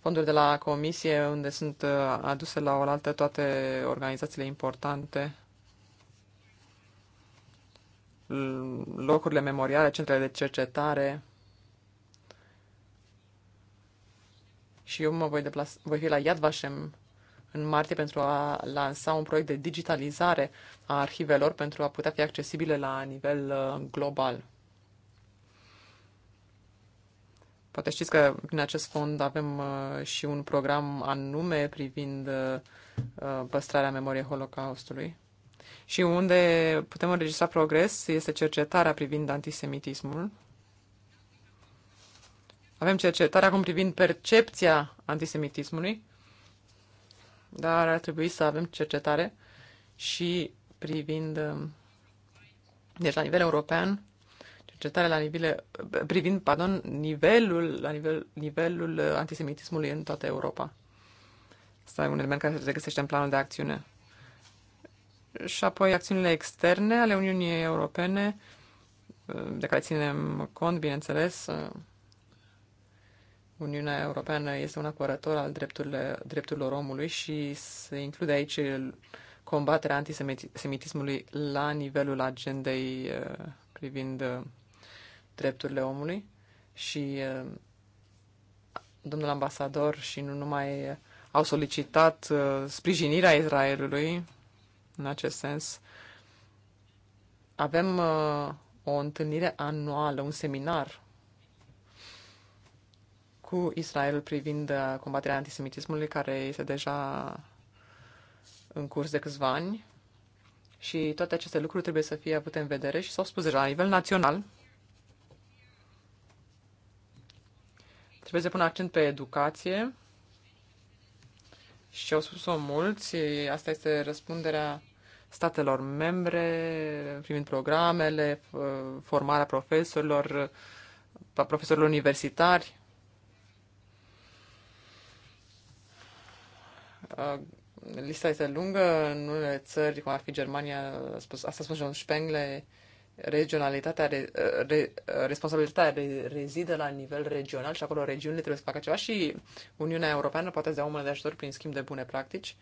fonduri de la Comisie, unde sunt uh, aduse la oaltă toate organizațiile importante, locurile memoriale, centrele de cercetare. Și eu mă voi deplasa, voi fi la Yad Vashem în martie pentru a lansa un proiect de digitalizare a arhivelor pentru a putea fi accesibile la nivel uh, global. Poate știți că prin acest fond avem uh, și un program anume privind uh, păstrarea memoriei Holocaustului. Și unde putem înregistra progres este cercetarea privind antisemitismul. Avem cercetarea acum privind percepția antisemitismului dar ar trebui să avem cercetare și privind, um, deci la nivel european, cercetare la nivel, privind, pardon, nivelul, la nivel, nivelul uh, antisemitismului în toată Europa. Asta e un element care se găsește în planul de acțiune. Și apoi acțiunile externe ale Uniunii Europene, uh, de care ținem cont, bineînțeles, uh, Uniunea Europeană este un apărător al drepturilor omului și se include aici combaterea antisemitismului la nivelul agendei eh, privind eh, drepturile omului și eh, domnul ambasador și nu numai au solicitat sprijinirea Israelului în acest sens. Avem o întâlnire anuală, un seminar cu Israel privind uh, combaterea antisemitismului, care este deja în curs de câțiva ani. Și toate aceste lucruri trebuie să fie avute în vedere și s-au spus deja la nivel național. Trebuie să pun accent pe educație și au spus-o mulți. Asta este răspunderea statelor membre privind programele, formarea profesorilor, profesorilor universitari. lista este lungă în unele țări, cum ar fi Germania, a spus, asta a spus John Spengle, regionalitatea, re, re, responsabilitatea re, rezidă la nivel regional și acolo regiunile trebuie să facă ceva și Uniunea Europeană poate să dea o mână de ajutor prin schimb de bune practici.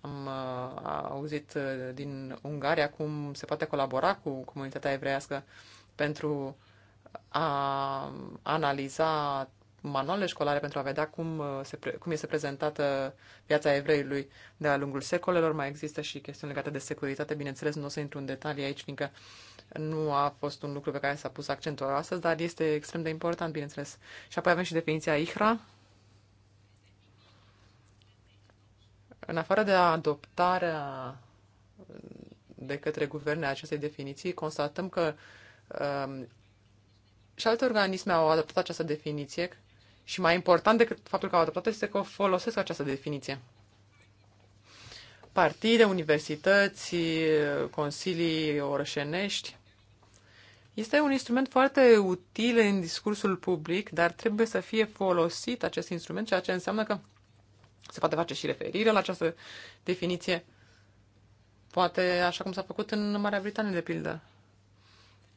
Am a, auzit din Ungaria cum se poate colabora cu comunitatea evreiască pentru a analiza manuale școlare pentru a vedea cum, uh, se pre- cum este prezentată viața evreilor de-a lungul secolelor. Mai există și chestiuni legate de securitate. Bineînțeles, nu o să intru în detalii aici, fiindcă nu a fost un lucru pe care s-a pus accentul astăzi, dar este extrem de important, bineînțeles. Și apoi avem și definiția IHRA. În afară de adoptarea de către guverne acestei definiții, constatăm că um, și alte organisme au adoptat această definiție și mai important decât faptul că au adoptat este că folosesc această definiție. Partide, universități, consilii orășenești. Este un instrument foarte util în discursul public, dar trebuie să fie folosit acest instrument, ceea ce înseamnă că se poate face și referire la această definiție. Poate așa cum s-a făcut în Marea Britanie, de pildă,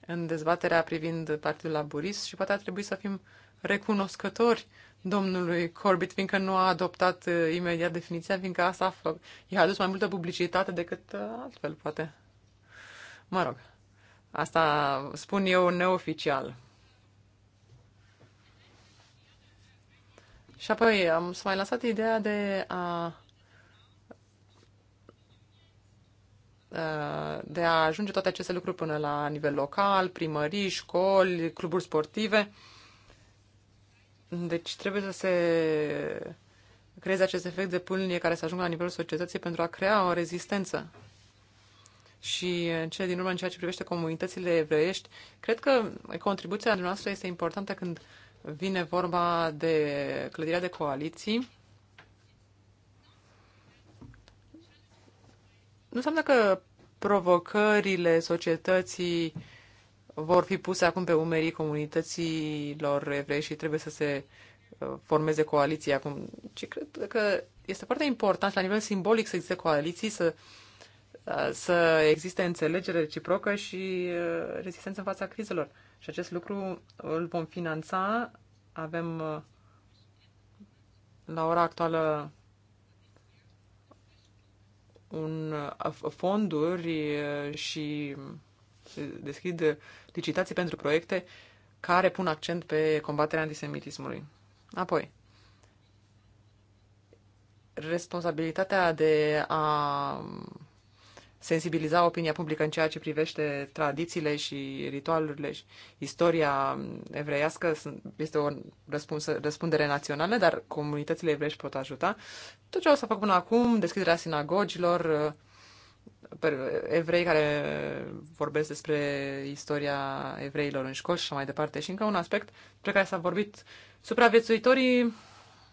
în dezbaterea privind Partidul Laburist și poate ar trebui să fim recunoscători domnului Corbett, fiindcă nu a adoptat uh, imediat definiția, fiindcă asta a I-a adus mai multă publicitate decât uh, altfel, poate. Mă rog, asta spun eu neoficial. Și apoi am mai lăsat ideea de a uh, de a ajunge toate aceste lucruri până la nivel local, primării, școli, cluburi sportive. Deci trebuie să se creeze acest efect de pâlnie care să ajungă la nivelul societății pentru a crea o rezistență. Și în cele din urmă, în ceea ce privește comunitățile evreiești, cred că contribuția noastră este importantă când vine vorba de clădirea de coaliții. Nu înseamnă că provocările societății uh, vor fi puse acum pe umerii comunităților evrei și trebuie să se uh, formeze coaliții acum. Și cred că este foarte important la nivel simbolic să existe coaliții, să, uh, să existe înțelegere reciprocă și uh, rezistență în fața crizelor. Și acest lucru îl vom finanța. Avem la ora actuală un fonduri și se deschid licitații pentru proiecte care pun accent pe combaterea antisemitismului. Apoi, responsabilitatea de a sensibiliza opinia publică în ceea ce privește tradițiile și ritualurile și istoria evreiască este o răspunsă, răspundere națională, dar comunitățile evreiești pot ajuta. Tot ce o să fac până acum, deschiderea sinagogilor, evrei care vorbesc despre istoria evreilor în școli și așa mai departe. Și încă un aspect despre care s-a vorbit, supraviețuitorii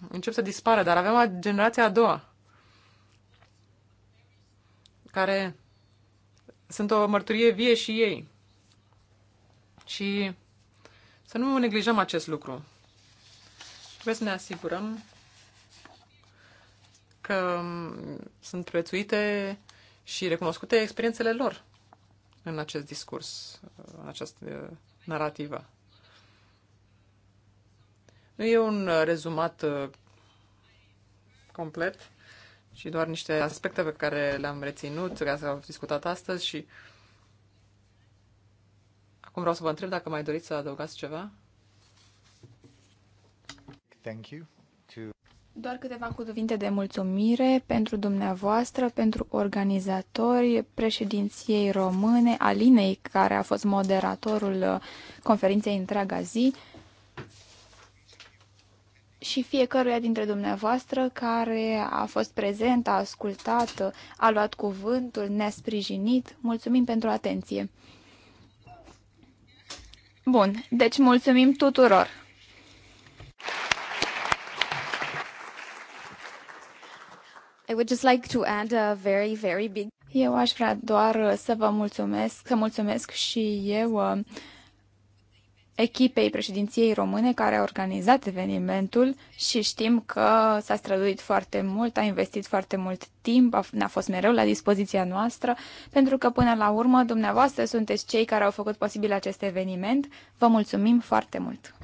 încep să dispară, dar avem generația a doua care sunt o mărturie vie și ei. Și să nu neglijăm acest lucru. Trebuie să ne asigurăm că sunt prețuite și recunoscute experiențele lor în acest discurs, în această uh, narrativă. Nu e un uh, rezumat uh, complet, ci doar niște aspecte pe care le-am reținut, care s-au discutat astăzi și acum vreau să vă întreb dacă mai doriți să adăugați ceva. Thank you. Doar câteva cuvinte de mulțumire pentru dumneavoastră, pentru organizatori, președinției române, Alinei, care a fost moderatorul uh, conferinței întreaga zi, și fiecăruia dintre dumneavoastră care a fost prezent, a ascultat, a luat cuvântul, ne-a sprijinit. Mulțumim pentru atenție! Bun, deci mulțumim tuturor! I would just like to add a very, very big... Eu aș vrea doar uh, să vă mulțumesc, să mulțumesc și eu uh, echipei președinției române care a organizat evenimentul și știm că s-a străduit foarte mult, a investit foarte mult timp, ne-a fost mereu la dispoziția noastră, pentru că până la urmă dumneavoastră sunteți cei care au făcut posibil acest eveniment. Vă mulțumim foarte mult!